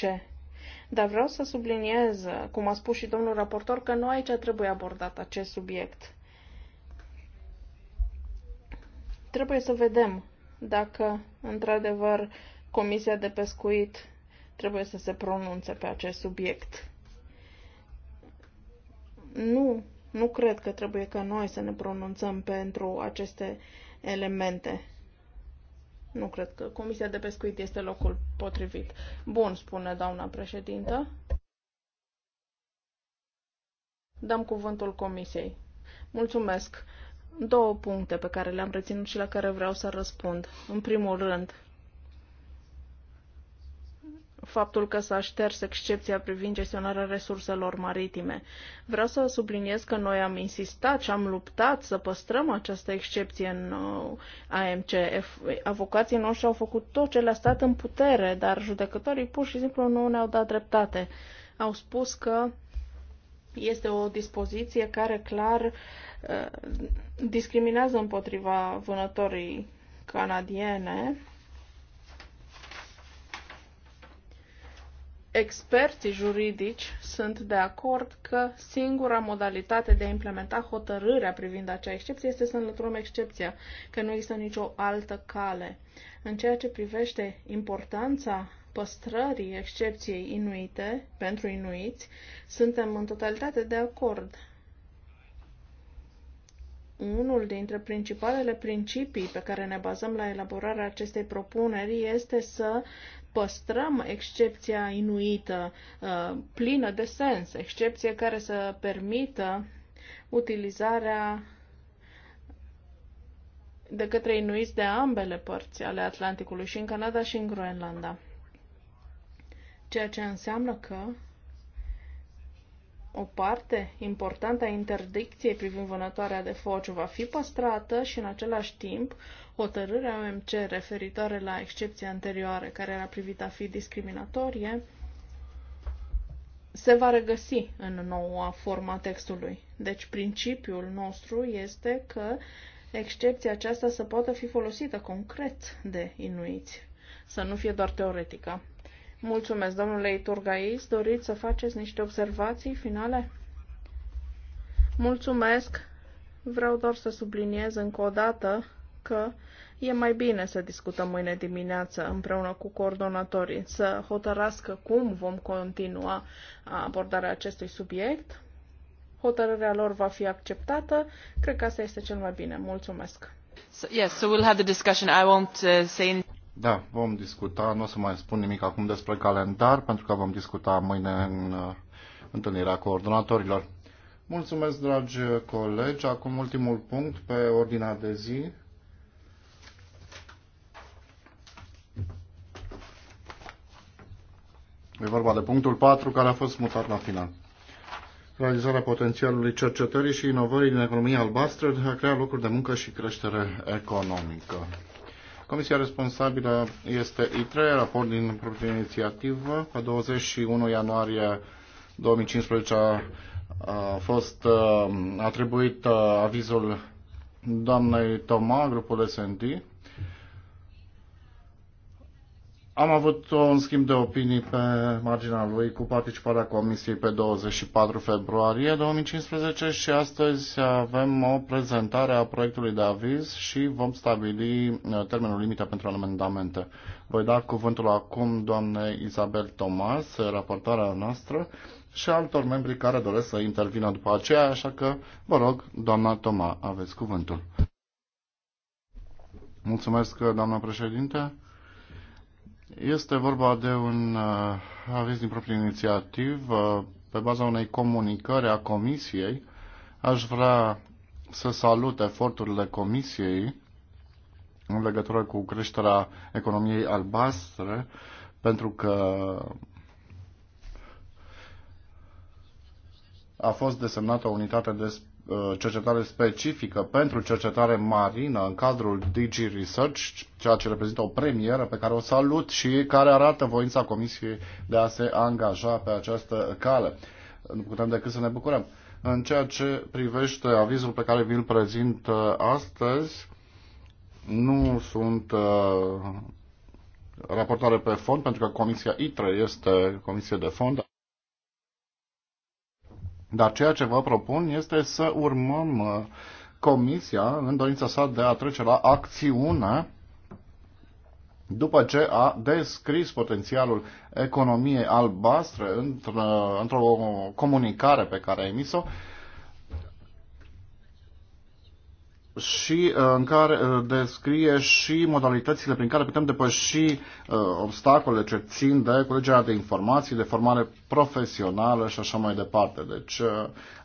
Dar vreau să subliniez, cum a spus și domnul raportor, că nu aici trebuie abordat acest subiect. Trebuie să vedem dacă, într-adevăr, Comisia de Pescuit trebuie să se pronunțe pe acest subiect. Nu, nu cred că trebuie ca noi să ne pronunțăm pentru aceste elemente. Nu cred că Comisia de Pescuit este locul potrivit. Bun, spune doamna președintă. Dăm cuvântul Comisiei. Mulțumesc. Două puncte pe care le-am reținut și la care vreau să răspund. În primul rând, faptul că s-a șters excepția privind gestionarea resurselor maritime. Vreau să subliniez că noi am insistat și am luptat să păstrăm această excepție în uh, AMC. Avocații noștri au făcut tot ce le-a stat în putere, dar judecătorii pur și simplu nu ne-au dat dreptate. Au spus că este o dispoziție care clar uh, discriminează împotriva vânătorii canadiene experții juridici sunt de acord că singura modalitate de a implementa hotărârea privind acea excepție este să înlăturăm excepția, că nu există nicio altă cale. În ceea ce privește importanța păstrării excepției inuite pentru inuiți, suntem în totalitate de acord. Unul dintre principalele principii pe care ne bazăm la elaborarea acestei propuneri este să păstrăm excepția inuită uh, plină de sens, excepție care să permită utilizarea de către inuiți de ambele părți ale Atlanticului, și în Canada și în Groenlanda. Ceea ce înseamnă că o parte importantă a interdicției privind vânătoarea de foci va fi păstrată și în același timp Hotărârea OMC referitoare la excepția anterioară, care era privită a fi discriminatorie, se va regăsi în noua forma textului. Deci principiul nostru este că excepția aceasta să poată fi folosită concret de inuiți, să nu fie doar teoretică. Mulțumesc, domnule Iturgais. Doriți să faceți niște observații finale? Mulțumesc. Vreau doar să subliniez încă o dată că e mai bine să discutăm mâine dimineață împreună cu coordonatorii, să hotărască cum vom continua abordarea acestui subiect. Hotărârea lor va fi acceptată. Cred că asta este cel mai bine. Mulțumesc. So, yes, so we'll have the discussion. I won't uh, say Da, vom discuta, nu o să mai spun nimic acum despre calendar, pentru că vom discuta mâine în uh, întâlnirea coordonatorilor. Mulțumesc, dragi colegi. Acum ultimul punct pe ordinea de zi. E vorba de punctul 4 care a fost mutat la final. Realizarea potențialului cercetării și inovării din economia albastră de a crea locuri de muncă și creștere economică. Comisia responsabilă este ITRE, raport din propria inițiativă. Pe 21 ianuarie 2015 a, a fost a, atribuit a, avizul doamnei Toma, grupul S&D, am avut un schimb de opinii pe marginea lui cu participarea Comisiei pe 24 februarie 2015 și astăzi avem o prezentare a proiectului de aviz și vom stabili uh, termenul limită pentru amendamente. Voi da cuvântul acum doamnei Isabel Tomas, raportoarea noastră, și altor membri care doresc să intervină după aceea, așa că vă rog, doamna Toma, aveți cuvântul. Mulțumesc, doamna președinte. Este vorba de un uh, aviz din proprie inițiativă uh, pe baza unei comunicări a Comisiei. Aș vrea să salut eforturile Comisiei în legătură cu creșterea economiei albastre, pentru că a fost desemnată o unitate de Uh, cercetare specifică pentru cercetare marină în cadrul DG Research, ceea ce reprezintă o premieră pe care o salut și care arată voința Comisiei de a se angaja pe această cale. Nu putem decât să ne bucurăm. În ceea ce privește avizul pe care vi-l prezint uh, astăzi, nu sunt uh, raportare pe fond, pentru că Comisia ITRE este Comisie de Fond. Dar ceea ce vă propun este să urmăm uh, Comisia în dorința sa de a trece la acțiune după ce a descris potențialul economiei albastre într-o comunicare pe care a emis-o și uh, în care uh, descrie și modalitățile prin care putem depăși uh, obstacole ce țin de culegerea de informații, de formare profesională și așa mai departe. Deci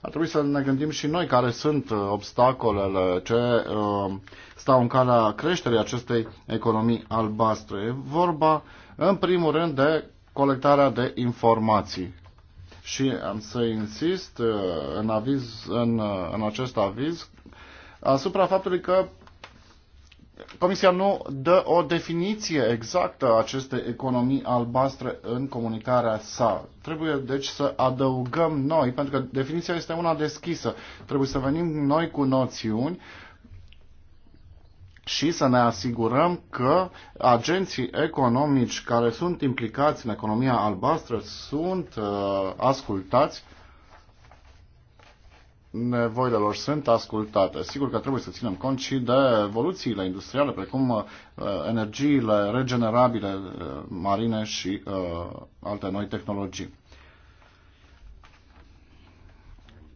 ar trebui să ne gândim și noi care sunt obstacolele ce stau în calea creșterii acestei economii albastre. E vorba, în primul rând, de colectarea de informații. Și am să insist în, aviz, în, în acest aviz asupra faptului că Comisia nu dă o definiție exactă a acestei economii albastre în comunicarea sa. Trebuie deci să adăugăm noi, pentru că definiția este una deschisă. Trebuie să venim noi cu noțiuni și să ne asigurăm că agenții economici care sunt implicați în economia albastră sunt uh, ascultați nevoile lor sunt ascultate. Sigur că trebuie să ținem cont și de evoluțiile industriale, precum uh, energiile regenerabile uh, marine și uh, alte noi tehnologii.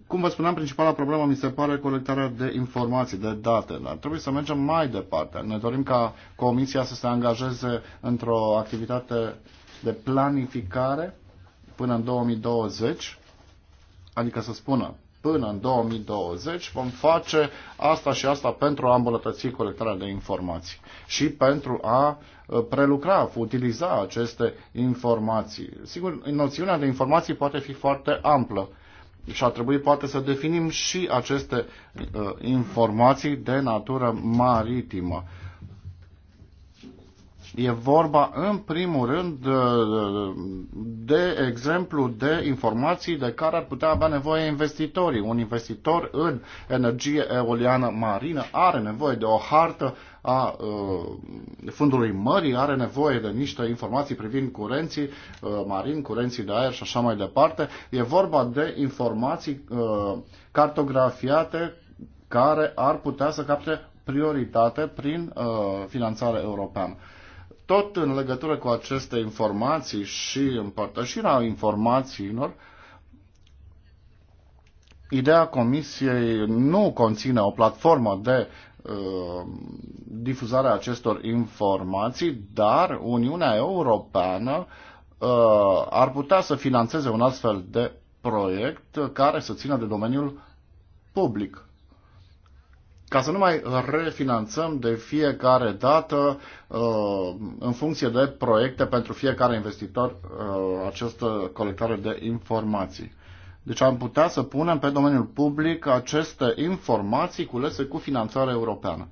Cum vă spuneam, principala problemă mi se pare colectarea de informații, de date, dar trebuie să mergem mai departe. Ne dorim ca Comisia să se angajeze într-o activitate de planificare până în 2020, adică să spună până în 2020 vom face asta și asta pentru a îmbunătăți colectarea de informații și pentru a uh, prelucra, utiliza aceste informații. Sigur, noțiunea de informații poate fi foarte amplă și ar trebui poate să definim și aceste uh, informații de natură maritimă. E vorba, în primul rând, de exemplu de informații de care ar putea avea nevoie investitorii. Un investitor în energie eoliană marină are nevoie de o hartă a uh, fundului mării, are nevoie de niște informații privind curenții uh, marini, curenții de aer și așa mai departe. E vorba de informații uh, cartografiate care ar putea să capte prioritate prin uh, finanțare europeană tot în legătură cu aceste informații și împărtășirea informațiilor, ideea Comisiei nu conține o platformă de uh, difuzare difuzarea acestor informații, dar Uniunea Europeană uh, ar putea să financeze un astfel de proiect care să țină de domeniul public ca să nu mai refinanțăm de fiecare dată uh, în funcție de proiecte pentru fiecare investitor uh, această colectare de informații. Deci am putea să punem pe domeniul public aceste informații culese cu finanțare europeană.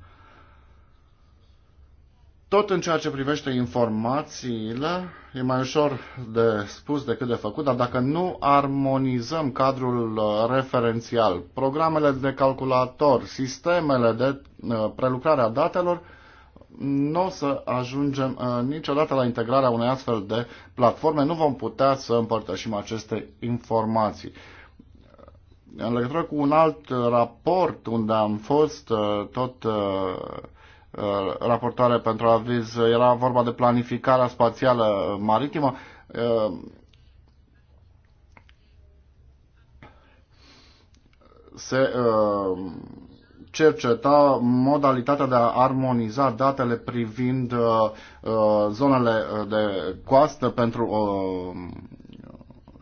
Tot în ceea ce privește informațiile, e mai ușor de spus decât de făcut, dar dacă nu armonizăm cadrul uh, referențial, programele de calculator, sistemele de uh, prelucrare a datelor, nu o să ajungem uh, niciodată la integrarea unei astfel de platforme, nu vom putea să împărtășim aceste informații. În legătură cu un alt raport unde am fost tot Uh, raportoare pentru aviz, era vorba de planificarea spațială maritimă. Uh, se uh, cerceta modalitatea de a armoniza datele privind zonele de coastă pentru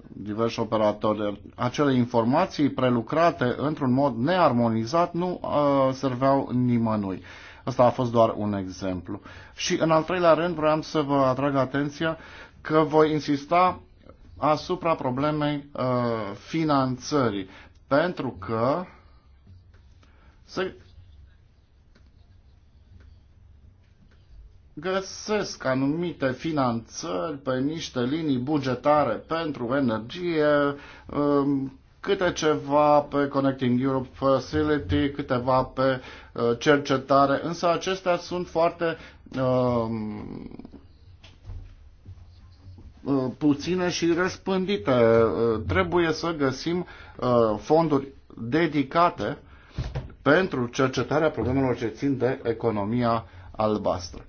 diversi operatori. Acele informații prelucrate într-un mod nearmonizat nu serveau nimănui. Asta a fost doar un exemplu. Și în al treilea rând vreau să vă atrag atenția că voi insista asupra problemei uh, finanțării, pentru că se găsesc anumite finanțări pe niște linii bugetare pentru energie, um, câte ceva pe Connecting Europe Facility, câteva pe uh, cercetare, însă acestea sunt foarte um, uh, puține și răspândite. Uh, trebuie să găsim fonduri dedicate pentru cercetarea problemelor ce țin de economia albastră.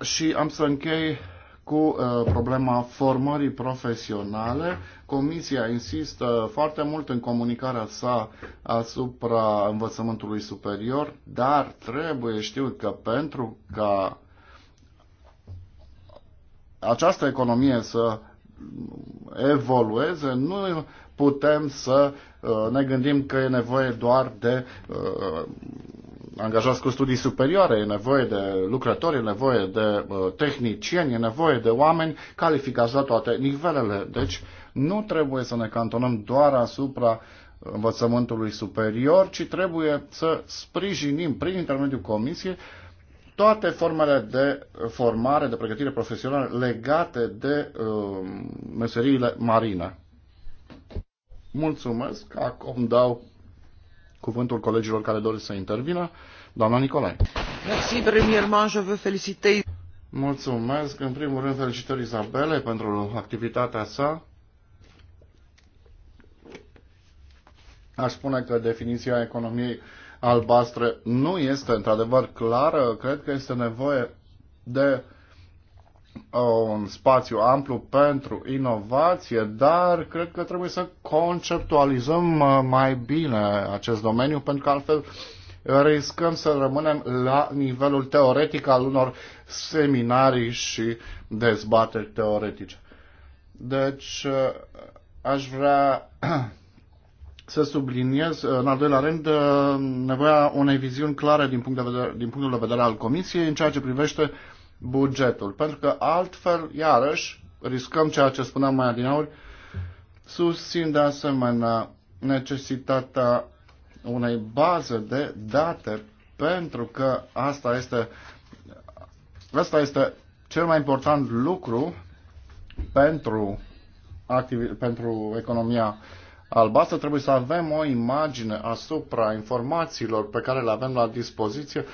Și am să închei cu uh, problema formării profesionale. Comisia insistă foarte mult în comunicarea sa asupra învățământului superior, dar trebuie știut că pentru ca această economie să evolueze, nu putem să uh, ne gândim că e nevoie doar de uh, angajați cu studii superioare, e nevoie de lucrători, e nevoie de uh, tehnicieni, e nevoie de oameni calificați la toate nivelele. Deci nu trebuie să ne cantonăm doar asupra învățământului superior, ci trebuie să sprijinim prin intermediul comisiei toate formele de formare, de pregătire profesională legate de uh, meseriile marine. Mulțumesc, acum dau cuvântul colegilor care doresc să intervină. Doamna Nicolae. Mersi, premier Manjo, vă felicitei. Mulțumesc. În primul rând, felicitări Izabele pentru activitatea sa. Aș spune că definiția economiei albastre nu este într-adevăr clară. Cred că este nevoie de uh, un spațiu amplu pentru inovație, dar cred că trebuie să conceptualizăm uh, mai bine acest domeniu, pentru că altfel riscăm să rămânem la nivelul teoretic al unor seminarii și dezbateri teoretice. Deci, uh, aș vrea (clears throat) să subliniez, uh, în al doilea rând, nevoia unei viziuni clare din, punct de vedere, din punctul de vedere al Comisiei în ceea ce privește bugetul. Pentru că altfel, iarăși, riscăm ceea ce spuneam mai adinauri, susțin de asemenea necesitatea unei baze de date, pentru că asta este, asta este cel mai important lucru pentru, activi, pentru economia albastră. Trebuie să avem o imagine asupra informațiilor pe care le avem la dispoziție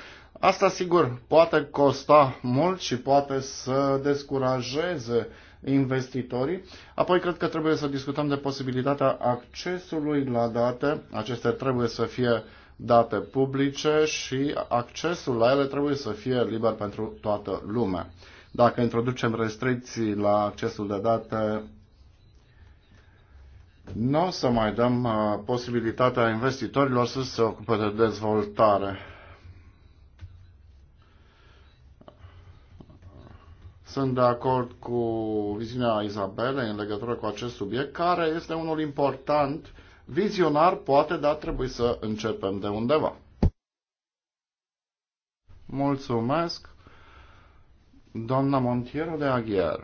Asta, sigur, poate costa mult și poate să descurajeze investitorii. Apoi, cred că trebuie să discutăm de posibilitatea accesului la date. Acestea trebuie să fie date publice și accesul la ele trebuie să fie liber pentru toată lumea. Dacă introducem restricții la accesul de date, nu o să mai dăm uh, posibilitatea investitorilor să se ocupe de dezvoltare. Sunt de acord cu viziunea Izabelei în legătură cu acest subiect, care este unul important, vizionar poate, dar trebuie să începem de undeva. Mulțumesc. Doamna Montiero de Aguiar.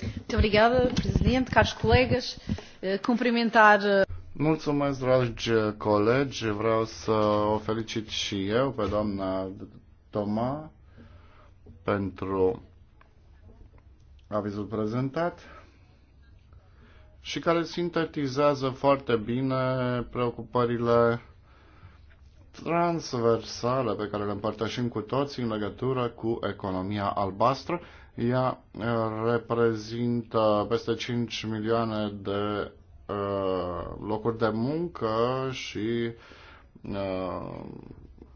Muito obrigada, Presidente, caros colegas. Eh, cumprimentar. Eh, Mulțumesc, dragi colegi. Vreau să o felicit și eu pe doamna Toma pentru avizul prezentat și care sintetizează foarte bine preocupările transversale pe care le împărtășim cu toții în legătură cu economia albastră. Ea eh, reprezintă peste 5 milioane de uh, locuri de muncă și uh,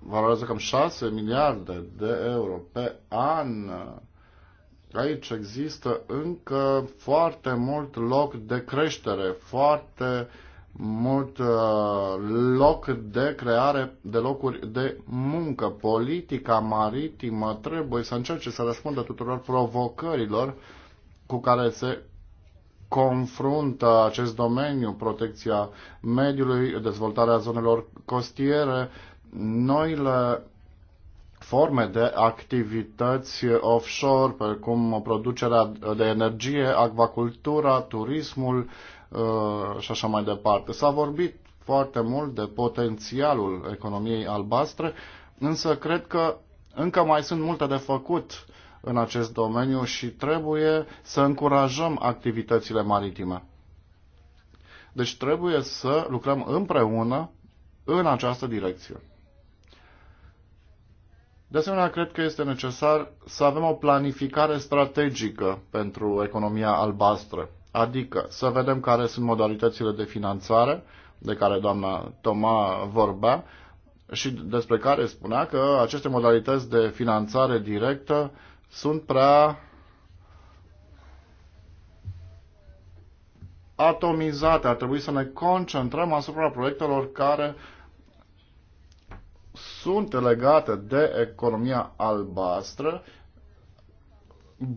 valorează cam 6 miliarde de euro pe an. Aici există încă foarte mult loc de creștere, foarte mult uh, loc de creare de locuri de muncă. Politica maritimă trebuie să încerce să răspundă tuturor provocărilor cu care se confruntă acest domeniu, protecția mediului, dezvoltarea zonelor costiere, noile forme de activități offshore, precum producerea de energie, acvacultura, turismul uh, și așa mai departe. S-a vorbit foarte mult de potențialul economiei albastre, însă cred că încă mai sunt multe de făcut în acest domeniu și trebuie să încurajăm activitățile maritime. Deci trebuie să lucrăm împreună în această direcție. De asemenea, cred că este necesar să avem o planificare strategică pentru economia albastră, adică să vedem care sunt modalitățile de finanțare de care doamna Toma vorbea și despre care spunea că aceste modalități de finanțare directă sunt prea atomizate. Ar trebui să ne concentrăm asupra proiectelor care uh, sunt legate de economia albastră,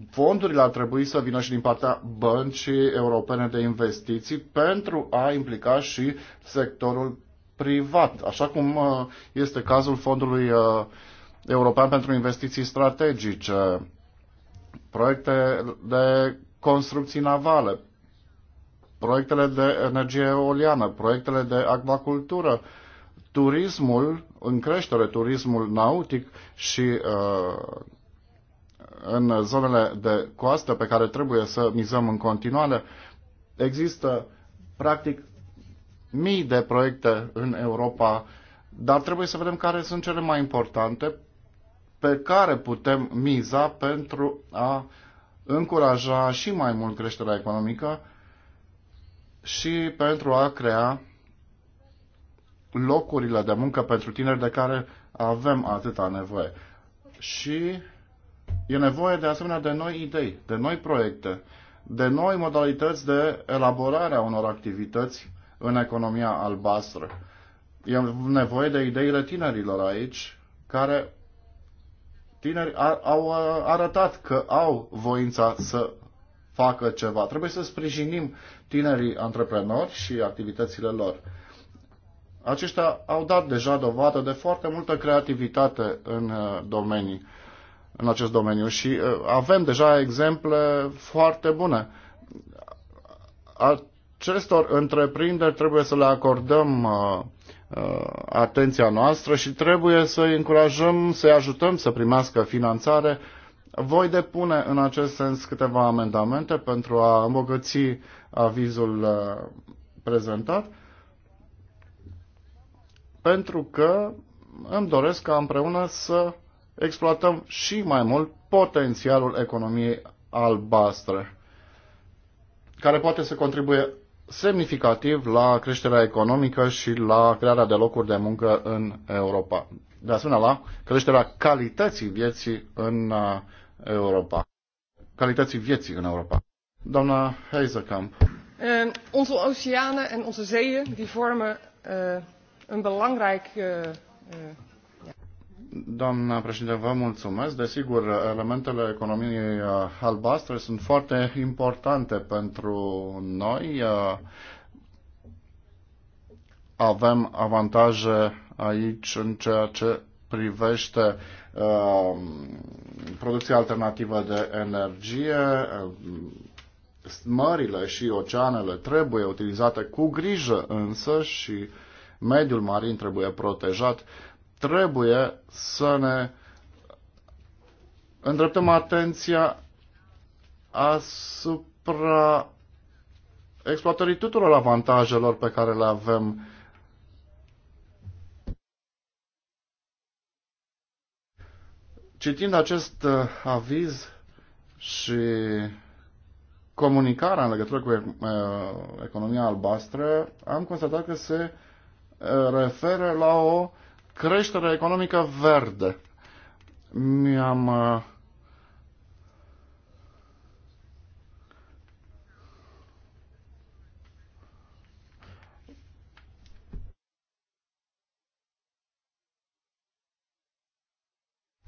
fondurile ar trebui să vină și din partea băncii europene de investiții pentru a implica și sectorul privat, așa cum uh, este cazul Fondului uh, European pentru Investiții Strategice, proiecte de construcții navale, proiectele de energie eoliană, proiectele de acvacultură, turismul, în creștere turismul nautic și uh, în zonele de coastă pe care trebuie să mizăm în continuare, există practic mii de proiecte în Europa, dar trebuie să vedem care sunt cele mai importante pe care putem miza pentru a încuraja și mai mult creșterea economică și pentru a crea locurile de muncă pentru tineri de care avem atâta nevoie. Și e nevoie de asemenea de noi idei, de noi proiecte, de noi modalități de elaborare a unor activități în economia albastră. E nevoie de ideile tinerilor aici, care tineri au uh, arătat că au voința să facă ceva. Trebuie să sprijinim tinerii antreprenori și activitățile lor. Aceștia au dat deja dovadă de foarte multă creativitate în uh, domenii în acest domeniu și uh, avem deja exemple foarte bune. Acestor întreprinderi trebuie să le acordăm uh, atenția noastră și trebuie să îi încurajăm, să îi ajutăm să primească finanțare. Voi depune în acest sens câteva amendamente pentru a îmbogăți avizul prezentat pentru că îmi doresc ca împreună să exploatăm și mai mult potențialul economiei albastre, care poate să contribuie semnificativ la creșterea economică și la crearea de locuri de muncă în Europa. De asemenea, la creșterea calității vieții în uh, Europa. Calității vieții în Europa. Doamna Heizekamp. Eh, onze oceanen en onze zeeën die vormen uh, een belangrijk... Eh, eh, Doamna președinte, vă mulțumesc. Desigur, elementele economiei eh, albastre sunt foarte importante pentru noi. Avem avantaje aici în ceea ce privește producția alternativă de energie. Mările și oceanele trebuie utilizate cu grijă însă și uh, mediul marin trebuie protejat, trebuie să ne îndreptăm atenția asupra exploatării tuturor avantajelor pe care le avem. Citind acest uh, aviz și comunicarea în legătură cu uh, economia albastră, am constatat că se uh, referă la o creștere economică verde. Mi-am uh,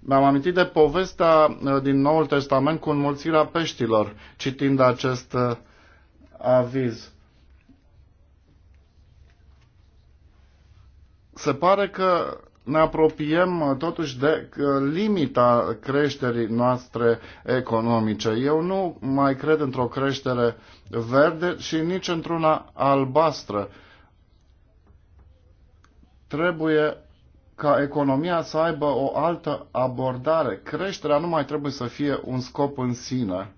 Mi-am amintit de povestea uh, din Noul Testament cu înmulțirea peștilor, citind acest uh, aviz. se pare că ne apropiem uh, totuși de uh, limita creșterii noastre economice. Eu nu mai cred într-o creștere verde și nici într-una albastră. Trebuie ca economia să aibă o altă abordare. Creșterea nu mai trebuie să fie un scop în sine.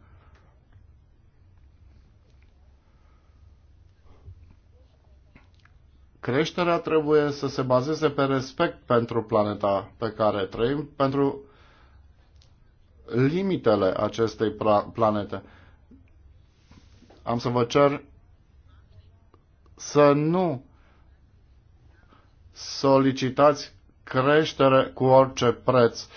Creșterea trebuie să se bazeze pe respect pentru planeta pe care trăim, pentru limitele acestei planete. Am să vă cer să nu solicitați creștere cu orice preț.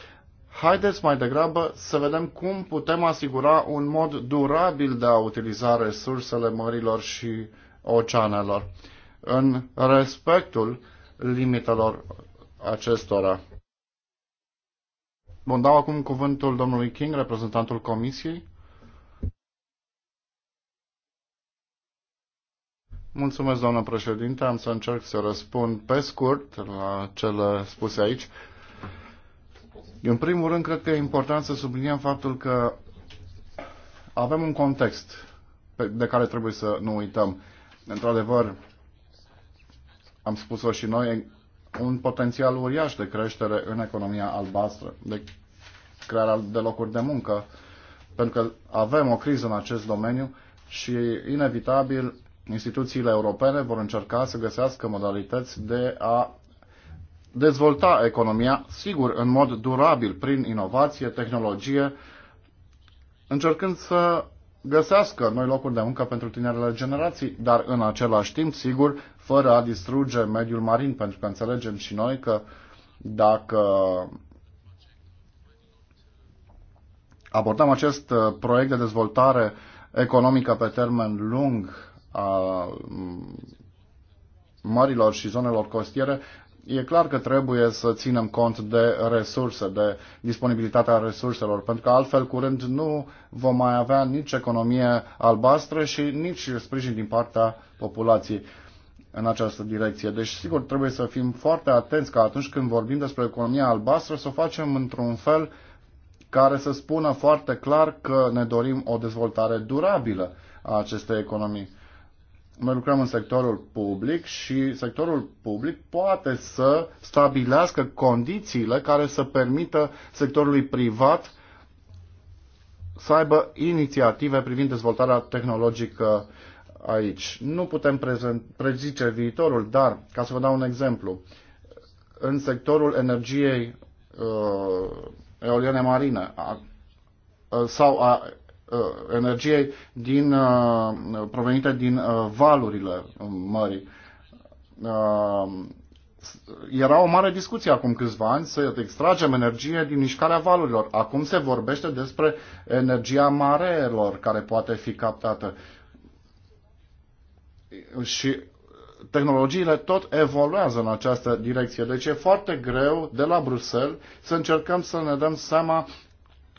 Haideți mai degrabă să vedem cum putem asigura un mod durabil de a utiliza resursele mărilor și oceanelor în respectul limitelor acestora. Bun, dau acum cuvântul domnului King, reprezentantul Comisiei. Mulțumesc, doamnă președinte. Am să încerc să răspund pe scurt la cele spuse aici. În primul rând, cred că e important să subliniem faptul că avem un context de care trebuie să nu uităm. Într-adevăr, am spus-o și noi, un potențial uriaș de creștere în economia albastră, de crearea de locuri de muncă, pentru că avem o criză în acest domeniu și inevitabil instituțiile europene vor încerca să găsească modalități de a dezvolta economia, sigur, în mod durabil, prin inovație, tehnologie, încercând să găsească noi locuri de muncă pentru tinerele generații, dar în același timp, sigur, fără a distruge mediul marin, pentru că înțelegem și noi că dacă abordăm acest uh, proiect de dezvoltare economică pe termen lung a mm, mărilor și zonelor costiere, e clar că trebuie să ținem cont de resurse, de disponibilitatea resurselor, pentru că altfel curând nu vom mai avea nici economie albastră și nici sprijin din partea populației în această direcție. Deci, sigur, trebuie să fim foarte atenți că atunci când vorbim despre economia albastră, să o facem într-un fel care să spună foarte clar că ne dorim o dezvoltare durabilă a acestei economii. Noi lucrăm în sectorul public și sectorul public poate să stabilească condițiile care să permită sectorului privat să aibă inițiative privind dezvoltarea tehnologică aici. Nu putem prezice viitorul, dar, ca să vă dau un exemplu, în sectorul energiei uh, eoliene marine a, sau a Uh, energiei din, uh, provenite din uh, valurile mării. Era o mare discuție acum câțiva ani să extragem energie din mișcarea valurilor. Acum se vorbește despre energia mareelor care poate fi captată. Și tehnologiile tot evoluează în această direcție. Deci e foarte greu de la Bruxelles să încercăm să ne dăm seama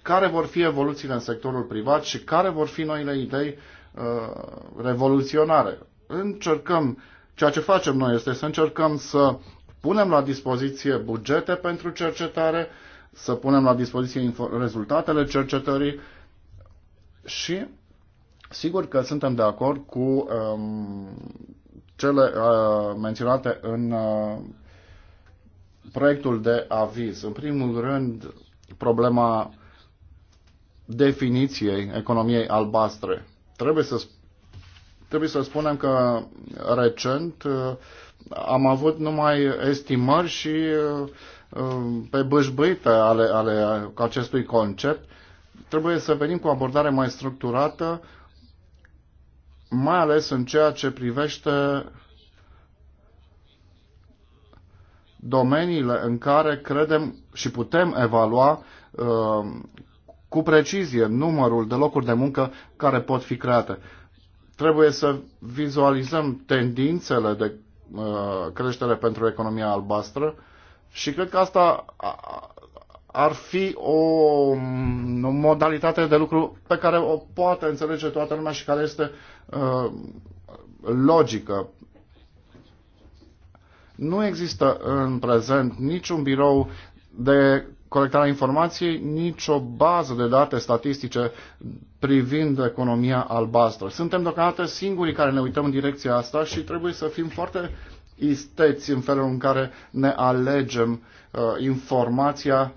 care vor fi evoluțiile în sectorul privat și care vor fi noile idei uh, revoluționare. Încercăm, ceea ce facem noi este să încercăm să punem la dispoziție bugete pentru cercetare, să punem la dispoziție rezultatele cercetării și sigur că suntem de acord cu um, cele uh, menționate în uh, proiectul de aviz. În primul rând, problema definiției economiei albastre. Trebuie să, trebuie să spunem că recent uh, am avut numai estimări și uh, uh, pe bâșbâite ale, ale acestui concept. Trebuie să venim cu o abordare mai structurată, mai ales în ceea ce privește domeniile în care credem și putem evalua uh, cu precizie numărul de locuri de muncă care pot fi create. Trebuie să vizualizăm tendințele de uh, creștere pentru economia albastră și cred că asta ar fi mm, o, modalitate de lucru pe care o poate înțelege toată lumea și care este uh, logică. Nu există în prezent niciun birou de colectarea informației nicio bază de date statistice privind economia albastră. Suntem deocamdată singurii care ne uităm în direcția asta și trebuie să fim foarte isteți în felul în care ne alegem uh, informația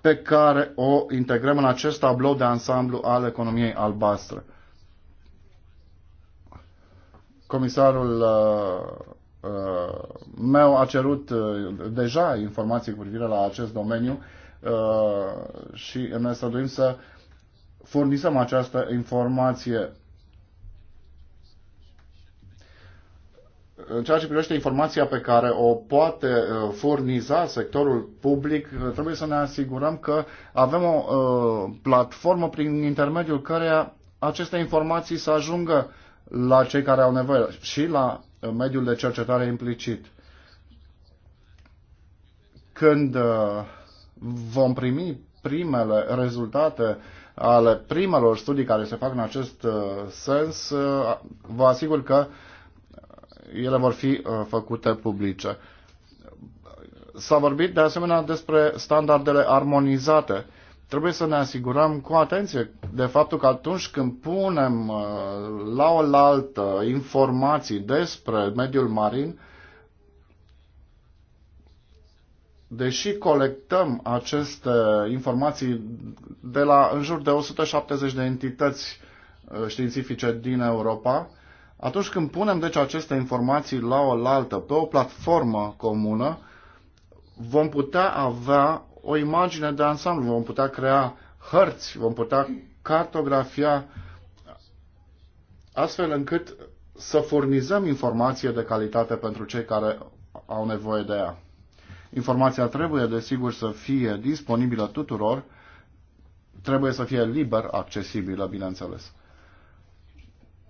pe care o integrăm în acest tablou de ansamblu al economiei albastre. Comisarul uh, Uh, meu au cerut uh, deja informații cu privire la acest domeniu uh, și ne străduim să furnizăm această informație. În ceea ce privește informația pe care o poate furniza sectorul public, trebuie să ne asigurăm că avem o platformă prin intermediul căreia aceste informații să ajungă la cei care au nevoie și la mediul de cercetare implicit. Când uh, vom primi primele rezultate ale primelor studii care se fac în acest uh, sens, uh, vă asigur că ele vor fi făcute publice. S-a vorbit de asemenea despre standardele armonizate trebuie să ne asigurăm cu atenție de faptul că atunci când punem uh, la oaltă informații despre mediul marin, deși colectăm aceste informații de la în jur de 170 de entități uh, științifice din Europa, atunci când punem deci aceste informații la oaltă pe o platformă comună, vom putea avea o imagine de ansamblu, vom putea crea hărți, vom putea cartografia astfel încât să furnizăm informație de calitate pentru cei care au nevoie de ea. Informația trebuie, desigur, să fie disponibilă tuturor, trebuie să fie liber accesibilă, bineînțeles.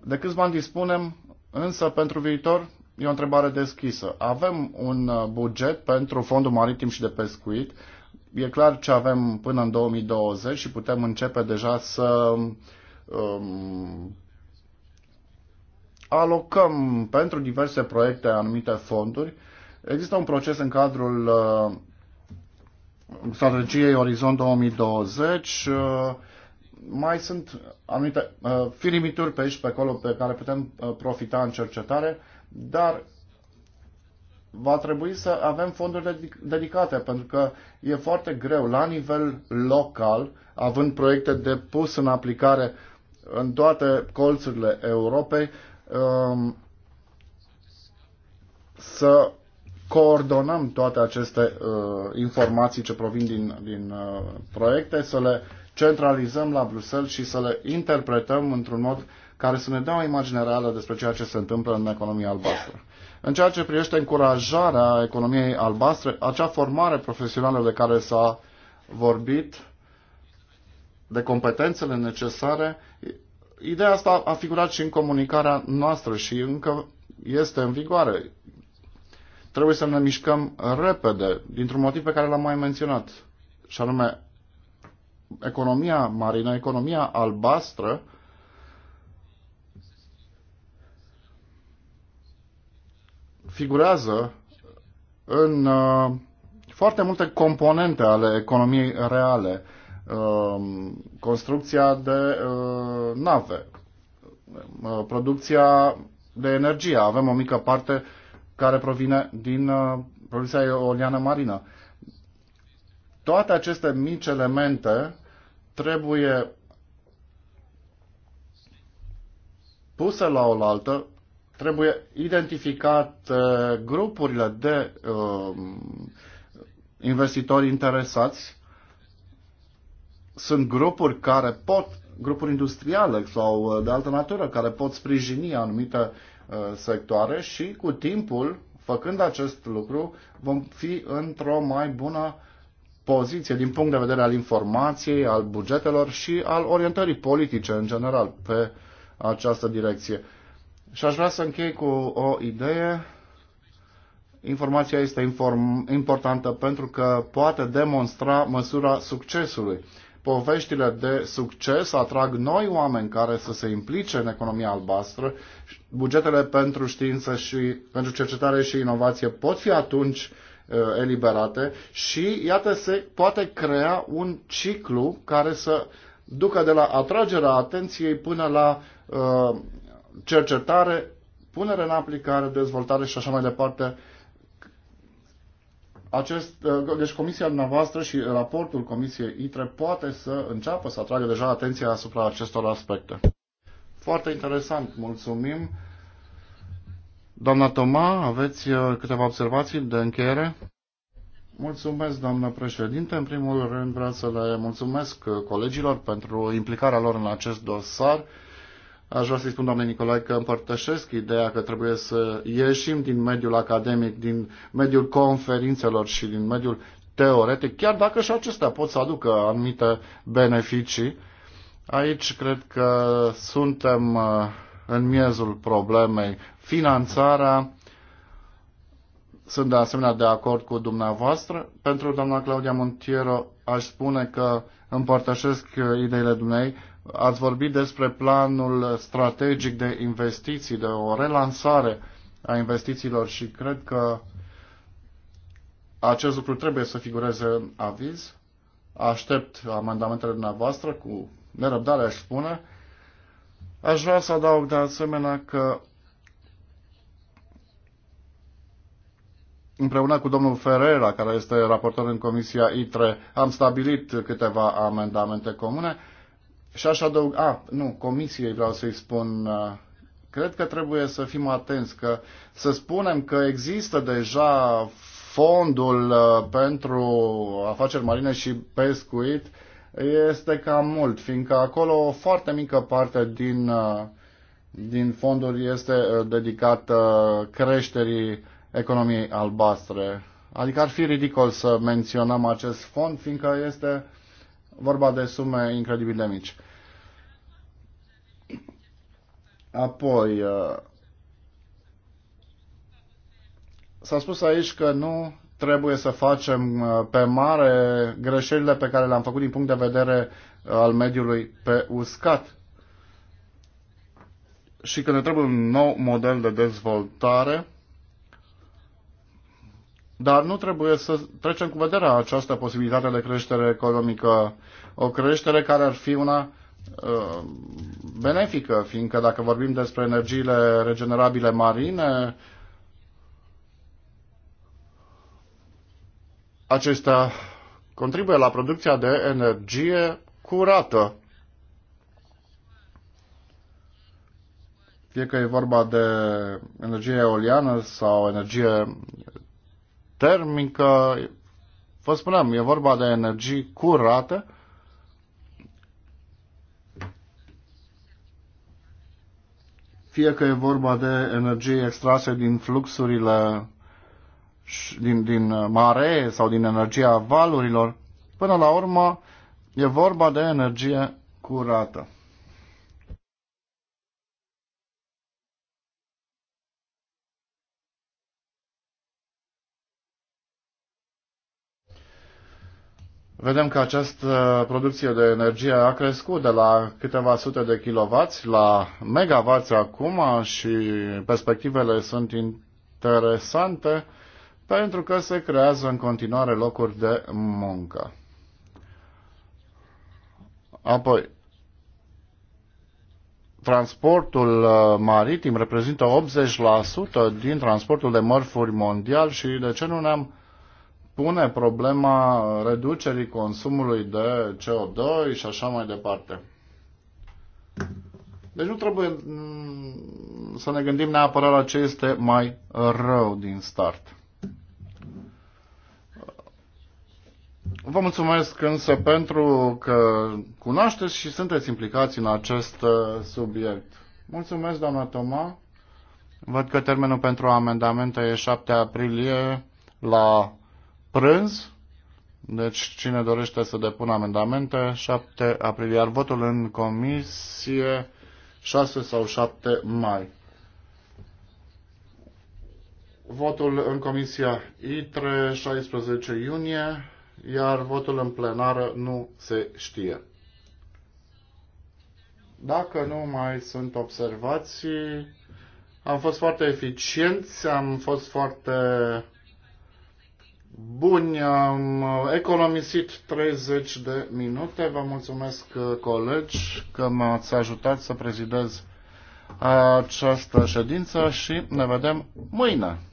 De câți bani dispunem, însă, pentru viitor, e o întrebare deschisă. Avem un uh, buget pentru fondul maritim și de pescuit, e clar ce avem până în 2020 și putem începe deja să um, alocăm pentru diverse proiecte anumite fonduri. Există un proces în cadrul uh, strategiei Orizont 2020. Uh, mai sunt anumite uh, firimituri pe aici, pe acolo, pe care putem uh, profita în cercetare, dar va trebui să avem fonduri dedicate, pentru că e foarte greu la nivel local, având proiecte de pus în aplicare în toate colțurile Europei, um, să coordonăm toate aceste uh, informații ce provin din, din uh, proiecte, să le centralizăm la Bruxelles și să le interpretăm într-un mod care să ne dea o imagine reală despre ceea ce se întâmplă în economia albastră. În ceea ce privește încurajarea economiei albastre, acea formare profesională de care s-a vorbit, de competențele necesare, ideea asta a figurat și în comunicarea noastră și încă este în vigoare. Trebuie să ne mișcăm repede, dintr-un motiv pe care l-am mai menționat, și anume economia marină, economia albastră, figurează în uh, foarte multe componente ale economiei reale. Uh, construcția de uh, nave, uh, producția de energie. Avem o mică parte care provine din uh, producția eoliană marină. Toate aceste mici elemente trebuie puse la oaltă trebuie identificat uh, grupurile de um, investitori interesați. Sunt grupuri care pot, grupuri industriale sau uh, de altă natură, care pot sprijini anumite uh, sectoare și cu timpul, făcând acest lucru, vom fi într-o mai bună poziție din punct de vedere al informației, al bugetelor și al orientării politice în general pe această direcție. Și aș vrea să închei cu o idee. Informația este inform- importantă pentru că poate demonstra măsura succesului. Poveștile de succes atrag noi oameni care să se implice în economia albastră. Bugetele pentru știință și pentru cercetare și inovație pot fi atunci uh, eliberate și iată se poate crea un ciclu care să ducă de la atragerea atenției până la uh, cercetare, punere în aplicare, dezvoltare și așa mai departe. Acest, uh, deci comisia dumneavoastră și raportul comisiei ITRE poate să înceapă să atragă deja atenția asupra acestor aspecte. Foarte interesant, mulțumim. Doamna Toma, aveți uh, câteva observații de încheiere? Mulțumesc, doamnă președinte. În primul rând vreau să le mulțumesc uh, colegilor pentru implicarea lor în acest dosar. Aș vrea să-i spun, doamne Nicolae, că împărtășesc ideea că trebuie să ieșim din mediul academic, din mediul conferințelor și din mediul teoretic, chiar dacă și acestea pot să aducă anumite beneficii. Aici cred că suntem uh, în miezul problemei. Finanțarea, sunt de asemenea de acord cu dumneavoastră. Pentru doamna Claudia Montiero aș spune că împărtășesc uh, ideile dumneavoastră ați vorbit despre planul strategic de investiții, de o relansare a investițiilor și cred că acest lucru trebuie să figureze în aviz. Aștept amendamentele dumneavoastră cu nerăbdare, aș spune. Aș vrea să adaug de asemenea că împreună cu domnul Ferreira, care este raportor în Comisia ITRE, am stabilit câteva amendamente comune și aș adăuga, a, nu, comisiei vreau să-i spun, cred că trebuie să fim atenți, că să spunem că există deja fondul pentru afaceri marine și pescuit este cam mult, fiindcă acolo o foarte mică parte din, din fonduri este dedicată creșterii economiei albastre. Adică ar fi ridicol să menționăm acest fond, fiindcă este vorba de sume incredibil de mici. Apoi, uh, s-a spus aici că nu trebuie să facem uh, pe mare greșelile pe care le-am făcut din punct de vedere uh, al mediului pe uscat. Și că ne trebuie un nou model de dezvoltare, dar nu trebuie să trecem cu vederea această posibilitate de creștere economică, o creștere care ar fi una Uh, benefică, fiindcă dacă vorbim despre energiile regenerabile marine, acestea contribuie la producția de energie curată. Fie că e vorba de energie eoliană sau energie termică, vă spuneam, e vorba de energii curate fie că e vorba de energie extrase din fluxurile din, din mare sau din energia valurilor, până la urmă e vorba de energie curată. Vedem că această producție de energie a crescut de la câteva sute de kilovați la megavați acum și perspectivele sunt interesante pentru că se creează în continuare locuri de muncă. Apoi, transportul uh, maritim reprezintă 80% din transportul de mărfuri mondial și de ce nu ne-am uh, pune problema reducerii consumului de CO2 și așa mai departe. Deci nu trebuie mm, să ne gândim neapărat la ce este mai rău din start. Vă mulțumesc însă pentru că cunoașteți și sunteți implicați în acest uh, subiect. Mulțumesc, doamna Toma. Văd că termenul pentru amendamente e 7 aprilie la prânz. Deci cine dorește să depună amendamente, 7 aprilie, iar votul în comisie 6 sau 7 mai. Votul în comisia ITRE 16 iunie, iar votul în plenară nu se știe. Dacă nu mai sunt observații, am fost foarte eficienți, am fost foarte Bun, am economisit 30 de minute. Vă mulțumesc, uh, colegi, că m-ați ajutat să prezidez uh, această ședință și ne vedem mâine.